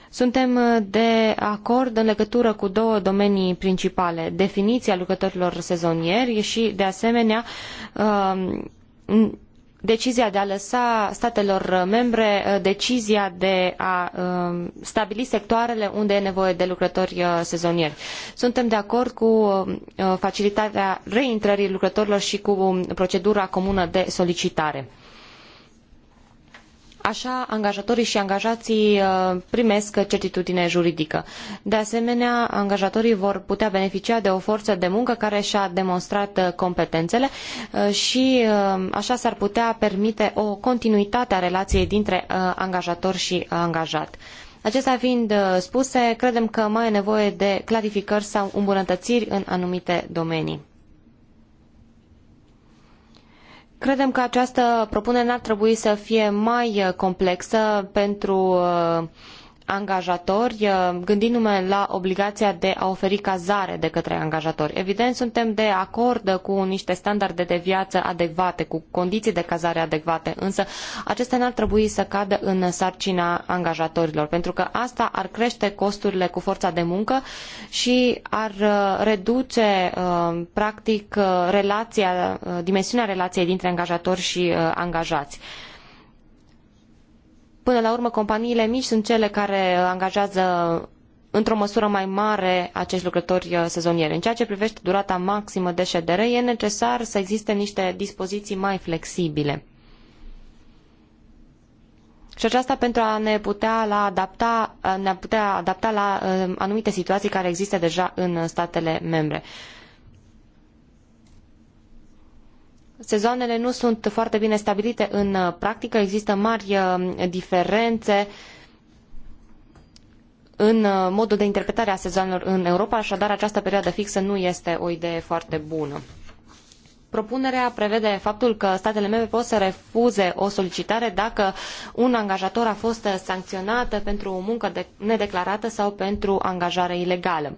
Suntem uh, de acord în legătură cu două domenii principale, definiția lucrătorilor sezonieri și, de asemenea, uh, decizia de a lăsa statelor membre uh, decizia de a um, stabili sectoarele unde e nevoie de lucrători uh, sezonieri. Suntem de acord cu uh, facilitatea reintrării lucrătorilor și cu um, procedura comună de solicitare. Așa, angajatorii și angajații uh, primesc certitudine juridică. De asemenea, angajatorii vor putea beneficia de o forță de muncă care și-a demonstrat uh, competențele uh, și așa s-ar putea permite o continuitate a relației dintre angajator și angajat. Acestea fiind spuse, credem că mai e nevoie de clarificări sau îmbunătățiri în anumite domenii. Credem că această propunere n-ar trebui să fie mai complexă pentru uh, angajatori, uh, gândindu-mă la obligația de a oferi cazare de către angajatori. Evident, suntem de acord cu niște standarde de viață adecvate, cu condiții de cazare adecvate, însă acestea n-ar trebui să cadă în sarcina angajatorilor, pentru că asta ar crește costurile cu forța de muncă și ar uh, reduce, uh, practic, relația, dimensiunea relației dintre angajatori și angajați. Până la urmă, companiile mici sunt cele care angajează într-o măsură mai mare acești lucrători uh, sezonieri. În ceea ce privește durata maximă de ședere, e necesar să existe niște dispoziții mai flexibile. Și aceasta pentru a ne putea, la adapta, uh, ne putea adapta la uh, anumite situații care există deja în statele membre. Sezoanele nu sunt foarte bine stabilite în uh, practică, există mari uh, diferențe în uh, modul de interpretare a sezoanelor în Europa, așadar această perioadă fixă nu este o idee foarte bună. Propunerea prevede faptul că statele membre pot să refuze o solicitare dacă un angajator a fost sancționat pentru o muncă nedeclarată sau pentru angajare ilegală.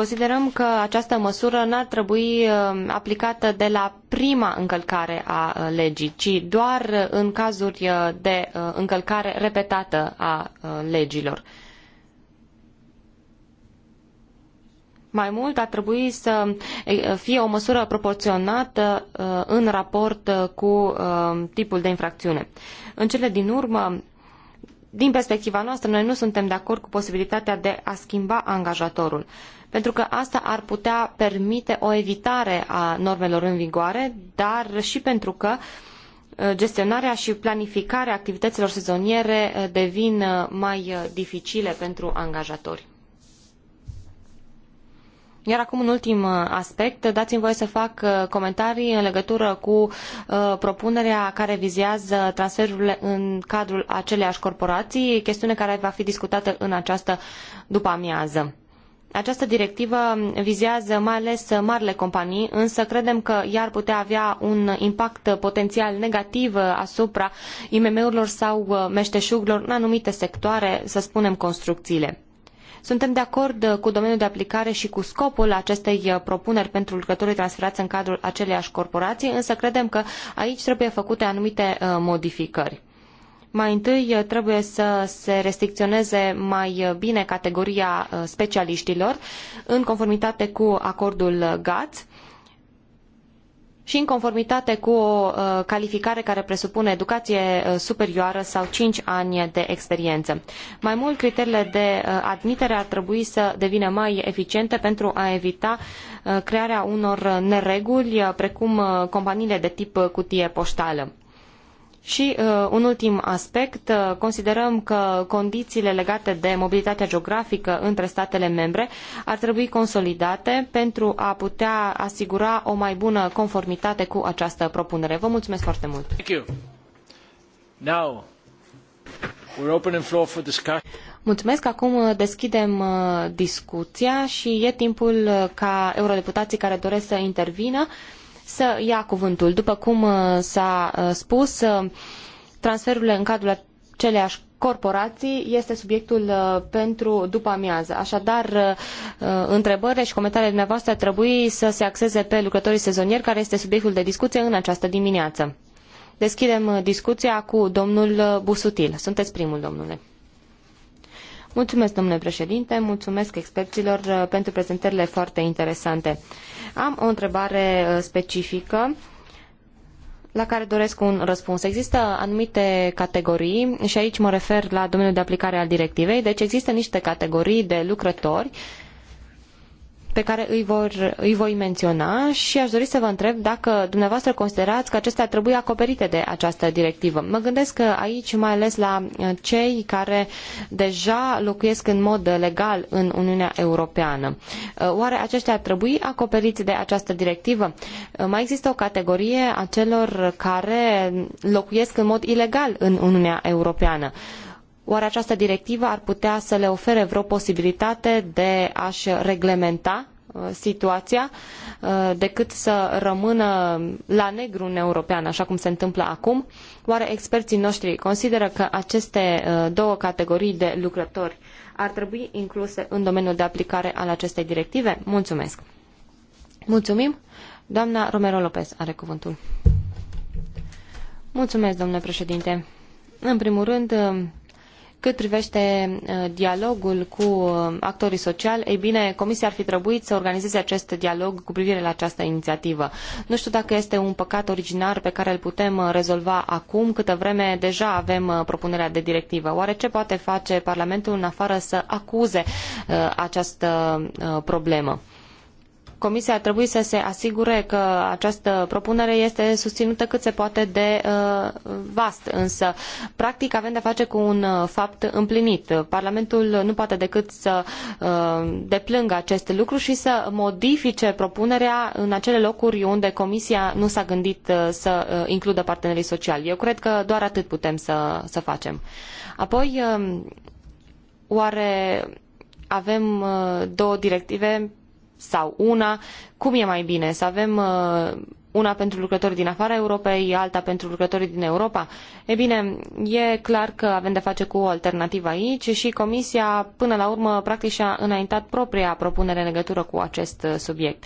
Considerăm că această măsură n-ar trebui uh, aplicată de la prima încălcare a uh, legii, ci doar în cazuri uh, de încălcare repetată a legilor. Mai mult ar trebui să fie o măsură proporționată în raport cu tipul de infracțiune. În cele din urmă, din perspectiva noastră, noi nu suntem de acord cu posibilitatea de a schimba angajatorul pentru că asta ar putea permite o evitare a normelor în vigoare, dar și pentru că uh, gestionarea și planificarea activităților sezoniere uh, devin uh, mai dificile pentru angajatori. Iar acum un ultim aspect, dați-mi voie să fac comentarii în legătură cu propunerea care vizează transferurile în cadrul aceleiași corporații, chestiune care va fi discutată în această după amiază. Această directivă vizează mai ales marile companii, însă credem că ea ar putea avea un impact potențial negativ asupra IMM-urilor sau meșteșugurilor în anumite sectoare, să spunem construcțiile. Suntem de acord cu domeniul de aplicare și cu scopul acestei propuneri pentru lucrătorii transferați în cadrul aceleiași corporații, însă credem că aici trebuie făcute anumite uh, modificări. Mai întâi eh, trebuie să se restricționeze mai eh, bine categoria eh, specialiștilor în conformitate cu acordul GATS și în conformitate cu o calificare care presupune educație superioară sau cinci ani de experiență. Mai mult, criteriile de admitere ar trebui să devină mai eficiente pentru a evita crearea unor nereguli, precum companiile de tip cutie poștală. Și uh, un ultim aspect, uh, considerăm că condițiile legate de mobilitatea geografică între statele membre ar trebui consolidate pentru a putea asigura o mai bună conformitate cu această propunere. Vă mulțumesc foarte mult! Mulțumesc. Acum uh, deschidem uh, discuția și e timpul uh, ca eurodeputații care doresc să intervină să ia cuvântul. După cum uh, s-a uh, spus, uh, transferurile în cadrul aceleași corporații este subiectul pentru după amiază. Așadar, întrebările și comentariile dumneavoastră ar trebui să se axeze pe lucrătorii sezonieri, care este subiectul de discuție în această dimineață. Deschidem discuția cu domnul Busutil. Sunteți primul, domnule. Mulțumesc, domnule președinte, mulțumesc experților pentru prezentările foarte interesante. Am o întrebare uh, specifică la care doresc un răspuns. Există anumite categorii și aici mă refer la domeniul de aplicare al directivei, deci există niște categorii de lucrători uh, pe care îi, vor, îi voi menționa și aș dori să vă întreb dacă dumneavoastră considerați că acestea trebuie acoperite de această directivă. Mă gândesc că aici mai ales la uh, cei care deja locuiesc în mod legal în Uniunea Europeană. Uh, oare aceștia ar trebui acoperiți de această directivă? Uh, mai există o categorie a celor care locuiesc în mod ilegal în Uniunea Europeană. Oare această directivă ar putea să le ofere vreo posibilitate de a-și reglementa uh, situația uh, decât să rămână la negru în european, așa cum se întâmplă acum? Oare experții noștri consideră că aceste uh, două categorii de lucrători ar trebui incluse în domeniul de aplicare al acestei directive? Mulțumesc! Mulțumim! Doamna Romero Lopez are cuvântul. Mulțumesc, domnule președinte. În primul rând, cât privește uh, dialogul cu uh, actorii sociali, ei bine, Comisia ar fi trebuit să organizeze acest dialog cu privire la această inițiativă. Nu știu dacă este un păcat originar pe care îl putem uh, rezolva acum, câtă vreme deja avem propunerea de directivă. Oare ce poate face Parlamentul în afară să acuze această problemă? Comisia ar trebui să se asigure că această propunere este susținută cât se poate de uh, vast, însă practic avem de-a face cu un uh, fapt împlinit. Parlamentul nu poate decât să uh, deplângă acest lucru și să modifice propunerea în acele locuri unde Comisia nu s-a gândit să includă partenerii sociali. Eu cred că doar atât putem să, să facem. Apoi, um, oare avem două directive sau una, cum e mai bine? Să avem uh, una pentru lucrători din afara Europei, alta pentru lucrătorii din Europa? E bine, e clar că avem de face cu o alternativă aici și Comisia, până la urmă, practic și-a înaintat propria propunere în legătură cu acest uh, subiect.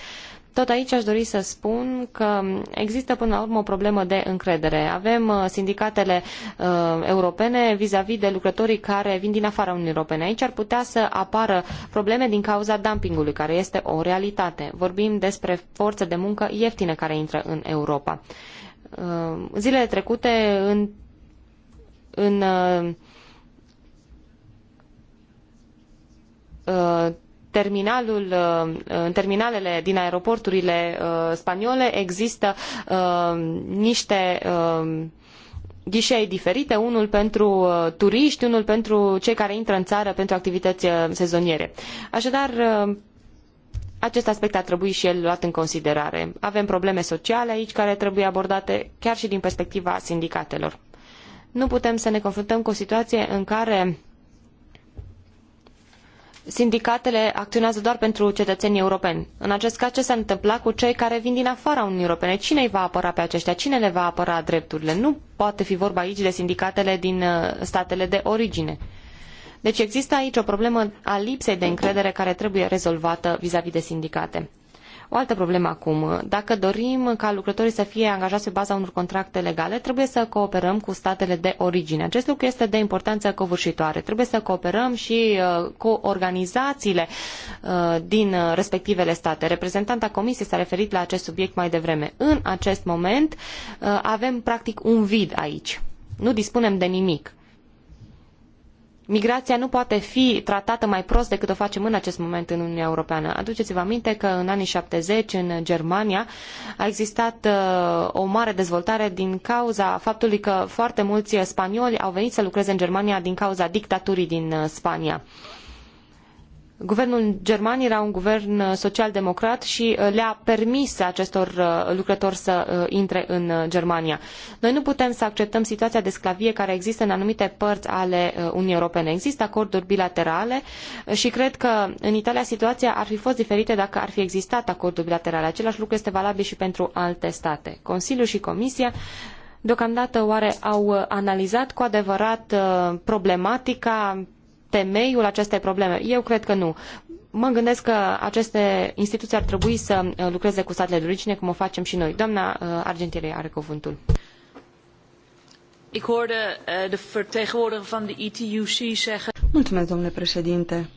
Tot aici aș dori să spun că există până la urmă o problemă de încredere. Avem uh, sindicatele uh, europene vis-a-vis -vis de lucrătorii care vin din afara Uniunii Europene. Aici ar putea să apară probleme din cauza dumpingului, care este o realitate. Vorbim despre forță de muncă ieftină care intră în Europa. Uh, zilele trecute în, în uh, uh terminalul, uh, în terminalele din aeroporturile uh, spaniole există uh, niște ghișee diferite, unul pentru turiști, unul pentru cei care intră în țară pentru activități sezoniere. Așadar, acest aspect a trebuit și el luat în considerare. Avem probleme sociale aici care trebuie abordate chiar și din perspectiva sindicatelor. Nu putem să ne confruntăm cu o situație în care sindicatele acționează doar pentru cetățenii europeni. În acest caz, ce se întâmpla cu cei care vin din afara Uniunii Europene? Cine îi va apăra pe aceștia? Cine le va apăra drepturile? Nu poate fi vorba aici de sindicatele din uh, statele de origine. Deci există aici o problemă a lipsei de încredere care trebuie rezolvată vizavi de sindicate. O altă problemă acum. Dacă dorim ca lucrătorii să fie angajați pe baza unor contracte legale, trebuie să cooperăm cu statele de origine. Acest lucru este de importanță covârșitoare. Trebuie să cooperăm și uh, cu organizațiile uh, din respectivele state. Reprezentanta Comisiei s-a referit la acest subiect mai devreme. În acest moment uh, avem practic un vid aici. Nu dispunem de nimic. Migrația nu poate fi tratată mai prost decât o facem în acest moment în Uniunea Europeană. Aduceți-vă aminte că în anii 70 în Germania a existat uh, o mare dezvoltare din cauza faptului că foarte mulți spanioli au venit să lucreze în Germania din cauza dictaturii din uh, Spania. Guvernul german era un guvern uh, social-democrat și uh, le-a permis acestor uh, lucrători să intre în Germania. Noi nu putem să acceptăm situația de sclavie care există în anumite părți ale Uniunii Europene. Există acorduri bilaterale și cred că în Italia situația ar fi fost diferită dacă ar fi existat acorduri bilaterale. Același lucru este valabil și pentru alte state. Consiliul și Comisia deocamdată oare au analizat cu adevărat problematica temeiul acestei probleme? Eu cred că nu. Mă gândesc că aceste instituții ar trebui să uh, lucreze cu statele de origine, cum o facem și noi. Doamna uh, Argentinei are cuvântul. Uh, Mulțumesc, domnule președinte.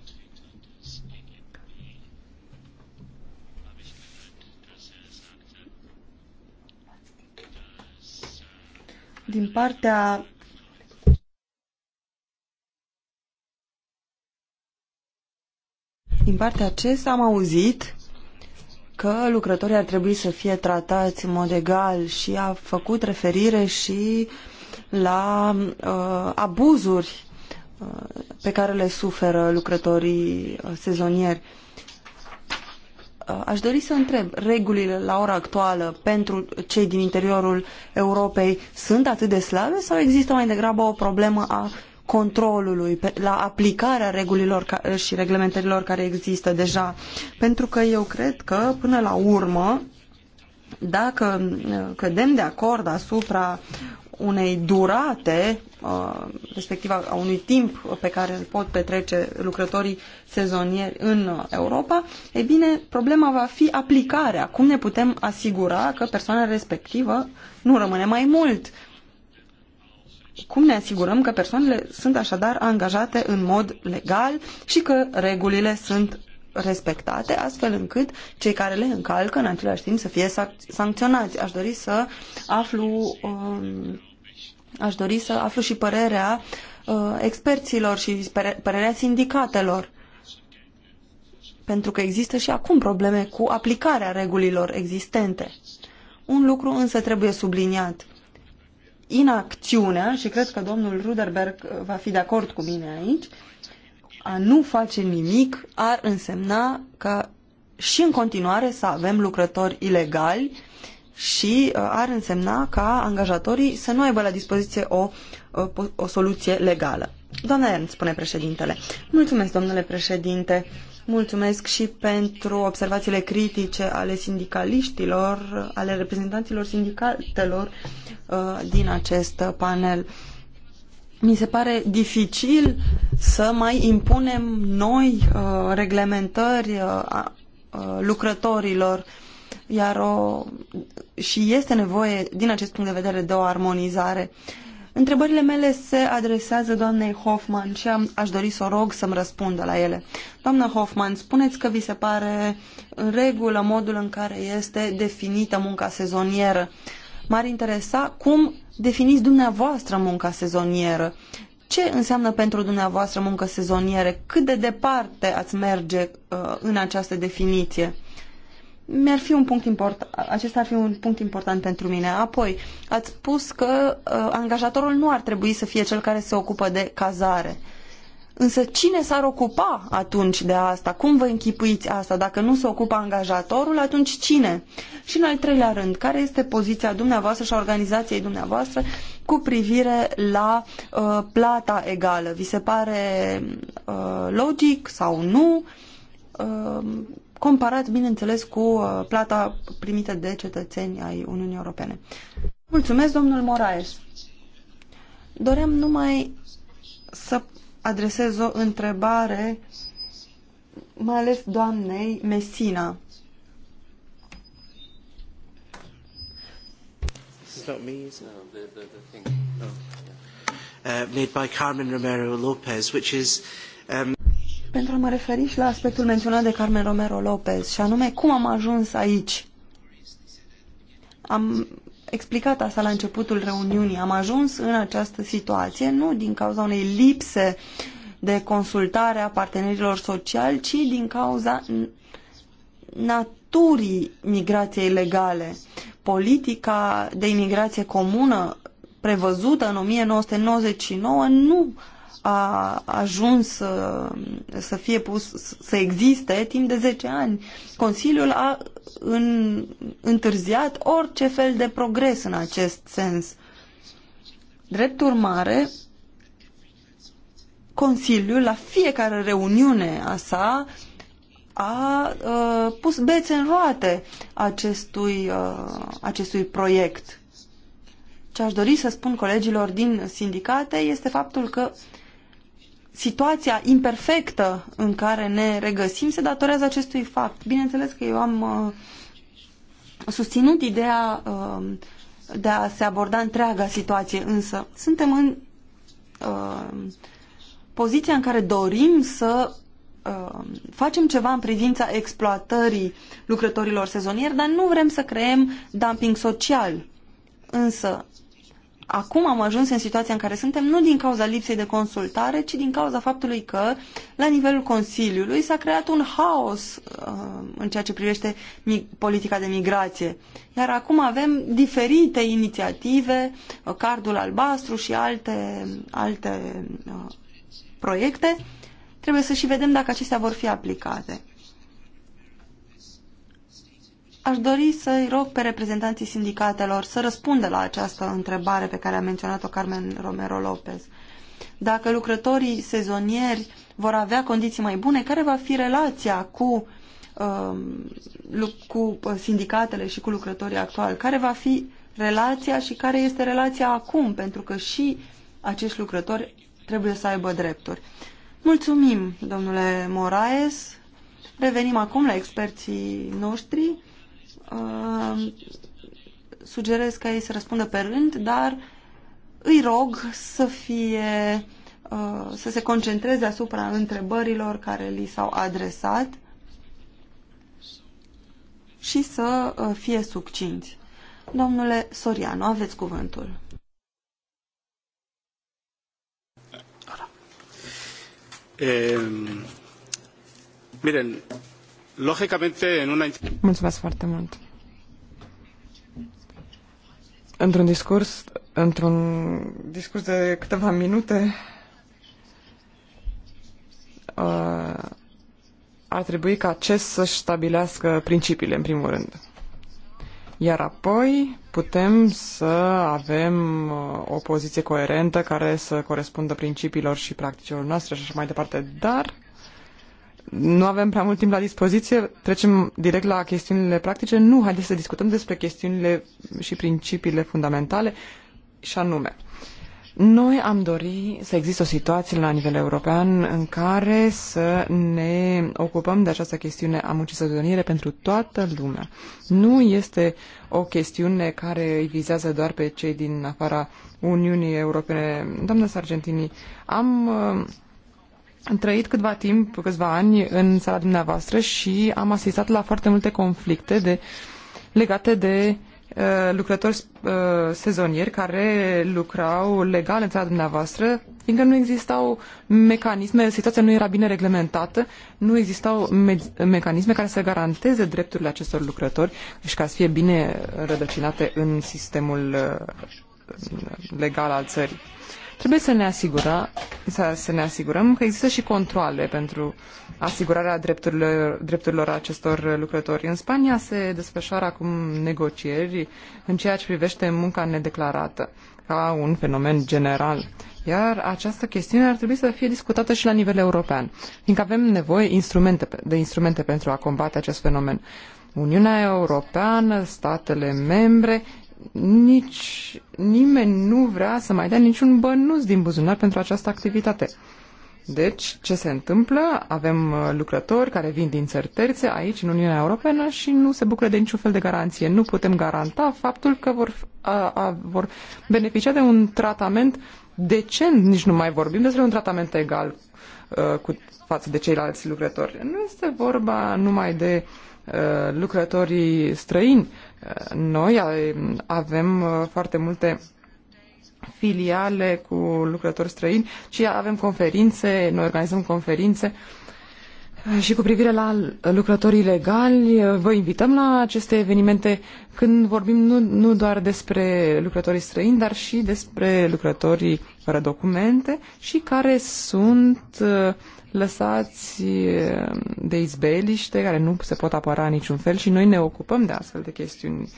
Din partea Din partea acesta am auzit că lucrătorii ar trebui să fie tratați în mod egal și a făcut referire și la uh, abuzuri uh, pe care le suferă lucrătorii uh, sezonieri. Uh, aș dori să întreb, regulile la ora actuală pentru cei din interiorul Europei sunt atât de slabe sau există mai degrabă o problemă a controlului, la aplicarea regulilor și reglementărilor care există deja. Pentru că eu cred că, până la urmă, dacă uh, cădem de acord asupra unei durate, uh, respectiv a unui timp pe care îl pot petrece lucrătorii sezonieri în Europa, e bine, problema va fi aplicarea. Cum ne putem asigura că persoana respectivă nu rămâne mai mult cum ne asigurăm că persoanele sunt așadar angajate în mod legal și că regulile sunt respectate, astfel încât cei care le încalcă în același timp să fie sancționați. Aș dori să aflu, um, aș dori să aflu și părerea uh, experților și părerea sindicatelor. Pentru că există și acum probleme cu aplicarea regulilor existente. Un lucru însă trebuie subliniat inacțiunea, și cred că domnul Ruderberg uh, va fi de acord cu mine aici, a nu face nimic ar însemna că și în continuare să avem lucrători ilegali și uh, ar însemna ca angajatorii să nu aibă la dispoziție o, uh, o, o soluție legală. Doamna Ernst, spune președintele. Mulțumesc, domnule președinte. Mulțumesc și pentru observațiile critice ale sindicaliștilor, ale reprezentanților sindicatelor uh, din acest panel. Mi se pare dificil să mai impunem noi uh, reglementări uh, lucrătorilor iar o, și este nevoie din acest punct de vedere de o armonizare. Întrebările mele se adresează doamnei Hoffman și am, aș dori să o rog să-mi răspundă la ele. Doamna Hoffman, spuneți că vi se pare în regulă modul în care este definită munca sezonieră. M-ar interesa cum definiți dumneavoastră munca sezonieră. Ce înseamnă pentru dumneavoastră muncă sezonieră? Cât de departe ați merge uh, în această definiție? mi-ar fi un punct important, acesta ar fi un punct important pentru mine. Apoi, ați spus că uh, angajatorul nu ar trebui să fie cel care se ocupă de cazare. Însă cine s-ar ocupa atunci de asta? Cum vă închipuiți asta? Dacă nu se ocupă angajatorul, atunci cine? Și în al treilea rând, care este poziția dumneavoastră și a organizației dumneavoastră cu privire la uh, plata egală? Vi se pare uh, logic sau nu? Uh, comparat, bineînțeles, cu uh, plata primită de cetățeni ai Uniunii Europene. Mulțumesc, domnul Moraes. Doream numai să adresez o întrebare, mai ales doamnei Messina. Oh, uh, made by Carmen Romero Lopez, which is um, pentru a mă referi și la aspectul menționat de Carmen Romero Lopez, și anume cum am ajuns aici. Am explicat asta la începutul reuniunii. Am ajuns în această situație nu din cauza unei lipse de consultare a partenerilor sociali, ci din cauza naturii migrației legale. Politica de imigrație comună prevăzută în 1999 nu a ajuns uh, să fie pus, să existe timp de 10 ani. Consiliul a în, întârziat orice fel de progres în acest sens. Drept urmare, Consiliul, la fiecare reuniune a sa, a a uh, pus bețe în roate acestui, a, uh, acestui proiect. Ce aș dori să spun colegilor din sindicate este faptul că uh, situația imperfectă în care ne regăsim se datorează acestui fapt. Bineînțeles că eu am uh, susținut ideea uh, de a se aborda întreaga situație, însă suntem în uh, poziția în care dorim să facem ceva în privința exploatării lucrătorilor sezonieri, dar nu vrem să creăm dumping social. Însă, acum am ajuns în situația în care suntem nu din cauza lipsei de consultare, ci din cauza faptului că la nivelul Consiliului s-a creat un haos uh, în ceea ce privește politica de migrație. Iar acum avem diferite inițiative, uh, cardul albastru și alte, alte uh, proiecte. Trebuie să și vedem dacă acestea vor fi aplicate. Aș dori să-i rog pe reprezentanții sindicatelor să răspundă la această întrebare pe care a menționat-o Carmen Romero Lopez. Dacă lucrătorii sezonieri vor avea condiții mai bune, care va fi relația cu, um, uh, cu sindicatele și cu lucrătorii actuali? Care va fi relația și care este relația acum? Pentru că și acești lucrători trebuie să aibă drepturi. Mulțumim, domnule Moraes. Revenim acum la experții noștri. Uh, sugerez ca ei să răspundă pe rând, dar îi rog să fie uh, să se concentreze asupra întrebărilor care li s-au adresat și să uh, fie succinți. Domnule Soriano, aveți cuvântul. miren, ehm, Logicamente, în una... Mulțumesc foarte mult. Într-un discurs, într-un discurs de câteva minute, uh, ar trebui ca CES să-și stabilească principiile, în primul rând. Iar apoi putem să avem uh, o poziție coerentă care să corespundă principiilor și practicilor noastre și așa mai departe. Dar nu avem prea mult timp la dispoziție, trecem direct la chestiunile practice. Nu, haideți să discutăm despre chestiunile și principiile fundamentale și anume. Noi am dori să există o situație la nivel european în care să ne ocupăm de această chestiune a muncii sezoniere pentru toată lumea. Nu este o chestiune care îi vizează doar pe cei din afara Uniunii Europene. Doamna Sargentini, am uh, trăit câtva timp, câțiva ani în țara dumneavoastră și am asistat la foarte multe conflicte de, legate de uh, lucrători uh, sezonieri care lucrau legal în țara dumneavoastră, fiindcă nu existau mecanisme, situația nu era bine reglementată, nu existau me mecanisme care să garanteze drepturile acestor lucrători și deci ca să fie bine rădăcinate în sistemul uh, legal al țării. Trebuie să ne, asigura, să, să ne asigurăm că există și controle pentru asigurarea drepturilor, drepturilor acestor lucrători. În Spania se desfășoară acum negocieri în ceea ce privește munca nedeclarată ca un fenomen general. Iar această chestiune ar trebui să fie discutată și la nivel european, fiindcă avem nevoie instrumente, de instrumente pentru a combate acest fenomen. Uniunea Europeană, statele membre nici nimeni nu vrea să mai dea niciun bănuț din buzunar pentru această activitate. Deci, ce se întâmplă? Avem uh, lucrători care vin din țări terțe aici, în Uniunea Europeană, și nu se bucură de niciun fel de garanție. Nu putem garanta faptul că vor, a, a, vor beneficia de un tratament decent, nici nu mai vorbim despre un tratament egal a, uh, cu, față de ceilalți lucrători. Nu este vorba numai de uh, lucrătorii străini. Noi avem uh, foarte multe filiale cu lucrători străini, ci avem conferințe, noi organizăm conferințe și cu privire la lucrătorii legali, vă invităm la aceste evenimente când vorbim nu, nu doar despre lucrătorii străini, dar și despre lucrătorii fără documente și care sunt uh, lăsați eh, de izbeliște care nu se pot apăra în niciun fel și noi ne ocupăm de astfel de chestiuni.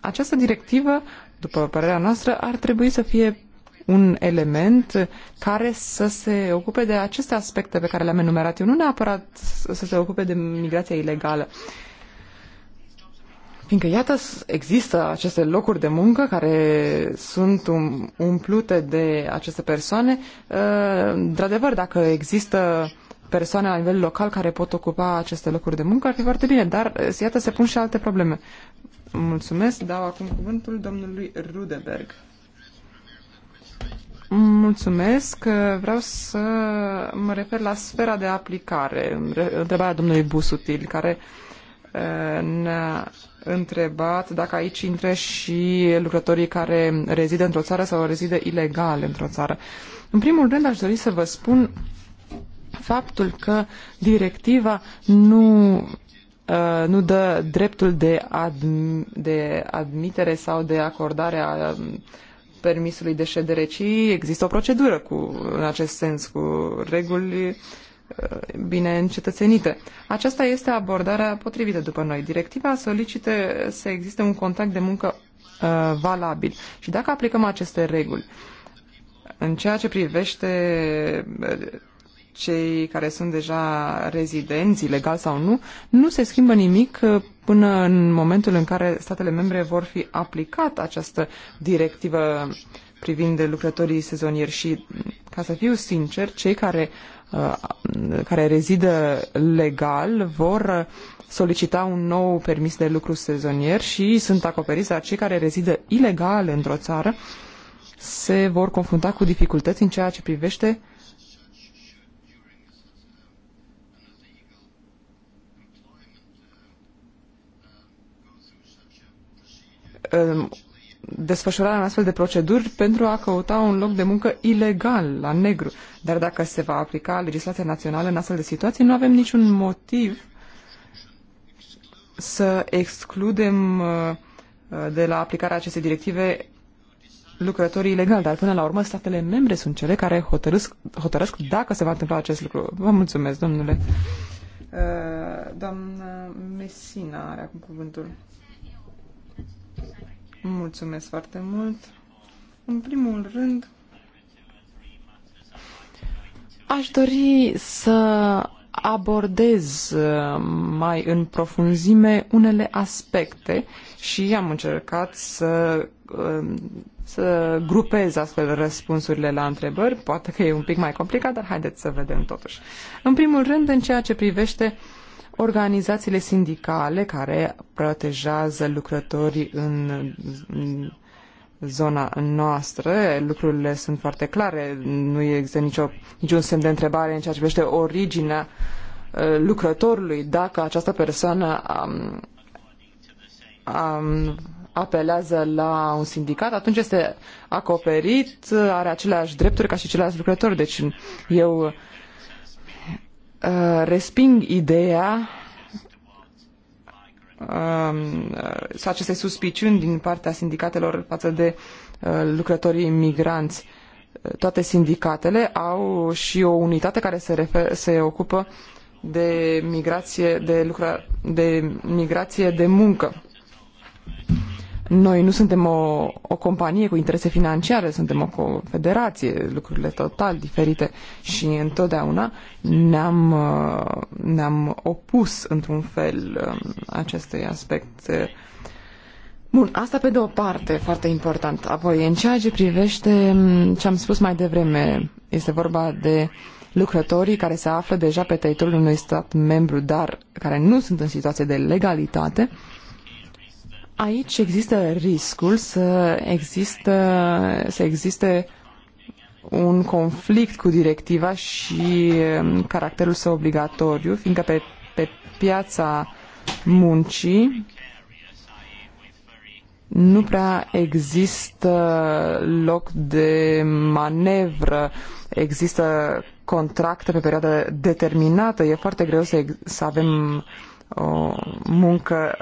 Această directivă, după părerea noastră, ar trebui să fie un element care să se ocupe de aceste aspecte pe care le-am enumerat eu, nu neapărat să se ocupe de migrația ilegală, Fiindcă, iată, există aceste locuri de muncă care sunt um, umplute de aceste persoane. Uh, într-adevăr, dacă există persoane la nivel local care pot ocupa aceste locuri de muncă, ar fi foarte bine, dar uh, iată se pun și alte probleme. Mulțumesc, dau acum cuvântul domnului Rudeberg. Mulțumesc, uh, vreau să mă refer la sfera de aplicare, întrebarea domnului Busutil, care uh, ne-a întrebat dacă aici intră și lucrătorii care rezidă într-o țară sau rezidă ilegal într-o țară. În primul rând aș dori să vă spun faptul că directiva nu, uh, nu dă dreptul de, adm- de admitere sau de acordare a um, permisului de ședere, ci există o procedură cu, în acest sens, cu reguli bine încetățenite. Aceasta este abordarea potrivită după noi. Directiva solicită să existe un contact de muncă uh, valabil. Și dacă aplicăm aceste reguli, în ceea ce privește uh, cei care sunt deja rezidenți, legal sau nu, nu se schimbă nimic uh, până în momentul în care statele membre vor fi aplicat această directivă privind lucrătorii sezonieri și, ca să fiu sincer, cei care uh, care rezidă legal vor solicita un nou permis de lucru sezonier și sunt acoperiți, dar cei care rezidă ilegal într-o țară se vor confrunta cu dificultăți în ceea ce privește desfășurarea în astfel de proceduri pentru a căuta un loc de muncă ilegal, la negru. Dar dacă se va aplica legislația națională în astfel de situații, nu avem niciun motiv să excludem uh, de la aplicarea acestei directive lucrătorii ilegali, dar până la urmă statele membre sunt cele care hotărăsc, hotărâsc dacă se va întâmpla acest lucru. Vă mulțumesc, domnule. Uh, doamna Messina are acum cuvântul. Mulțumesc foarte mult. În primul rând, aș dori să abordez uh, mai în profunzime unele aspecte și am încercat să, uh, să grupez astfel răspunsurile la întrebări. Poate că e un pic mai complicat, dar haideți să vedem totuși. În primul rând, în ceea ce privește uh, organizațiile sindicale care protejează lucrătorii în, în zona noastră. Lucrurile sunt foarte clare, nu există nicio, niciun semn de întrebare în ceea ce privește originea uh, lucrătorului, dacă această persoană um, um, apelează la un sindicat, atunci este acoperit, are aceleași drepturi ca și ceilalți lucrători. Deci eu Uh, resping ideea um, uh, sau aceste suspiciuni din partea sindicatelor față de uh, lucrătorii migranți. Toate sindicatele au și o unitate care se, refer, se ocupă de migrație de, lucra, de migrație de muncă. Noi nu suntem o, o companie cu interese financiare, suntem o confederație, lucrurile total diferite și întotdeauna ne-am, uh, ne-am opus într-un fel um, acestui aspect. Bun, asta pe de o parte, foarte important. Apoi, în ceea ce privește um, ce am spus mai devreme, este vorba de lucrătorii care se află deja pe teritoriul unui stat membru, dar care nu sunt în situație de legalitate, uh, Aici există riscul să, există, să existe un conflict cu directiva și um, caracterul său obligatoriu, fiindcă pe, pe piața muncii nu prea există loc de manevră, există contracte pe perioadă determinată, e foarte greu să, să avem o muncă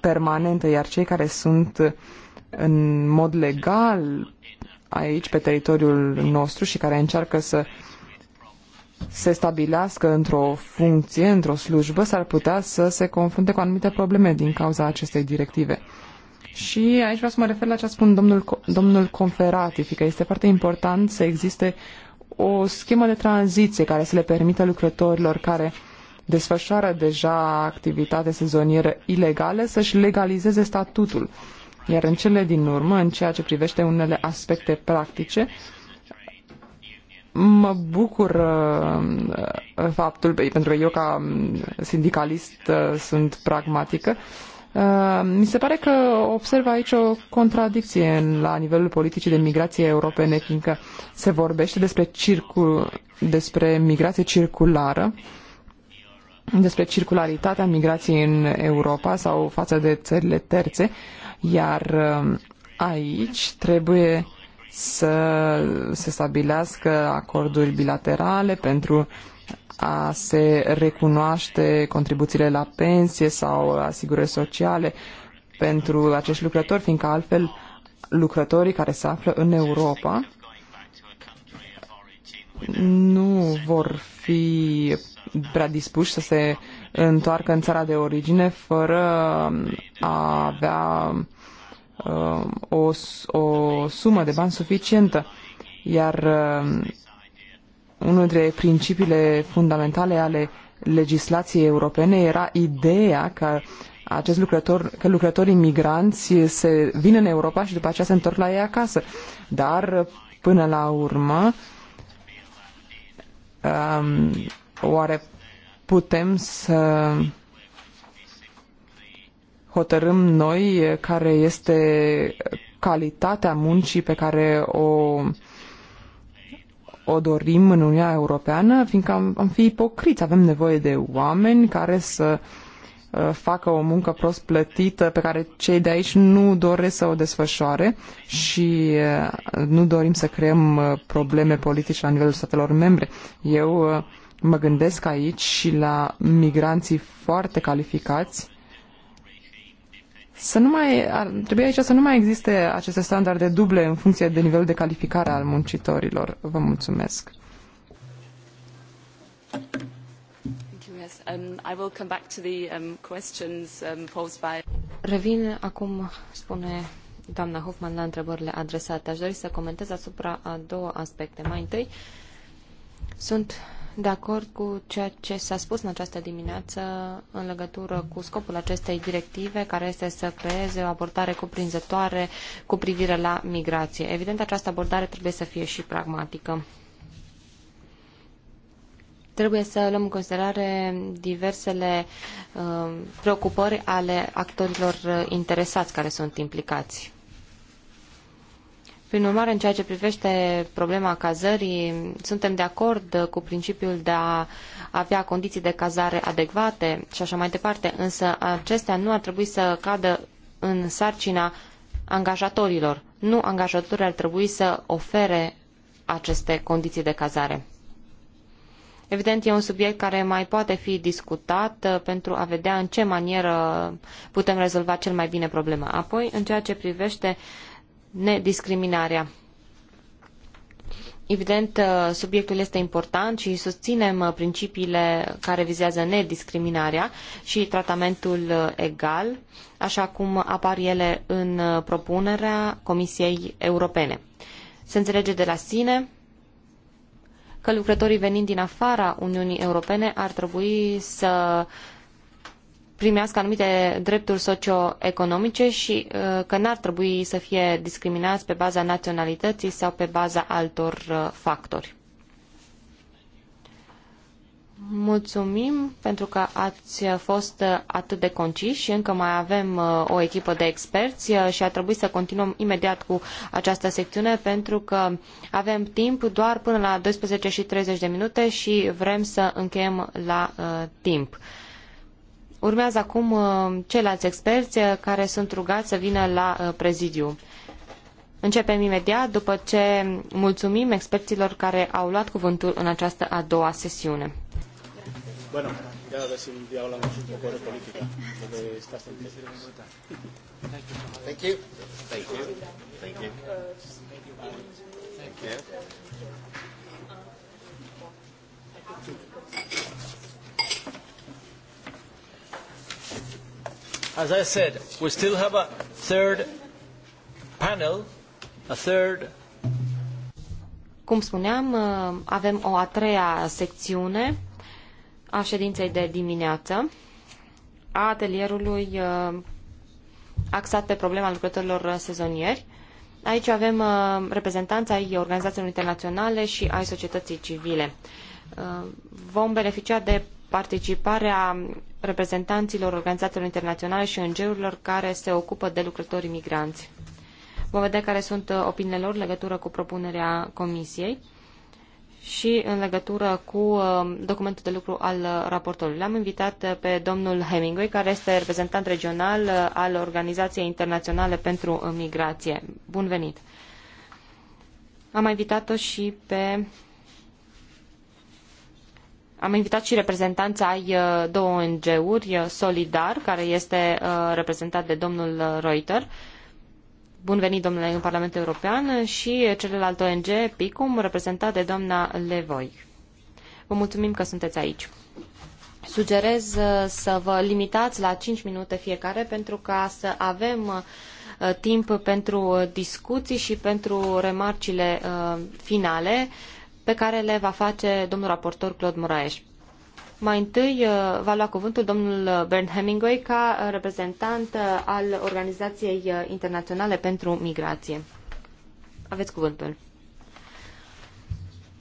permanentă, iar cei care sunt în mod legal aici, pe teritoriul nostru și care încearcă să se stabilească într-o funcție, într-o slujbă, s-ar putea să se confrunte cu anumite probleme din cauza acestei directive. Și aici vreau să mă refer la ce a spus domnul, domnul Conferati, fiindcă este foarte important să existe o schemă de tranziție care să le permită lucrătorilor care uh, desfășoară deja activitate sezonieră ilegală să-și legalizeze statutul. Iar în cele din urmă, în ceea ce privește unele aspecte practice, mă bucur uh, faptul, pentru că eu ca sindicalist uh, sunt pragmatică, uh, mi se pare că observ aici o contradicție la nivelul politicii de migrație europene, fiindcă se vorbește despre, circul, despre migrație circulară, uh, despre circularitatea migrației în Europa sau față de țările terțe, iar um, aici trebuie să se stabilească acorduri bilaterale pentru a se recunoaște contribuțiile la pensie sau asigurări sociale pentru acești lucrători, fiindcă altfel lucrătorii care se află în Europa nu vor fi prea dispuși să se întoarcă în țara de origine fără a avea uh, o, o sumă de bani suficientă. Iar uh, unul dintre principiile fundamentale ale legislației europene era ideea că acest lucrător, că lucrătorii migranți se vin în Europa și după aceea se întorc la ei acasă. Dar până la urmă um, Oare putem să hotărâm noi care este calitatea muncii pe care o, o dorim în Uniunea Europeană, fiindcă am, am fi ipocriți. Avem nevoie de oameni care să uh, facă o muncă prost plătită pe care cei de aici nu doresc să o desfășoare și uh, nu dorim să creăm uh, probleme politice la nivelul statelor membre. Eu Mă gândesc aici și la migranții foarte calificați. Să nu mai, ar trebui aici să nu mai existe aceste standarde duble în funcție de nivelul de calificare al muncitorilor. Vă mulțumesc. Um, um, um, Revin acum, spune doamna Hoffman, la întrebările adresate. Aș dori să comentez asupra a două aspecte. Mai întâi, sunt de acord cu ceea ce s-a spus în această dimineață în legătură cu scopul acestei directive, care este să creeze o abordare cuprinzătoare cu privire la migrație. Evident, această abordare trebuie să fie și pragmatică. Trebuie să luăm în considerare diversele uh, preocupări ale actorilor uh, interesați care sunt implicați. Prin urmare, în ceea ce privește problema cazării, suntem de acord cu principiul de a avea condiții de cazare adecvate și așa mai departe, însă acestea nu ar trebui să cadă în sarcina angajatorilor. Nu angajatorii ar trebui să ofere aceste condiții de cazare. Evident, e un subiect care mai poate fi discutat uh, pentru a vedea în ce manieră putem rezolva cel mai bine problema. Apoi, în ceea ce privește uh, nediscriminarea. Evident, uh, subiectul este important și susținem uh, principiile care vizează nediscriminarea și tratamentul uh, egal, așa cum apar ele în propunerea Comisiei Europene. Se înțelege de la sine că lucrătorii venind din afara Uniunii Europene ar trebui să primească anumite drepturi socioeconomice și uh, că n-ar trebui să fie discriminați pe baza naționalității sau pe baza altor uh, factori. Mulțumim pentru că ați fost atât de conciși și încă mai avem uh, o echipă de experți și a trebuit să continuăm imediat cu această secțiune pentru că avem timp doar până la 12 și 30 de minute și vrem să încheiem la timp. Urmează acum uh, ceilalți experți uh, care sunt rugați să vină la uh, prezidiu. Începem imediat după ce mulțumim experților care au luat cuvântul în această a doua sesiune. Bueno, ya a ver si hablamos un poco de política, de Thank you. Thank you. Thank you. Thank you. Thank you. as I said, we still have a third panel, a third cum spuneam, uh, avem o a treia secțiune a ședinței de dimineață a atelierului uh, axat pe problema lucrătorilor sezonieri. Aici avem uh, reprezentanța ai organizațiilor internaționale și ai societății civile. Vom beneficia de participarea reprezentanților organizațiilor internaționale și ONG-urilor care se ocupă de lucrătorii migranți. Vom vedea care sunt uh, opiniile lor în legătură cu propunerea Comisiei și în legătură cu uh, documentul de lucru al uh, raportorului. L-am invitat pe domnul Hemingway, care este reprezentant regional al Organizației Internaționale pentru Migrație. Bun venit! Am mai invitat-o și pe am invitat și reprezentanța ai uh, două ONG-uri, uh, Solidar, care este uh, reprezentat de domnul Reuter. Bun venit, domnule, în Parlamentul European și celălalt ONG, PICUM, reprezentat de doamna Levoi. Vă mulțumim că sunteți aici. Sugerez să vă limitați la 5 minute fiecare pentru ca să avem timp pentru discuții și pentru remarcile finale pe care le va face domnul raportor Claude Moraes. Mai întâi uh, va lua cuvântul domnul Bernd Hemingway ca reprezentant uh, al Organizației uh, Internaționale pentru Migrație. Aveți cuvântul.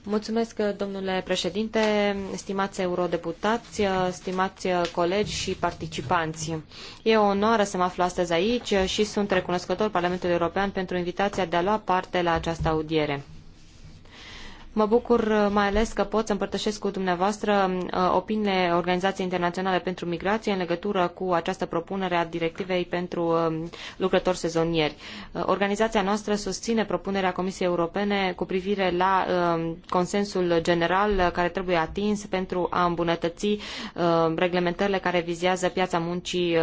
Mulțumesc, domnule președinte, stimați eurodeputați, stimați colegi și participanți. E o onoare să mă aflu astăzi aici și sunt recunoscător Parlamentului European pentru invitația de a lua parte la această audiere. Mă bucur uh, mai ales că pot să împărtășesc cu dumneavoastră uh, opiniile Organizației Internaționale pentru Migrație în legătură cu această propunere a directivei pentru uh, lucrători sezonieri. Organizația noastră susține propunerea Comisiei Europene cu privire la consensul general care trebuie atins pentru a îmbunătăți reglementările care vizează piața muncii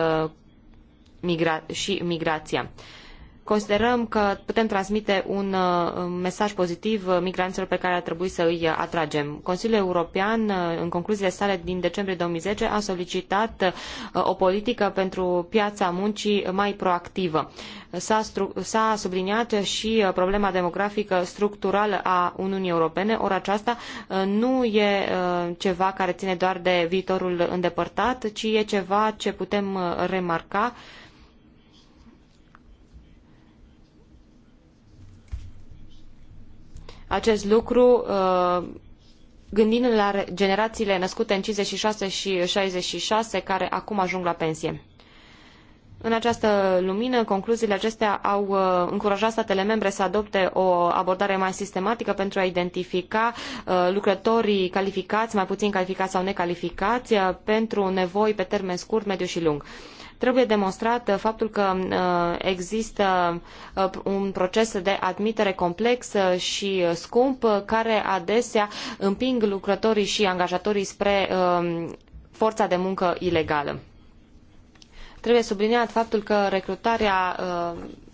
migra- și migrația considerăm că putem transmite un uh, mesaj pozitiv uh, migranților pe care ar trebui să îi uh, atragem. Consiliul European, în concluziile sale din decembrie 2010, a solicitat o politică pentru piața muncii mai proactivă. S-a, subliniat și problema demografică structurală a Uniunii Europene, ori aceasta nu e ceva care ține doar de viitorul îndepărtat, ci e ceva ce putem remarca acest lucru uh, gândindu-ne la generațiile născute în 56 și 66 care acum ajung la pensie. În această lumină, concluziile acestea au uh, încurajat statele membre să adopte o abordare mai sistematică pentru a identifica uh, lucrătorii calificați, mai puțin calificați sau necalificați, pentru nevoi pe termen scurt, mediu și lung. Trebuie demonstrat uh, faptul că uh, există uh, un proces de admitere complex și scump care adesea împing lucrătorii și angajatorii spre um, forța de muncă ilegală. Trebuie subliniat faptul că recrutarea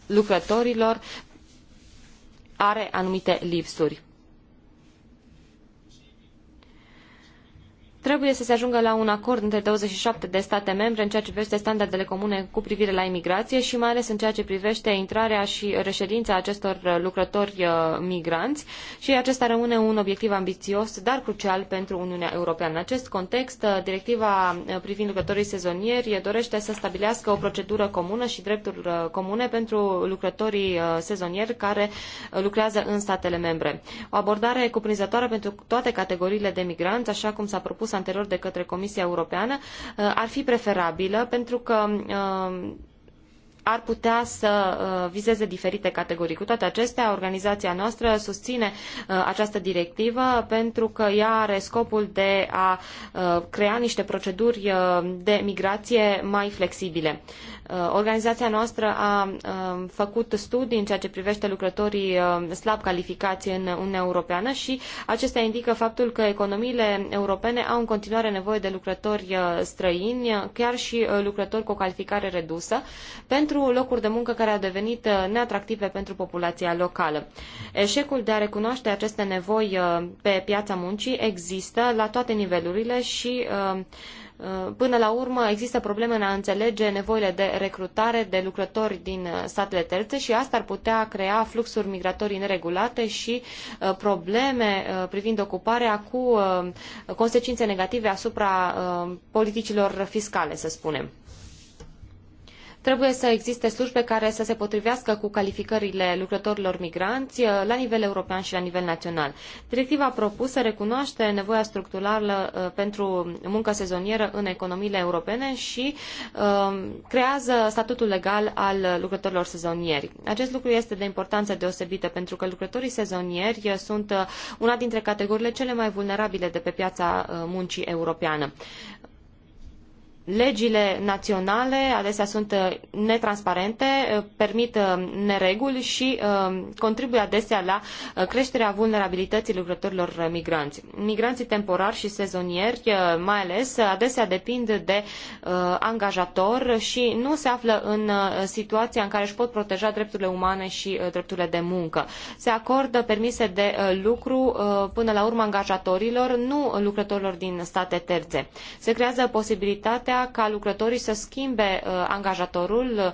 lucrătorilor are anumite lipsuri. Trebuie să se ajungă la un acord între 27 de state membre în ceea ce privește standardele comune cu privire la imigrație și mai ales în ceea ce privește intrarea și reședința acestor uh, lucrători uh, migranți și acesta rămâne un obiectiv ambițios, dar crucial pentru Uniunea Europeană. În acest context, uh, directiva privind lucrătorii sezonieri dorește să stabilească o procedură comună și drepturi comune pentru lucrătorii sezonieri care lucrează în statele membre. O abordare cuprinzătoare pentru toate categoriile de migranți, așa cum s-a propus anterior de către Comisia Europeană uh, ar fi preferabilă pentru că uh, ar putea să uh, vizeze diferite categorii. Cu toate acestea, organizația noastră susține această directivă pentru că ea are scopul de a crea niște proceduri de migrație mai flexibile. Uh, organizația noastră a um, făcut studii în ceea ce privește lucrătorii um, slab calificați în Uniunea Europeană și acestea indică faptul că economiile europene au în continuare nevoie de lucrători uh, străini, chiar și uh, lucrători cu o calificare redusă, pentru locuri de muncă care au devenit neatractive pentru populația locală. Eșecul de a recunoaște aceste nevoi pe piața muncii există la toate nivelurile și uh, Uh, până la urmă, există probleme în a înțelege nevoile de recrutare de lucrători din uh, statele terțe și asta ar putea crea fluxuri migratorii neregulate și uh, probleme privind ocuparea cu consecințe negative asupra politicilor fiscale, să spunem. Trebuie să existe slujbe care să se potrivească cu calificările lucrătorilor migranți uh, la nivel european și la nivel național. Directiva propusă recunoaște nevoia structurală uh, pentru muncă sezonieră în economiile europene și uh, creează statutul legal al lucrătorilor sezonieri. Acest lucru este de importanță deosebită pentru că lucrătorii sezonieri sunt una dintre categoriile cele mai vulnerabile de pe piața muncii europeană. Legile naționale adesea sunt uh, netransparente, uh, permit uh, nereguli și contribuie adesea la creșterea vulnerabilității lucrătorilor migranți. Migranții temporari și sezonieri, mai ales, adesea depind de angajator și nu se află în situația în care își pot proteja drepturile umane și drepturile de muncă. Se acordă permise de lucru până la urmă angajatorilor, nu lucrătorilor din state terțe. Se creează posibilitatea posibilitatea ca lucrătorii să schimbe uh, angajatorul uh,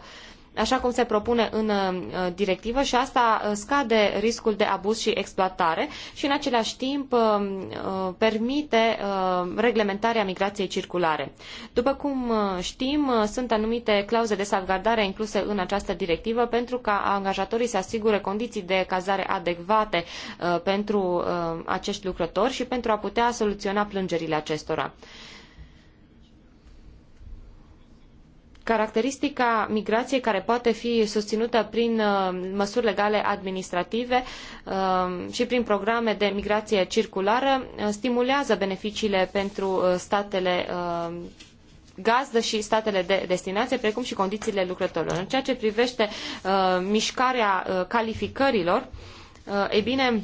așa cum se propune în uh, directivă și asta scade riscul de abuz și exploatare și în același timp permite reglementarea migrației circulare. După cum știm, sunt anumite clauze de salvgardare incluse în această directivă pentru ca angajatorii să asigure condiții de cazare adecvate pentru acești lucrători și pentru a putea soluționa plângerile acestora. Caracteristica migrației care poate fi susținută prin uh, măsuri legale administrative uh, și prin programe de migrație circulară uh, stimulează beneficiile pentru statele gazdă și statele de destinație, precum și condițiile lucrătorilor. În ceea ce privește mișcarea calificărilor, ei bine,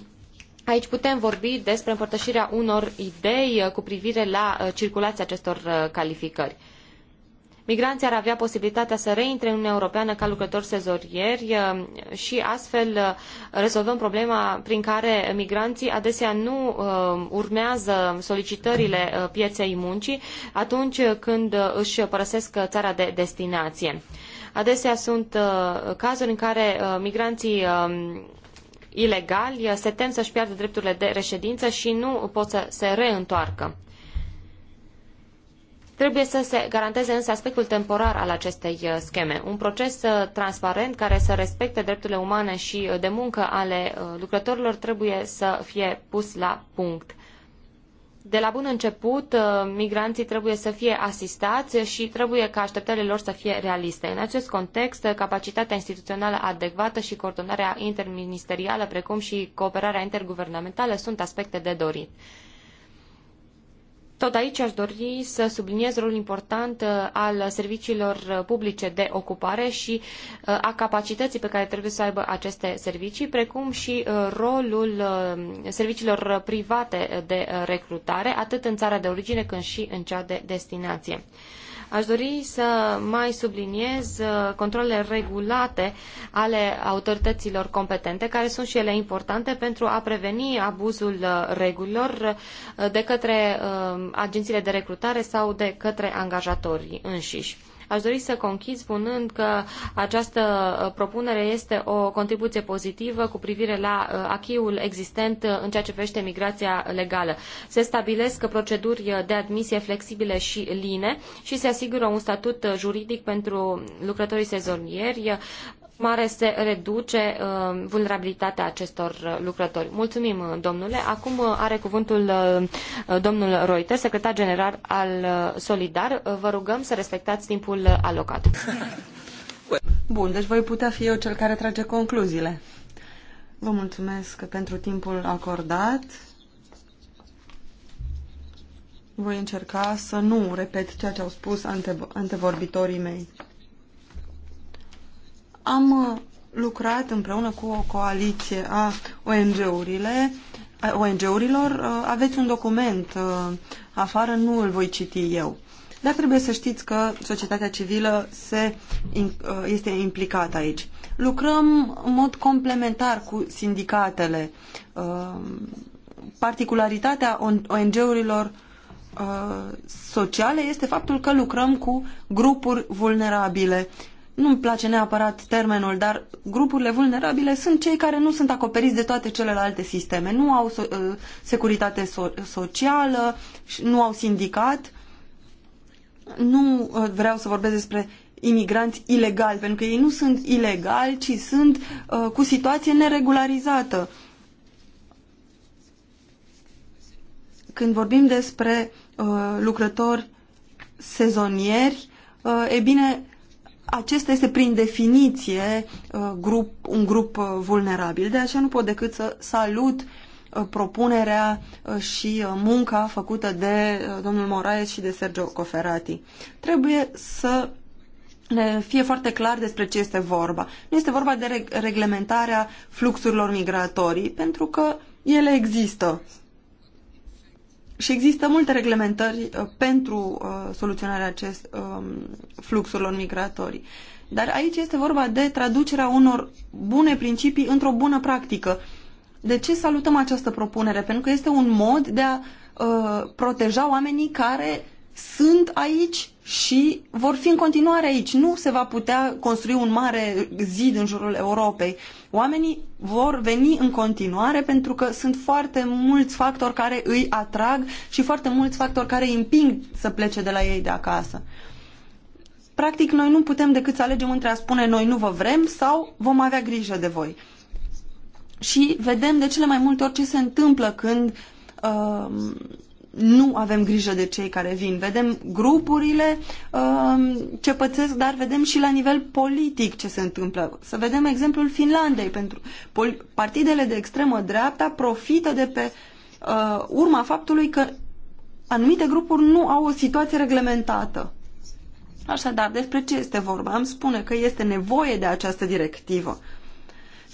Aici putem vorbi despre împărtășirea unor idei cu privire la circulația acestor calificări. Migranții ar avea posibilitatea să reintre în Uniunea Europeană ca lucrători sezorieri eh, și astfel eh, rezolvăm problema prin care migranții adesea nu eh, urmează solicitările pieței muncii atunci când își părăsesc țara de destinație. Adesea sunt cazuri în care migranții ilegali se tem să-și piardă drepturile de reședință și nu pot să se reîntoarcă. Trebuie să se garanteze însă aspectul temporar al acestei uh, scheme, un proces uh, transparent care să respecte drepturile umane și uh, de muncă ale lucrătorilor trebuie să fie pus la punct. De la bun început, migranții trebuie să fie asistați și trebuie ca așteptările lor să fie realiste. În acest context, capacitatea instituțională adecvată și coordonarea interministerială, precum și cooperarea interguvernamentală, sunt aspecte de dorit. Tot aici aș dori să subliniez rolul important uh, al serviciilor uh, publice de ocupare și uh, a capacității pe care trebuie să aibă aceste servicii, precum și rolul serviciilor private de recrutare, atât în țara de origine cât și în cea de destinație. Aș dori să mai subliniez uh, controlele regulate ale autorităților competente, care sunt și ele importante pentru a preveni abuzul uh, regulilor uh, de către agențiile de recrutare sau de către angajatori înșiși. Aș dori să conchid spunând că această uh, propunere este o contribuție pozitivă cu privire la uh, achiul existent uh, în ceea ce privește migrația legală. Se stabilesc proceduri de admisie flexibile și line și se asigură un statut juridic pentru lucrătorii sezonieri, mare se reduce uh, vulnerabilitatea acestor lucrători. Mulțumim, uh, domnule. Acum uh, are cuvântul domnul Reuter, secretar general al Solidar. Vă rugăm să respectați timpul alocat. Bun, deci voi putea fi eu cel care trage concluziile. Vă mulțumesc pentru timpul acordat. Voi încerca să nu repet ceea ce au spus antev antevorbitorii mei. Am uh, lucrat împreună cu o coaliție a ONG-urile, ONG-urilor. Uh, aveți un document uh, afară, nu îl voi citi eu. Dar trebuie să știți că societatea civilă se, este implicată aici. Lucrăm în mod complementar cu sindicatele. Particularitatea ONG-urilor sociale este faptul că lucrăm cu grupuri vulnerabile nu-mi place neapărat termenul, dar grupurile vulnerabile sunt cei care nu sunt acoperiți de toate celelalte sisteme. Nu au so uh, securitate so socială, nu au sindicat. Nu uh, vreau să vorbesc despre imigranți ilegali, pentru că ei nu sunt ilegali, ci sunt uh, cu situație neregularizată. Când vorbim despre uh, lucrători sezonieri, uh, e bine, acesta este prin definiție uh, grup, un grup uh, vulnerabil. De aceea nu pot decât să salut uh, propunerea și munca făcută de domnul Moraes și de Sergio Coferati. Trebuie să ne fie foarte clar despre ce este vorba. Nu este vorba de reglementarea fluxurilor migratorii, pentru că ele există. Și există multe reglementări uh, pentru uh, soluționarea acest um, fluxurilor migratorii. Dar aici este vorba de traducerea unor bune principii într-o bună practică. De ce salutăm această propunere? Pentru că este un mod de a uh, proteja oamenii care sunt aici și vor fi în continuare aici. Nu se va putea construi un mare zid în jurul Europei. Oamenii vor veni în continuare pentru că sunt foarte mulți factori care îi atrag și foarte mulți factori care îi împing să plece de la ei de acasă. Practic, noi nu putem decât să alegem între a spune noi nu vă vrem sau vom avea grijă de voi. Și vedem de cele mai multe ori ce se întâmplă când uh, nu avem grijă de cei care vin. Vedem grupurile um, ce pățesc, dar vedem și la nivel politic ce se întâmplă. Să vedem exemplul Finlandei. Pentru partidele de extremă dreapta profită de pe uh, urma faptului că anumite grupuri nu au o situație reglementată. Așadar, despre ce este vorba? Am spune că este nevoie de această directivă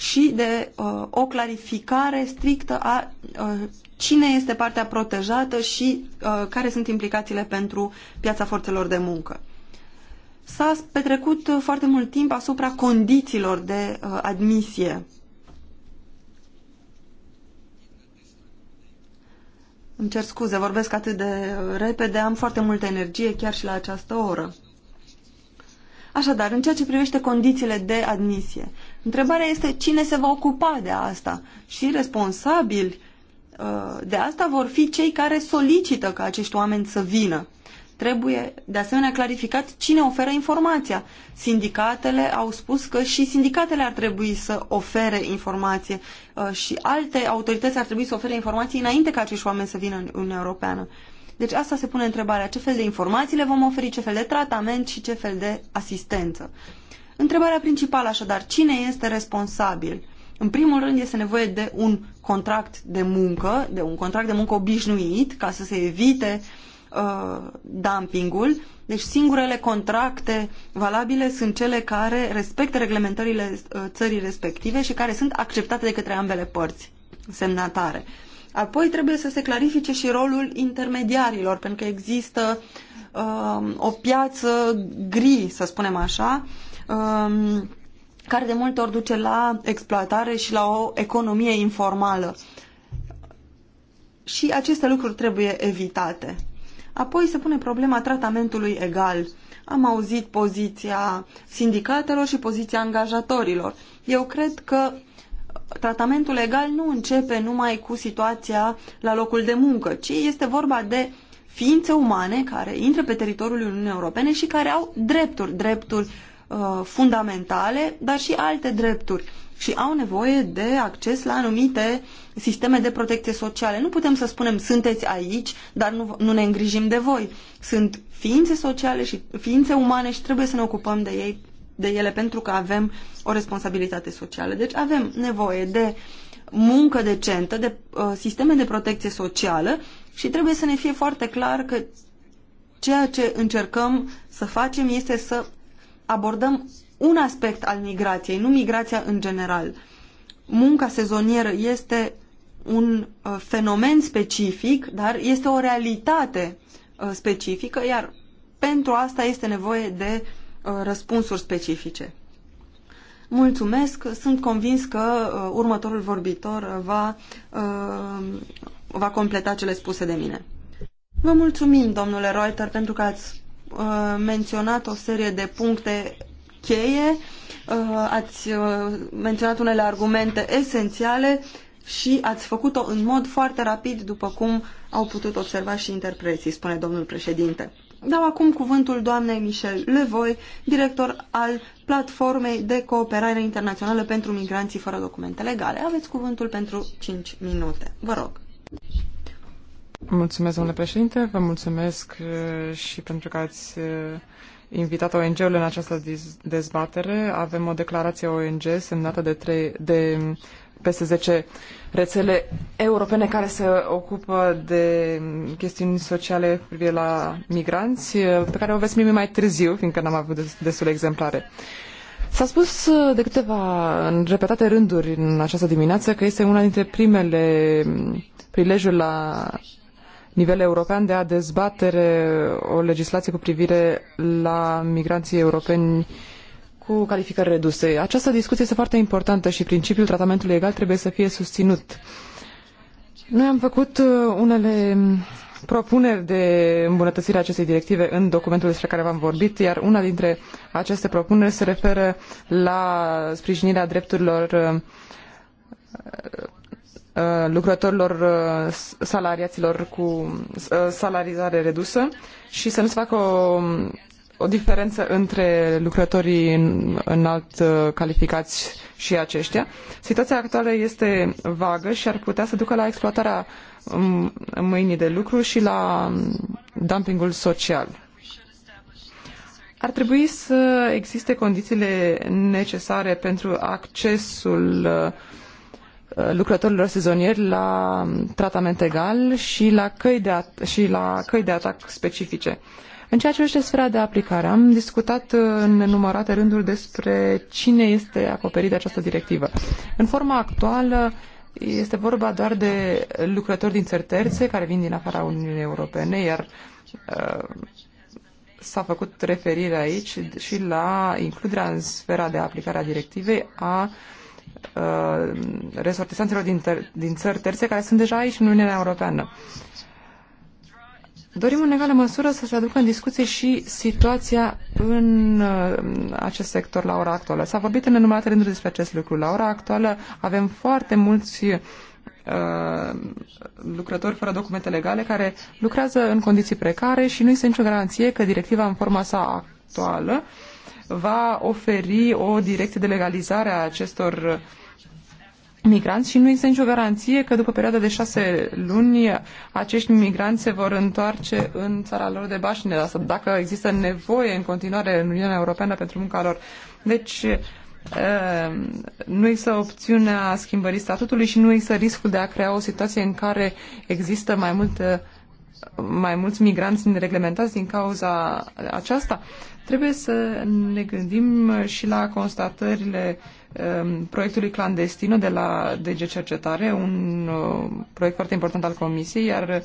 și de uh, o clarificare strictă a uh, cine este partea protejată și uh, care sunt implicațiile pentru piața forțelor de muncă. S-a petrecut uh, foarte mult timp asupra condițiilor de uh, admisie. Îmi cer scuze, vorbesc atât de repede, am foarte multă energie chiar și la această oră. Așadar, în ceea ce privește condițiile de admisie, Întrebarea este cine se va ocupa de asta și responsabili uh, de asta vor fi cei care solicită ca acești oameni să vină. Trebuie de asemenea clarificat cine oferă informația. Sindicatele au spus că și sindicatele ar trebui să ofere informație uh, și alte autorități ar trebui să ofere informații înainte ca acești oameni să vină în Uniunea Europeană. Deci asta se pune întrebarea, ce fel de informații le vom oferi, ce fel de tratament și ce fel de asistență. Întrebarea principală, așadar, cine este responsabil? În primul rând este nevoie de un contract de muncă, de un contract de muncă obișnuit, ca să se evite uh, dumpingul. Deci singurele contracte valabile sunt cele care respectă reglementările uh, țării respective și care sunt acceptate de către ambele părți semnatare. Apoi trebuie să se clarifice și rolul intermediarilor, pentru că există uh, o piață gri, să spunem așa, um, care de multe ori duce la exploatare și la o economie informală. Și aceste lucruri trebuie evitate. Apoi se pune problema tratamentului egal. Am auzit poziția sindicatelor și poziția angajatorilor. Eu cred că tratamentul egal nu începe numai cu situația la locul de muncă, ci este vorba de ființe umane care intră pe teritoriul Uniunii Europene și care au drepturi, drepturi Uh, fundamentale, dar și alte drepturi și au nevoie de acces la anumite sisteme de protecție socială. Nu putem să spunem sunteți aici, dar nu, nu ne îngrijim de voi. Sunt ființe sociale și ființe umane și trebuie să ne ocupăm de ei de ele pentru că avem o responsabilitate socială. Deci avem nevoie de muncă decentă, de uh, sisteme de protecție socială și trebuie să ne fie foarte clar că ceea ce încercăm să facem este să abordăm un aspect al migrației, nu migrația în general. Munca sezonieră este un uh, fenomen specific, dar este o realitate uh, specifică, iar pentru asta este nevoie de uh, răspunsuri specifice. Mulțumesc, sunt convins că următorul vorbitor va, va completa cele spuse de mine. Vă mulțumim, domnule Reuter, pentru că ați Uh, menționat o serie de puncte cheie, uh, ați uh, menționat unele argumente esențiale și ați făcut-o în mod foarte rapid, după cum au putut observa și interpreții, spune domnul președinte. Dau acum cuvântul doamnei Michel Levoi, director al Platformei de Cooperare Internațională pentru Migranții fără documente legale. Aveți cuvântul pentru 5 minute. Vă rog. Mulțumesc, domnule președinte, vă mulțumesc uh, și pentru că ați uh, invitat ONG-urile în această dezbatere. Avem o declarație ONG semnată de, trei, de peste 10 rețele europene care se ocupă de chestiuni sociale privire la migranți, uh, pe care o veți primi mai târziu, fiindcă n-am avut destule exemplare. S-a spus de câteva, în repetate rânduri în această dimineață, că este una dintre primele mm, prilejuri la nivel european de a dezbatere o legislație cu privire la migranții europeni cu calificări reduse. Această discuție este foarte importantă și principiul tratamentului egal trebuie să fie susținut. Noi am făcut uh, unele propuneri de îmbunătățire a acestei directive în documentul despre care v-am vorbit, iar una dintre aceste propuneri se referă la sprijinirea drepturilor uh, Uh, lucrătorilor uh, salariaților cu uh, salarizare redusă și să nu se facă o, o diferență între lucrătorii înalt calificați și aceștia. Situația actuală este vagă și ar putea să ducă la exploatarea um, mâinii de lucru și la um, dumpingul social. Ar trebui să existe condițiile necesare pentru accesul uh, Uh, lucrătorilor sezonieri la um, tratament egal și la căi de, at- și la căi de atac specifice. În ceea ce privește sfera de aplicare, am discutat uh, în nenumărate rânduri despre cine este acoperit de această directivă. În forma actuală, este vorba doar de lucrători din țări terțe care vin din afara Uniunii Europene, iar uh, s-a făcut referire aici și la includerea în sfera de aplicare a directivei a uh, uh, resortisanților din, ter- din țări terțe care sunt deja aici în Uniunea Europeană. Dorim în egală măsură să se aducă în discuție și situația în uh, acest sector la ora actuală. S-a vorbit în enumărate rânduri despre acest lucru. La ora actuală avem foarte mulți uh, lucrători fără documente legale care lucrează în condiții precare și nu este nicio garanție că directiva în forma sa actuală uh, va oferi o direcție de legalizare a acestor uh, migranți și nu există nicio garanție că după perioada de șase luni acești migranți se vor întoarce în țara lor de bașine, dacă există nevoie în continuare în Uniunea Europeană pentru munca lor. Deci uh, nu există opțiunea schimbării statutului și nu există riscul de a crea o situație în care există mai multe, mai mulți migranți nereglementați din cauza aceasta. Trebuie să ne gândim și la constatările um, proiectului clandestin de la DG Cercetare, un uh, proiect foarte important al Comisiei, iar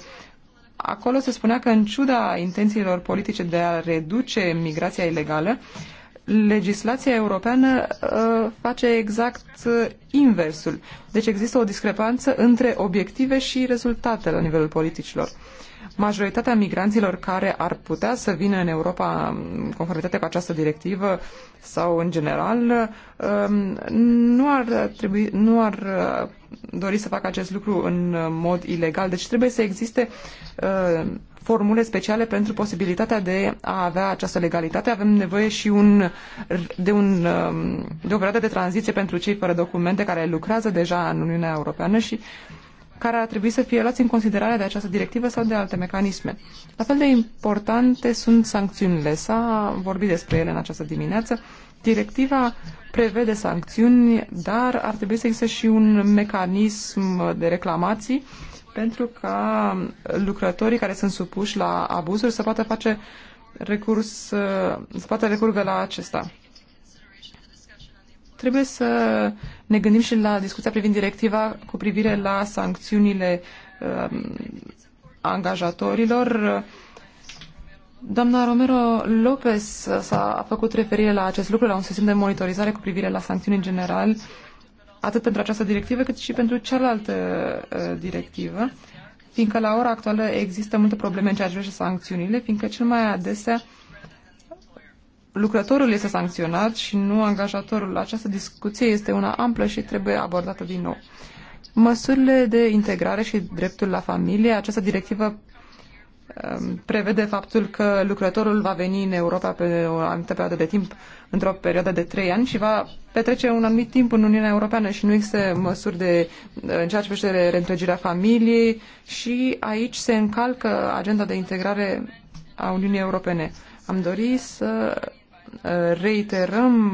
acolo se spunea că în ciuda intențiilor politice de a reduce migrația ilegală, legislația europeană uh, face exact uh, inversul. Deci există o discrepanță între obiective și rezultate la nivelul politicilor majoritatea migranților care ar putea să vină în Europa în conformitate cu această directivă sau în general um, nu ar, trebui, nu ar uh, dori să facă acest lucru în mod ilegal. Deci trebuie să existe uh, formule speciale pentru posibilitatea de a avea această legalitate. Avem nevoie și un, de, un, um, de o perioadă de tranziție pentru cei fără documente care lucrează deja în Uniunea Europeană și uh, care ar trebui să fie luați în considerare de această directivă sau de alte mecanisme. La fel de importante sunt sancțiunile. S-a vorbit despre ele în această dimineață. Directiva prevede sancțiuni, dar ar trebui să existe și un mecanism de reclamații pentru ca lucrătorii care sunt supuși la abuzuri să poată face recurs, să poată recurge la acesta. Trebuie să ne gândim și la discuția privind directiva cu privire la sancțiunile uh, angajatorilor Doamna Romero Lopez s-a făcut referire la acest lucru, la un sistem de monitorizare cu privire la sancțiuni în general, atât pentru această directivă cât și pentru cealaltă uh, directivă, fiindcă la ora actuală există multe probleme în ceea ce privește sancțiunile, fiindcă cel mai adesea lucrătorul este sancționat și nu angajatorul. Această discuție este una amplă și trebuie abordată din nou. Măsurile de integrare și dreptul la familie, această directivă um, prevede faptul că lucrătorul va veni în Europa pe o anumită perioadă de timp, într-o perioadă de trei ani și va petrece un anumit timp în Uniunea Europeană și nu există măsuri de, în ceea ce privește reîntregirea familiei și aici se încalcă agenda de integrare a Uniunii Europene. Am dorit să reiterăm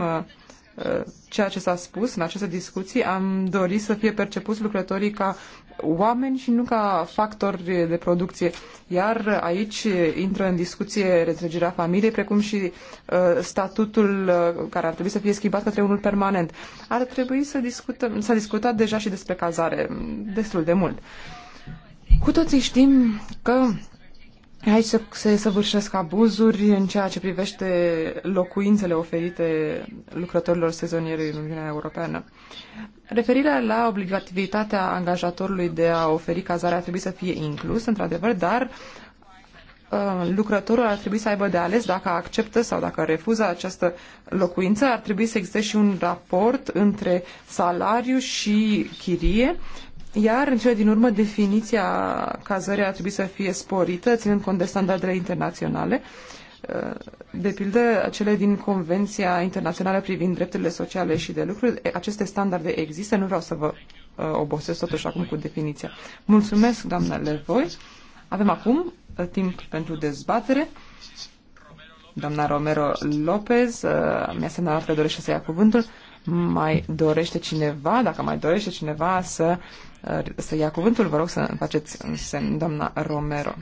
uh, ceea ce s-a spus în aceste discuții. Am dorit să fie percepuți lucrătorii ca oameni și nu ca factori de producție. Iar aici intră în discuție retrăgirea familiei, precum și uh, statutul uh, care ar trebui să fie schimbat către unul permanent. Ar trebui să discutăm, s-a discutat deja și despre cazare destul de mult. Cu toții știm că Aici se, se săvârșesc abuzuri în ceea ce privește locuințele oferite lucrătorilor sezonieri în Uniunea Europeană. Referirea la obligativitatea angajatorului de a oferi cazare ar trebui să fie inclus, într-adevăr, dar uh, lucrătorul ar trebui să aibă de ales dacă acceptă sau dacă refuză această locuință. Ar trebui să existe și un raport între salariu și chirie iar, în cele din urmă, definiția cazării ar trebui să fie sporită, ținând cont de standardele internaționale, uh, de pildă cele din Convenția Internațională privind drepturile sociale și de lucru. Aceste standarde există, nu vreau să vă uh, obosesc totuși acum cu definiția. Mulțumesc, doamna Levoi. Avem acum uh, timp pentru dezbatere. Doamna Romero Lopez mi-a semnalat că dorește să ia cuvântul mai dorește cineva, dacă mai dorește cineva să, uh, să ia cuvântul, vă rog să faceți un semn, doamna Romero.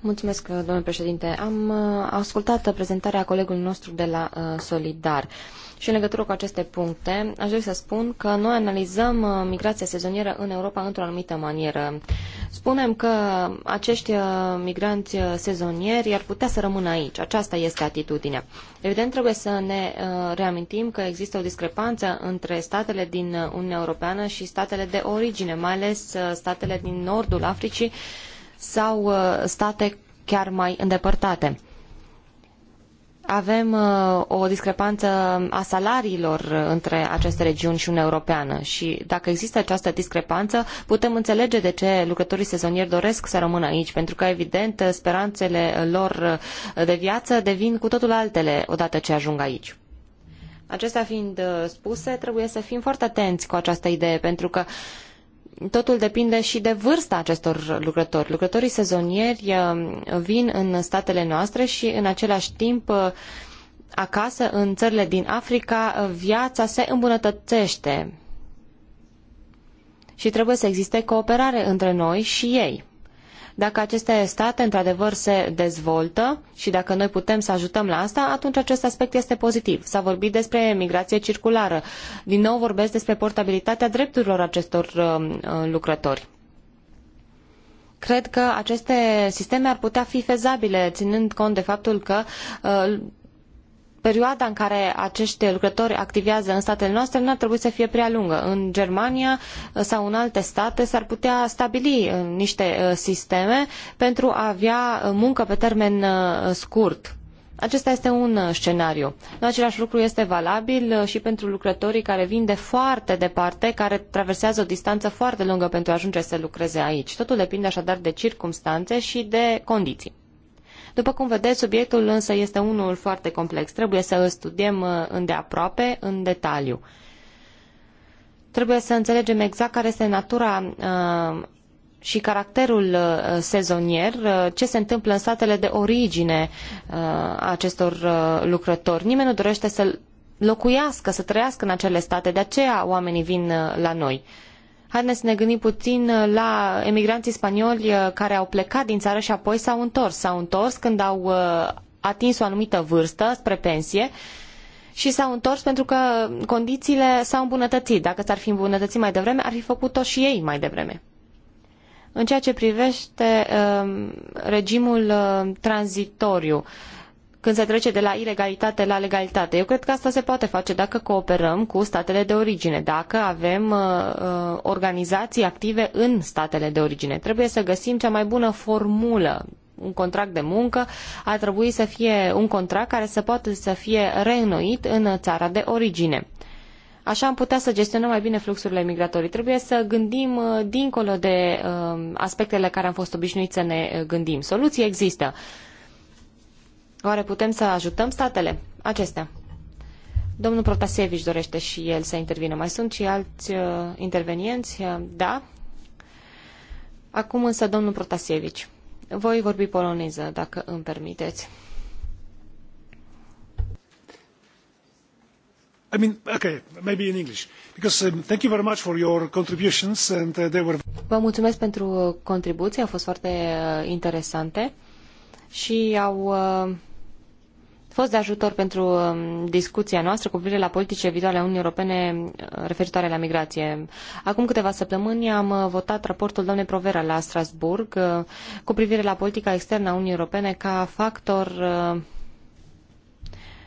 Mulțumesc, domnule președinte. Am uh, ascultat prezentarea colegului nostru de la uh, Solidar. Și în legătură cu aceste puncte, aș dori să spun că noi analizăm uh, migrația sezonieră în Europa într-o anumită manieră. Spunem că acești uh, migranți uh, sezonieri ar putea să rămână aici. Aceasta este atitudinea. Evident, trebuie să ne reamintim că există o discrepanță între statele din Uniunea Europeană și statele de origine, mai ales statele din nordul Africii sau state chiar mai îndepărtate avem uh, o discrepanță a salariilor uh, între aceste regiuni și Uniunea Europeană și dacă există această discrepanță, putem înțelege de ce lucrătorii sezonieri doresc să rămână aici, pentru că, evident, uh, speranțele lor de viață devin cu totul altele odată ce ajung aici. Acestea fiind spuse, trebuie să fim foarte atenți cu această idee, pentru că totul depinde și de vârsta acestor lucrători. Lucrătorii sezonieri eh, vin în statele noastre și în același timp eh, acasă, în țările din Africa, eh, viața se îmbunătățește și trebuie să existe cooperare între noi și ei. Dacă aceste state într-adevăr se dezvoltă și dacă noi putem să ajutăm la asta, atunci acest aspect este pozitiv. S-a vorbit despre migrație circulară. Din nou vorbesc despre portabilitatea drepturilor acestor uh, uh, lucrători. Cred că aceste sisteme ar putea fi fezabile, ținând cont de faptul că uh, perioada în care acești lucrători activează în statele noastre nu ar trebui să fie prea lungă. În Germania sau în alte state s-ar putea stabili uh, niște uh, sisteme pentru a avea uh, muncă pe termen scurt. Acesta este un scenariu. În același lucru este valabil și pentru lucrătorii care vin de foarte departe, care traversează o distanță foarte lungă pentru a ajunge să lucreze aici. Totul depinde așadar de circumstanțe și de condiții. După cum vedeți, subiectul însă este unul foarte complex. Trebuie să îl studiem uh, îndeaproape, în detaliu. Trebuie să înțelegem exact care este natura uh, și caracterul uh, sezonier, ce se întâmplă în statele de origine a acestor lucrători. Nimeni nu dorește să locuiască, să trăiască în acele state, de aceea oamenii vin la noi. Haideți să ne gândim puțin uh, la emigranții spanioli uh, care au plecat din țară și apoi s-au întors. S-au întors când au uh, atins o anumită vârstă spre pensie și s-au întors pentru că condițiile s-au îmbunătățit. Dacă s-ar fi îmbunătățit mai devreme, ar fi făcut-o și ei mai devreme. În ceea ce privește um, regimul tranzitoriu, uh, când se trece de la ilegalitate la legalitate. Eu cred că asta se poate face dacă cooperăm cu statele de origine, dacă avem uh, uh, organizații active în statele de origine. Trebuie să găsim cea mai bună formulă. Un contract de muncă ar trebui să fie un contract care să poată să fie reînnoit în țara de origine. Așa am putea să gestionăm mai bine fluxurile migratorii. Trebuie să gândim uh, dincolo de uh, aspectele care am fost obișnuiți să ne gândim. Soluții există. Uh, Oare putem să ajutăm statele acestea? Domnul Protasevici dorește și el să intervină. Mai sunt și alți uh, intervenienți? Uh, da. Acum însă domnul Protasevici. Voi vorbi poloneză, dacă îmi permiteți. I mean, okay, maybe in English. Because um, thank you very much for your contributions and uh, they were Vă mulțumesc pentru contribuții, au fost foarte uh, interesante și au uh, fost de ajutor pentru um, discuția noastră cu privire la politicile viitoare ale Uniunii Europene uh, referitoare la migrație. Acum câteva săptămâni am uh, votat raportul doamnei Provera la Strasbourg uh, cu privire la politica externă a Uniunii Europene ca factor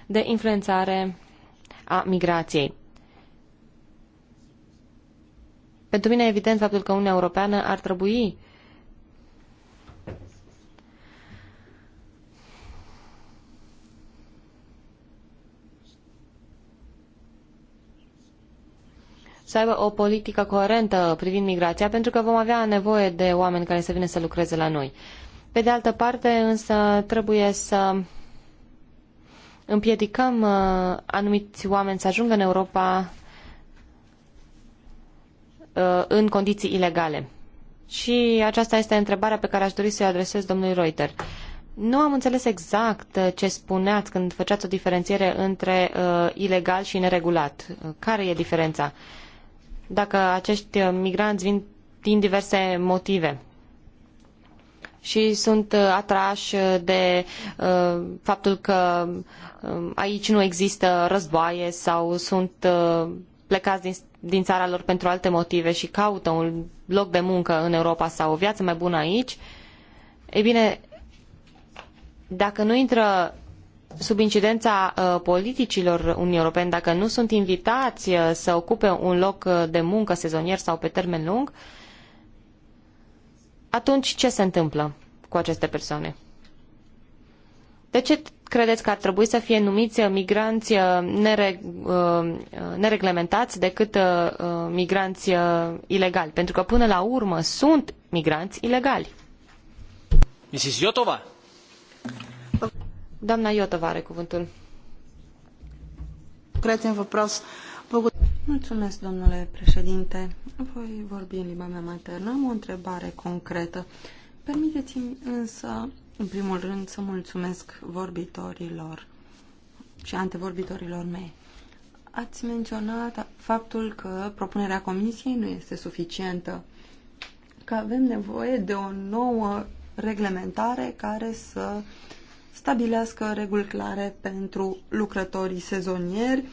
de influențare a migrației. Pentru mine e evident faptul că Uniunea Europeană ar trebui uh, să aibă o politică coerentă privind migrația, pentru că vom avea nevoie de oameni care să vină să lucreze la noi. Pe de altă parte, însă, trebuie să împiedicăm uh, anumiți oameni să ajungă în Europa uh, în condiții ilegale. Și aceasta este întrebarea pe care aș dori să-i adresez domnului Reuter. Nu am înțeles exact uh, ce spuneați când făceați o diferențiere între uh, ilegal și neregulat. Care e diferența? Uh, dacă acești uh, migranți vin din diverse motive și sunt uh, atrași uh, de uh, faptul că uh, aici nu există războaie sau sunt uh, plecați din, din țara lor pentru alte motive și caută un loc de muncă în Europa sau o viață mai bună aici, e bine, dacă nu intră sub incidența uh, politicilor Uniunii Europene, dacă nu sunt invitați uh, să ocupe un loc uh, de muncă sezonier sau pe termen lung, atunci ce se întâmplă cu aceste persoane? De ce credeți că ar trebui să fie numiți migranți nereg nereglementați decât migranți ilegali? Pentru că până la urmă sunt migranți ilegali. Mrs. Iotova. Doamna Iotova are cuvântul. Mulțumesc, domnule președinte. Voi vorbi în limba mea maternă. Am o întrebare concretă. Permiteți-mi însă, în primul rând, să mulțumesc vorbitorilor și antevorbitorilor mei. Ați menționat faptul că propunerea comisiei nu este suficientă, că avem nevoie de o nouă reglementare care să uh, stabilească reguli clare pentru lucrătorii sezonieri,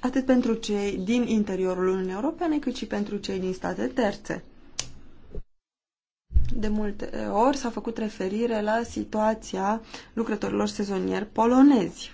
atât pentru cei din interiorul Uniunii Europene, cât și pentru cei din state terțe. De multe ori s-a făcut referire la situația lucrătorilor sezonieri polonezi.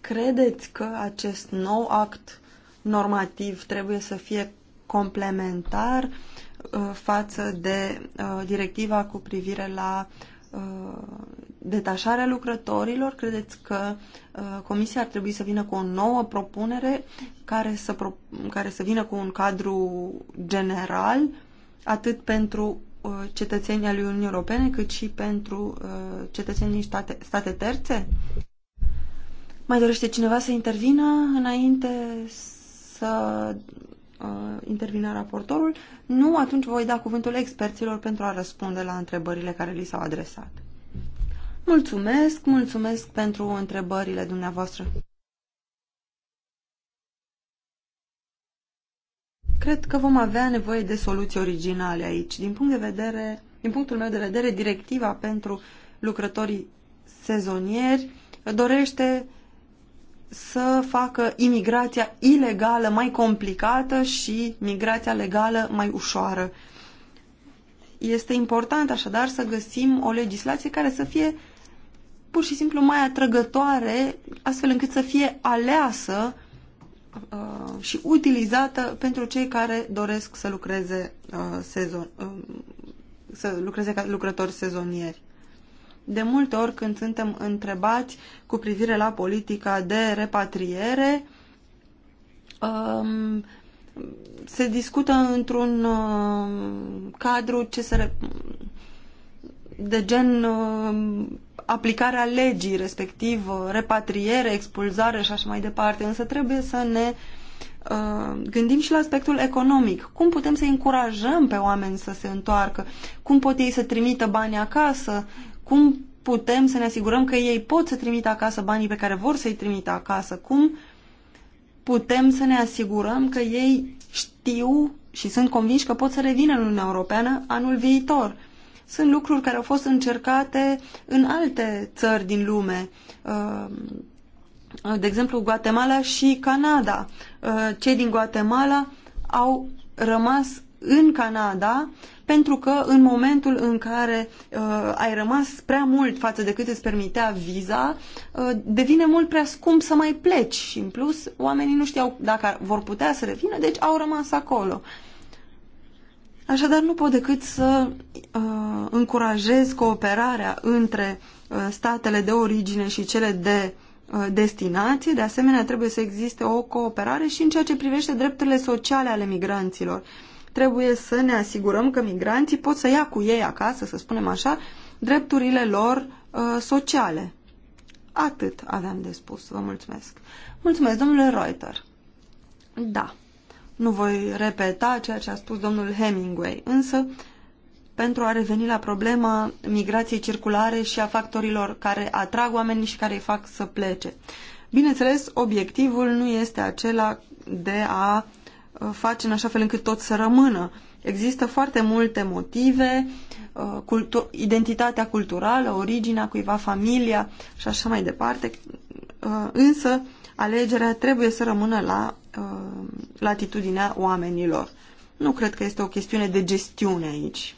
Credeți că acest nou act normativ trebuie să fie complementar uh, față de uh, directiva cu privire la Uh, detașarea lucrătorilor, credeți că uh, Comisia ar trebui să vină cu o nouă propunere care să, pro care să vină cu un cadru general atât pentru uh, cetățenii ale Uniunii Europene cât și pentru cetățenii state, state terțe? Mai dorește cineva să intervină înainte să uh, intervine raportorul, nu atunci voi da cuvântul experților pentru a răspunde la întrebările care li s-au adresat. Mulțumesc, mulțumesc pentru întrebările dumneavoastră. Cred că vom avea nevoie de soluții originale aici. Din, punct de vedere, din punctul meu de vedere, directiva pentru lucrătorii sezonieri dorește să facă imigrația ilegală mai complicată și migrația legală mai ușoară. Este important așadar să găsim o legislație care să fie pur și simplu mai atrăgătoare, astfel încât să fie aleasă uh, și utilizată pentru cei care doresc să lucreze uh, sezon, uh, să lucreze ca lucrători sezonieri. De multe ori când suntem întrebați cu privire la politica de repatriere, um, se discută într-un um, cadru ce se re... de gen um, aplicarea legii, respectiv uh, repatriere, expulzare și așa mai departe, însă trebuie să ne uh, gândim și la aspectul economic. Cum putem să încurajăm pe oameni să se întoarcă? Cum pot ei să trimită bani acasă? Cum putem să ne asigurăm că ei pot să trimită acasă banii pe care vor să-i trimită acasă? Cum putem să ne asigurăm că ei știu și sunt convinși că pot să revină în Uniunea Europeană anul viitor? Sunt lucruri care au fost încercate în alte țări din lume uh, de exemplu, Guatemala și Canada. Uh, cei din Guatemala au rămas în Canada pentru că în momentul în care uh, ai rămas prea mult față de cât îți permitea viza, uh, devine mult prea scump să mai pleci și în plus oamenii nu știau dacă vor putea să revină, deci au rămas acolo. Așadar nu pot decât să uh, încurajez cooperarea între uh, statele de origine și cele de uh, destinație. De asemenea, trebuie să existe o cooperare și în ceea ce privește drepturile sociale ale migranților. Uh, trebuie să ne asigurăm că migranții pot să ia cu ei acasă, să spunem așa, drepturile lor uh, sociale. Atât aveam de spus. Vă mulțumesc. Mulțumesc, domnule Reuter. Da, nu voi repeta ceea ce a spus domnul Hemingway, însă pentru a reveni la problema migrației circulare și a factorilor care atrag oamenii și care îi fac să plece. Bineînțeles, obiectivul nu este acela de a Uh, face în așa fel încât tot să rămână. Există foarte multe motive, uh, cultu- identitatea culturală, originea cuiva, familia și așa mai departe, uh, însă alegerea trebuie să rămână la latitudinea oamenilor. Nu cred că este o chestiune de gestiune aici.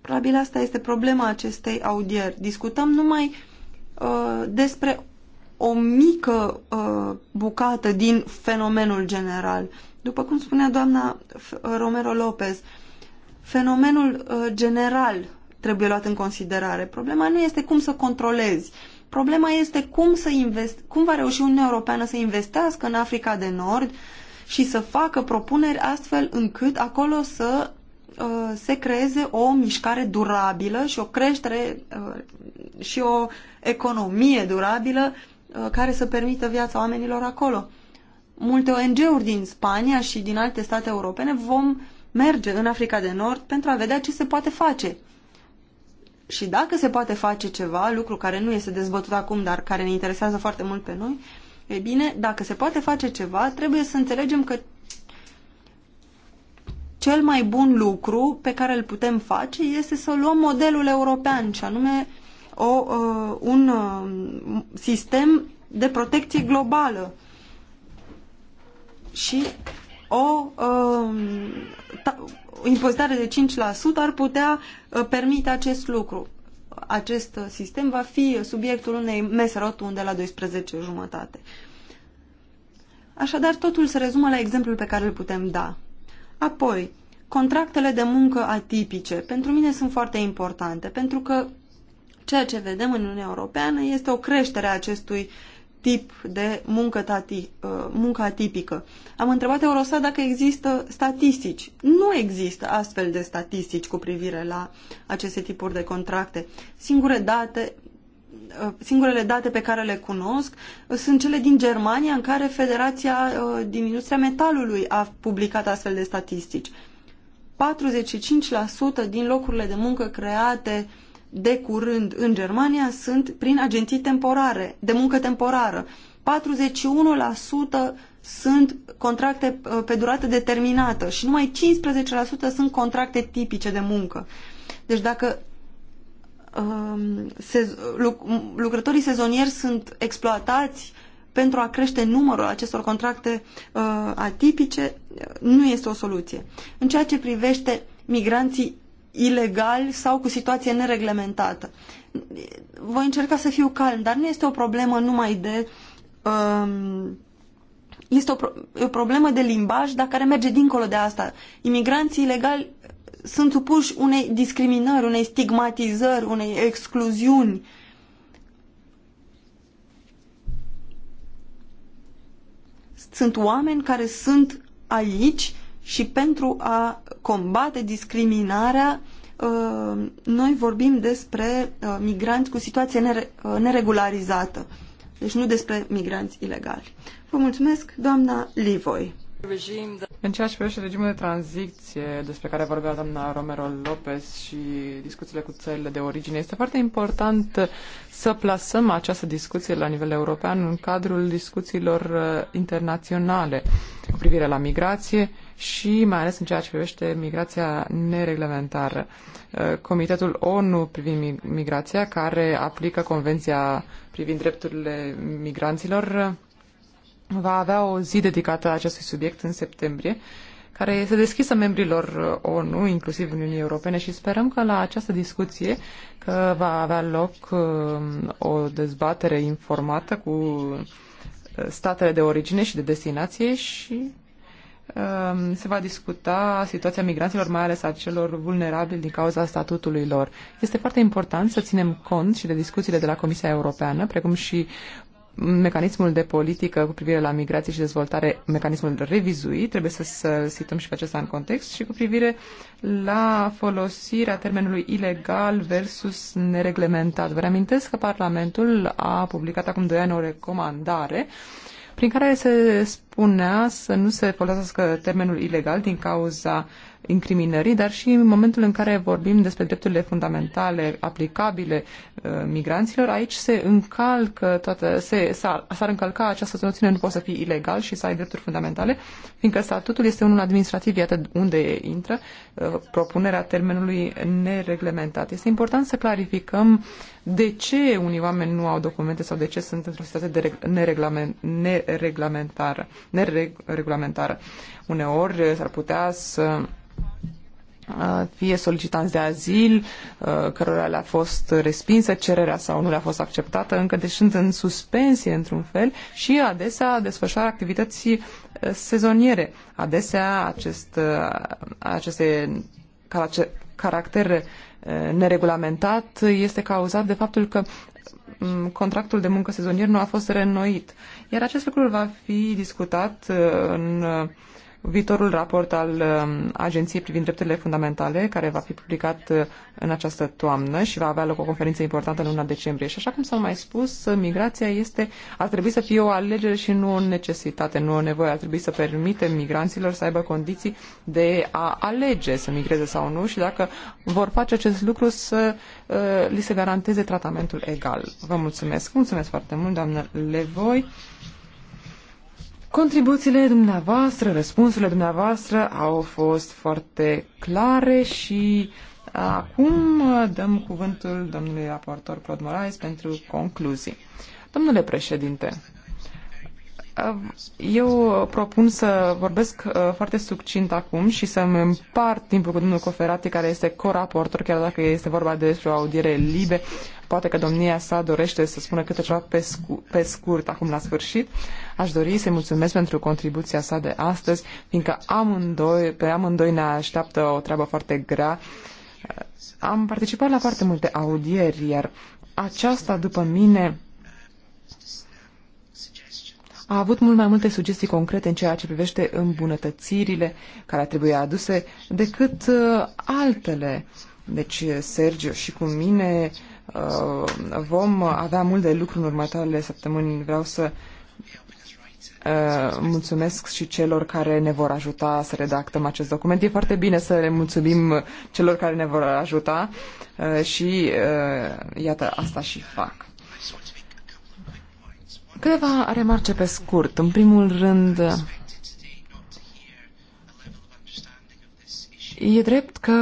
Probabil asta este problema acestei audieri. Discutăm numai uh, despre o mică uh, bucată din fenomenul general. După cum spunea doamna uh, Romero Lopez, fenomenul uh, general trebuie luat în considerare. Problema nu este cum să controlezi. Problema este cum, să invest, cum va reuși Uniunea Europeană să investească în Africa de Nord și să facă propuneri astfel încât acolo să uh, se creeze o mișcare durabilă și o creștere uh, și o economie durabilă uh, Uh, care să permită viața oamenilor acolo. Multe ONG-uri din Spania și din alte state europene vom merge în Africa de Nord pentru a vedea ce se poate face. Și dacă se poate face ceva, lucru care nu este dezbătut acum, dar care ne interesează foarte mult pe noi, e bine, dacă se poate face ceva, trebuie să înțelegem că cel mai bun lucru pe care îl putem face este să luăm modelul european, și anume o, uh, un uh, sistem de protecție globală și o um, impozitare de 5% ar putea uh, permite acest lucru. Acest sistem va fi subiectul unei mese rotunde la 12 jumătate. Așadar, totul se rezumă la exemplul pe care îl putem da. Apoi, contractele de muncă atipice pentru mine sunt foarte importante, pentru că Ceea ce vedem în Uniunea Europeană este o creștere a acestui tip de muncă, tati, uh, muncă atipică. Am întrebat Eurosa dacă există statistici. Nu există astfel de statistici cu privire la aceste tipuri de contracte. Singure date, uh, singurele date pe care le cunosc uh, sunt cele din Germania în care Federația din Industria Metalului a publicat astfel de statistici. 45% din locurile de muncă create uh, de curând în Germania sunt prin agenții temporare, de muncă temporară. 41% sunt contracte uh, pe durată determinată și numai 15% sunt contracte tipice de muncă. Deci dacă um, sez luc lucrătorii sezonieri sunt exploatați pentru a crește numărul acestor contracte uh, atipice, uh, nu este o soluție. În ceea ce privește migranții ilegal sau cu situație nereglementată. Voi încerca să fiu calm, dar nu este o problemă numai de... Um, este o, pro o problemă de limbaj, dar care merge dincolo de asta. Imigranții ilegali sunt supuși unei discriminări, unei stigmatizări, unei excluziuni. Sunt oameni care sunt aici și pentru a combate discriminarea ă, noi vorbim despre ă, migranți cu situație ă, neregularizată, deci nu despre migranți ilegali. Vă mulțumesc, doamna Livoi. În ceea ce privește regimul de tranziție despre care vorbea doamna Romero Lopez și discuțiile cu țările de origine, este foarte important să plasăm această discuție la nivel european în cadrul discuțiilor uh, internaționale cu privire la migrație și mai ales în ceea ce privește migrația nereglementară. Uh, Comitetul ONU privind migrația, care aplică Convenția privind drepturile migranților, va avea o zi dedicată acestui subiect în septembrie, care este deschisă membrilor uh, ONU, inclusiv Uniunii Europene, și sperăm că la această discuție că va avea loc um, o dezbatere informată cu uh, statele de origine și de destinație și um, se va discuta situația migranților, mai ales a celor vulnerabili din cauza statutului lor. Este foarte important să ținem cont și de discuțiile de la Comisia Europeană, precum și mecanismul de politică cu privire la migrație și dezvoltare, mecanismul revizuit, trebuie să, să situăm și pe acesta în context, și cu privire la folosirea termenului ilegal versus nereglementat. Vă reamintesc că Parlamentul a publicat acum doi ani o recomandare prin care se spunea să nu se folosească termenul ilegal din cauza uh, incriminării, dar și în momentul în care vorbim despre drepturile fundamentale aplicabile uh, migranților, aici se încalcă toată, se, s-ar încălca această noțiune, nu poți să fii ilegal și să ai drepturi fundamentale, fiindcă statutul este unul administrativ, iată unde intră uh, propunerea termenului nereglementat. Este important să clarificăm de ce unii oameni nu au documente sau de ce sunt într-o situație nereglament, nereglamentară. neregulamentară. Uneori eh, s-ar putea să eh, fie solicitanți de azil, eh, cărora le-a fost respinsă cererea sau nu le-a fost acceptată, încă deși sunt în suspensie într-un fel și adesea desfășoară activități sezoniere. Adesea acest, aceste caracter neregulamentat este cauzat de faptul că mm, contractul de muncă sezonier nu a fost reînnoit. Iar acest lucru va fi discutat uh, în uh, viitorul raport al um, Agenției privind drepturile fundamentale, care va fi publicat uh, în această toamnă și va avea loc o conferință importantă în luna decembrie. Și așa cum s-a mai spus, uh, migrația este, ar trebui să fie o alegere și nu o necesitate, nu o nevoie. Ar trebui să permitem migranților să aibă condiții de a alege să migreze sau nu și dacă vor face acest lucru să uh, li se garanteze tratamentul egal. Vă mulțumesc. Mulțumesc foarte mult, doamnă Levoi. Contribuțiile dumneavoastră, răspunsurile dumneavoastră au fost foarte clare și acum uh, dăm cuvântul domnului raportor Claude Moraes pentru concluzii. Domnule președinte, uh, eu propun să vorbesc uh, foarte succint acum și să-mi împart timpul cu domnul Coferati, care este coraportor, chiar dacă este vorba despre o audiere libe. Poate că domnia sa dorește să spună câte ceva pe, scu- pe scurt acum la sfârșit. Aș dori să-i mulțumesc pentru contribuția sa de astăzi, fiindcă amândoi, pe amândoi ne așteaptă o treabă foarte grea. Am participat la foarte multe audieri, iar aceasta, după mine, a avut mult mai multe sugestii concrete în ceea ce privește îmbunătățirile care trebuie aduse decât uh, altele. Deci, Sergio și cu mine uh, vom avea mult de lucru în următoarele săptămâni. Vreau să Uh, mulțumesc și celor care ne vor ajuta să redactăm acest document. E foarte bine să le mulțumim celor care ne vor ajuta uh, și uh, iată, asta și fac. Câteva remarce pe scurt. În primul rând, E drept că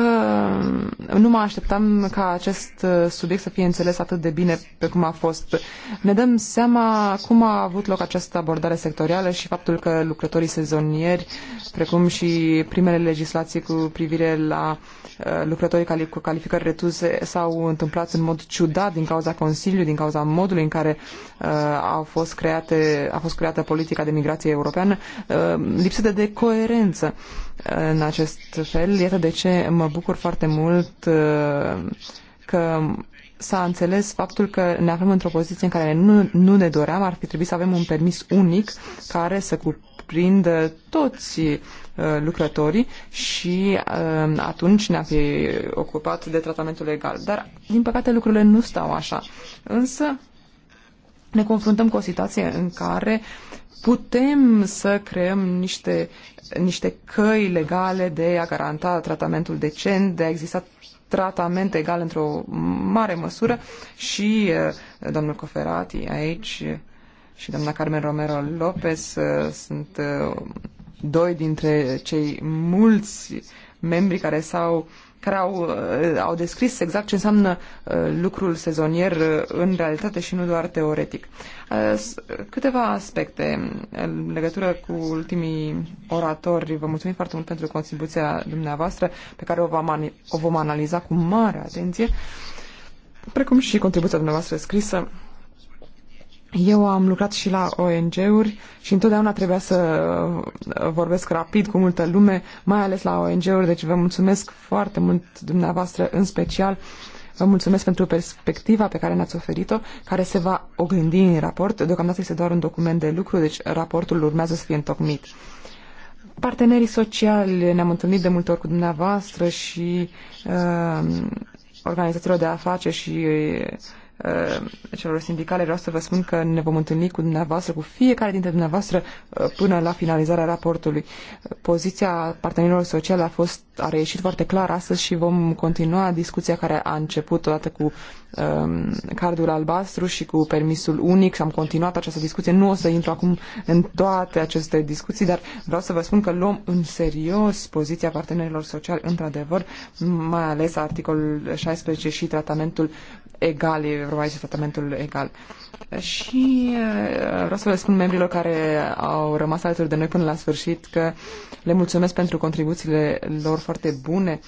um, nu mă așteptam ca acest uh, subiect să fie înțeles atât de bine pe cum a fost. Ne dăm seama cum a avut loc această abordare sectorială și faptul că lucrătorii sezonieri, precum și primele legislații cu privire la uh, Uh, lucrătorii cu calificări reduse s-au întâmplat în mod ciudat din cauza Consiliului, din cauza modului în care uh, au fost create, a fost creată politica de migrație europeană, uh, lipsă de coerență în acest fel. Iată de ce mă bucur foarte mult că s-a înțeles faptul că ne aflăm într-o poziție în care nu, nu ne doream, ar fi trebuit să avem un permis unic care să cuprindă toți Uh, lucrătorii și uh, atunci ne-am fi ocupat de tratamentul legal. Dar, din păcate, lucrurile nu stau așa. Însă, ne confruntăm cu o situație în care putem să creăm niște, niște căi legale de a garanta tratamentul decent, de a exista tratament egal într-o mare măsură și uh, domnul Coferati aici și doamna Carmen Romero Lopez sunt doi dintre cei mulți membri care s-au care au, uh, au descris exact ce înseamnă uh, lucrul sezonier uh, în realitate și nu doar teoretic. Câteva aspecte în legătură cu ultimii oratori. Vă mulțumim foarte mult pentru contribuția dumneavoastră pe care o vom, o vom analiza cu mare atenție, precum și contribuția dumneavoastră scrisă eu am lucrat și la ONG-uri și întotdeauna trebuia să uh, vorbesc rapid cu multă lume, mai ales la ONG-uri, deci vă mulțumesc foarte mult dumneavoastră în special. Vă mulțumesc pentru perspectiva pe care ne-ați oferit-o, care se va oglindi în raport. Deocamdată este doar un document de lucru, deci raportul urmează să fie întocmit. Partenerii sociali, ne-am întâlnit de multe ori cu dumneavoastră și uh, organizațiilor de afaceri și uh, Uh, celor sindicale, vreau să vă spun că ne vom întâlni cu dumneavoastră, cu fiecare dintre dumneavoastră, uh, până la finalizarea raportului. Poziția partenerilor sociale a fost, a reieșit foarte clar astăzi și vom continua discuția care a început odată cu um, cardul albastru și cu permisul unic. Am continuat această discuție. Nu o să intru acum în toate aceste discuții, dar vreau să vă spun că luăm în serios poziția partenerilor sociale, într-adevăr, mai ales articolul 16 și tratamentul egal, e vorba aici de tratamentul egal. Și uh, vreau să le spun membrilor care au rămas alături de noi până la sfârșit că le mulțumesc pentru contribuțiile lor foarte bune.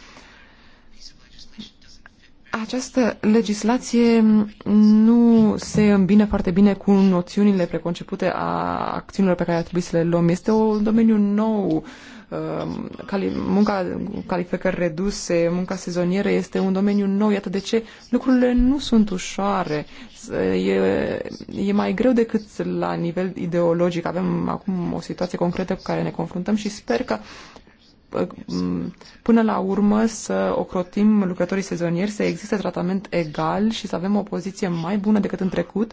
Această legislație nu se îmbină foarte bine cu noțiunile preconcepute a acțiunilor pe care ar trebui să le luăm. Este un domeniu nou Um, munca cu calificări reduse, munca sezonieră este un domeniu nou, iată de ce lucrurile nu sunt ușoare. E, e mai greu decât la nivel ideologic. Avem acum o situație concretă cu care ne confruntăm și sper că um, până la urmă să ocrotim lucrătorii sezonieri, să existe tratament egal și să avem o poziție mai bună decât în trecut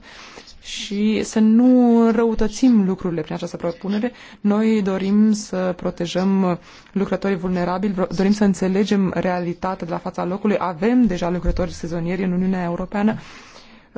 și să nu răutățim lucrurile prin această propunere. Noi dorim să protejăm lucrătorii vulnerabili, dorim să înțelegem realitatea de la fața locului. Avem deja lucrători sezonieri în Uniunea Europeană.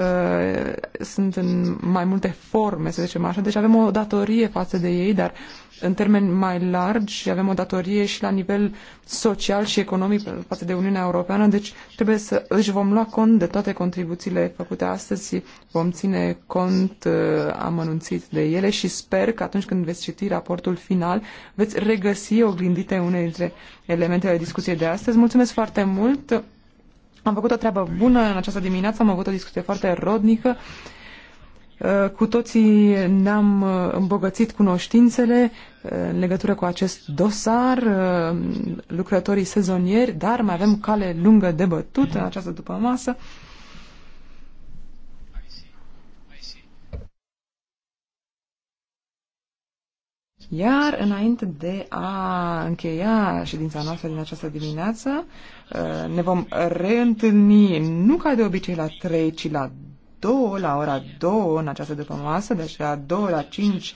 Uh, sunt în mai multe forme, să zicem așa. Deci avem o datorie față de ei, dar în termeni mai largi avem o datorie și la nivel social și economic față de Uniunea Europeană, deci trebuie să își vom lua cont de toate contribuțiile făcute astăzi, vom ține cont uh, amănunțit de ele și sper că atunci când veți citi raportul final veți regăsi oglindite unei dintre elementele discuției de astăzi. Mulțumesc foarte mult! Am făcut o treabă bună în această dimineață, am avut o discuție foarte rodnică. Uh, cu toții ne-am uh, îmbogățit cunoștințele uh, în legătură cu acest dosar, lucrătorii sezonieri, dar mai avem cale lungă de bătut în această după masă. Iar înainte de a încheia ședința noastră din această dimineață, uh, ne vom reîntâlni nu ca de obicei la 3, ci la 2, la ora 2 în această după masă, deci la 2 la 5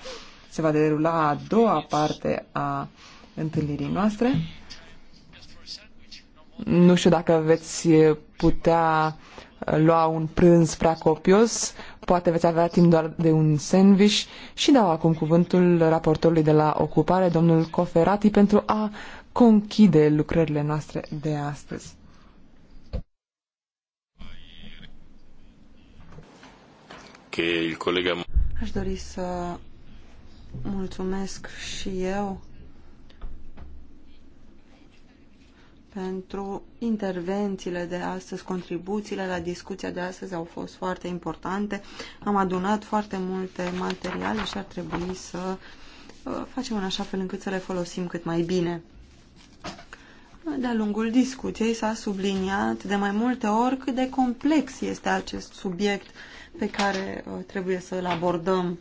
se va derula a doua parte a întâlnirii noastre. Nu știu dacă veți putea lua un prânz prea copios, poate veți avea timp doar de un sandwich și dau acum cuvântul raportorului de la ocupare, domnul Coferati, pentru a conchide lucrările noastre de astăzi. Aș dori să mulțumesc și eu pentru intervențiile de astăzi, contribuțiile la discuția de astăzi au fost foarte importante. Am adunat foarte multe materiale și ar trebui să uh, facem în așa fel încât să le folosim cât mai bine. De-a lungul discuției s-a subliniat de mai multe ori cât de complex este acest subiect pe care uh, trebuie să îl abordăm.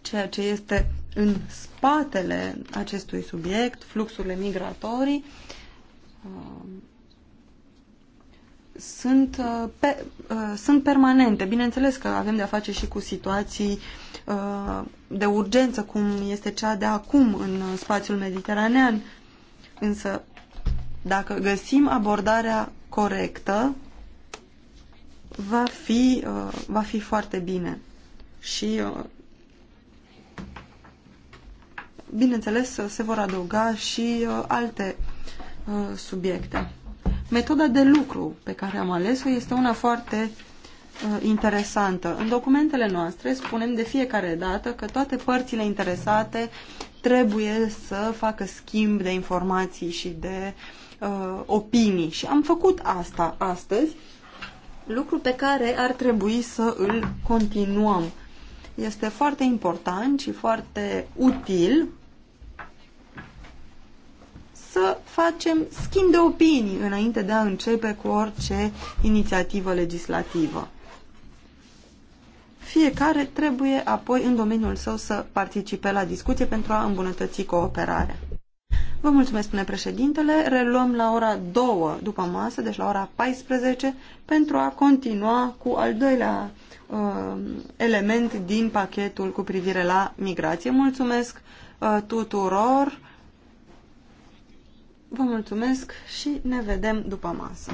Ceea ce este în spatele acestui subiect, fluxurile migratorii, sunt, uh, pe, uh, sunt permanente. Bineînțeles că avem de-a face și cu situații uh, de urgență, cum este cea de acum în spațiul mediteranean. Însă, dacă găsim abordarea corectă, va fi, va fi foarte bine. Și, bineînțeles, se vor adăuga și alte Uh, subiecte. Metoda de lucru pe care am ales-o este una foarte uh, interesantă. În documentele noastre spunem de fiecare dată că toate părțile interesate trebuie să facă schimb de informații și de uh, opinii. Și am făcut asta astăzi, lucru pe care ar trebui să îl continuăm. Este foarte important și foarte util să facem schimb de opinii înainte de a începe cu orice inițiativă legislativă. Fiecare trebuie apoi în domeniul său să participe la discuție pentru a îmbunătăți cooperarea. Vă mulțumesc, spune președintele. Reluăm la ora 2 după masă, deci la ora 14, pentru a continua cu al doilea uh, element din pachetul cu privire la migrație. Mulțumesc uh, tuturor! Vă mulțumesc și ne vedem după masă.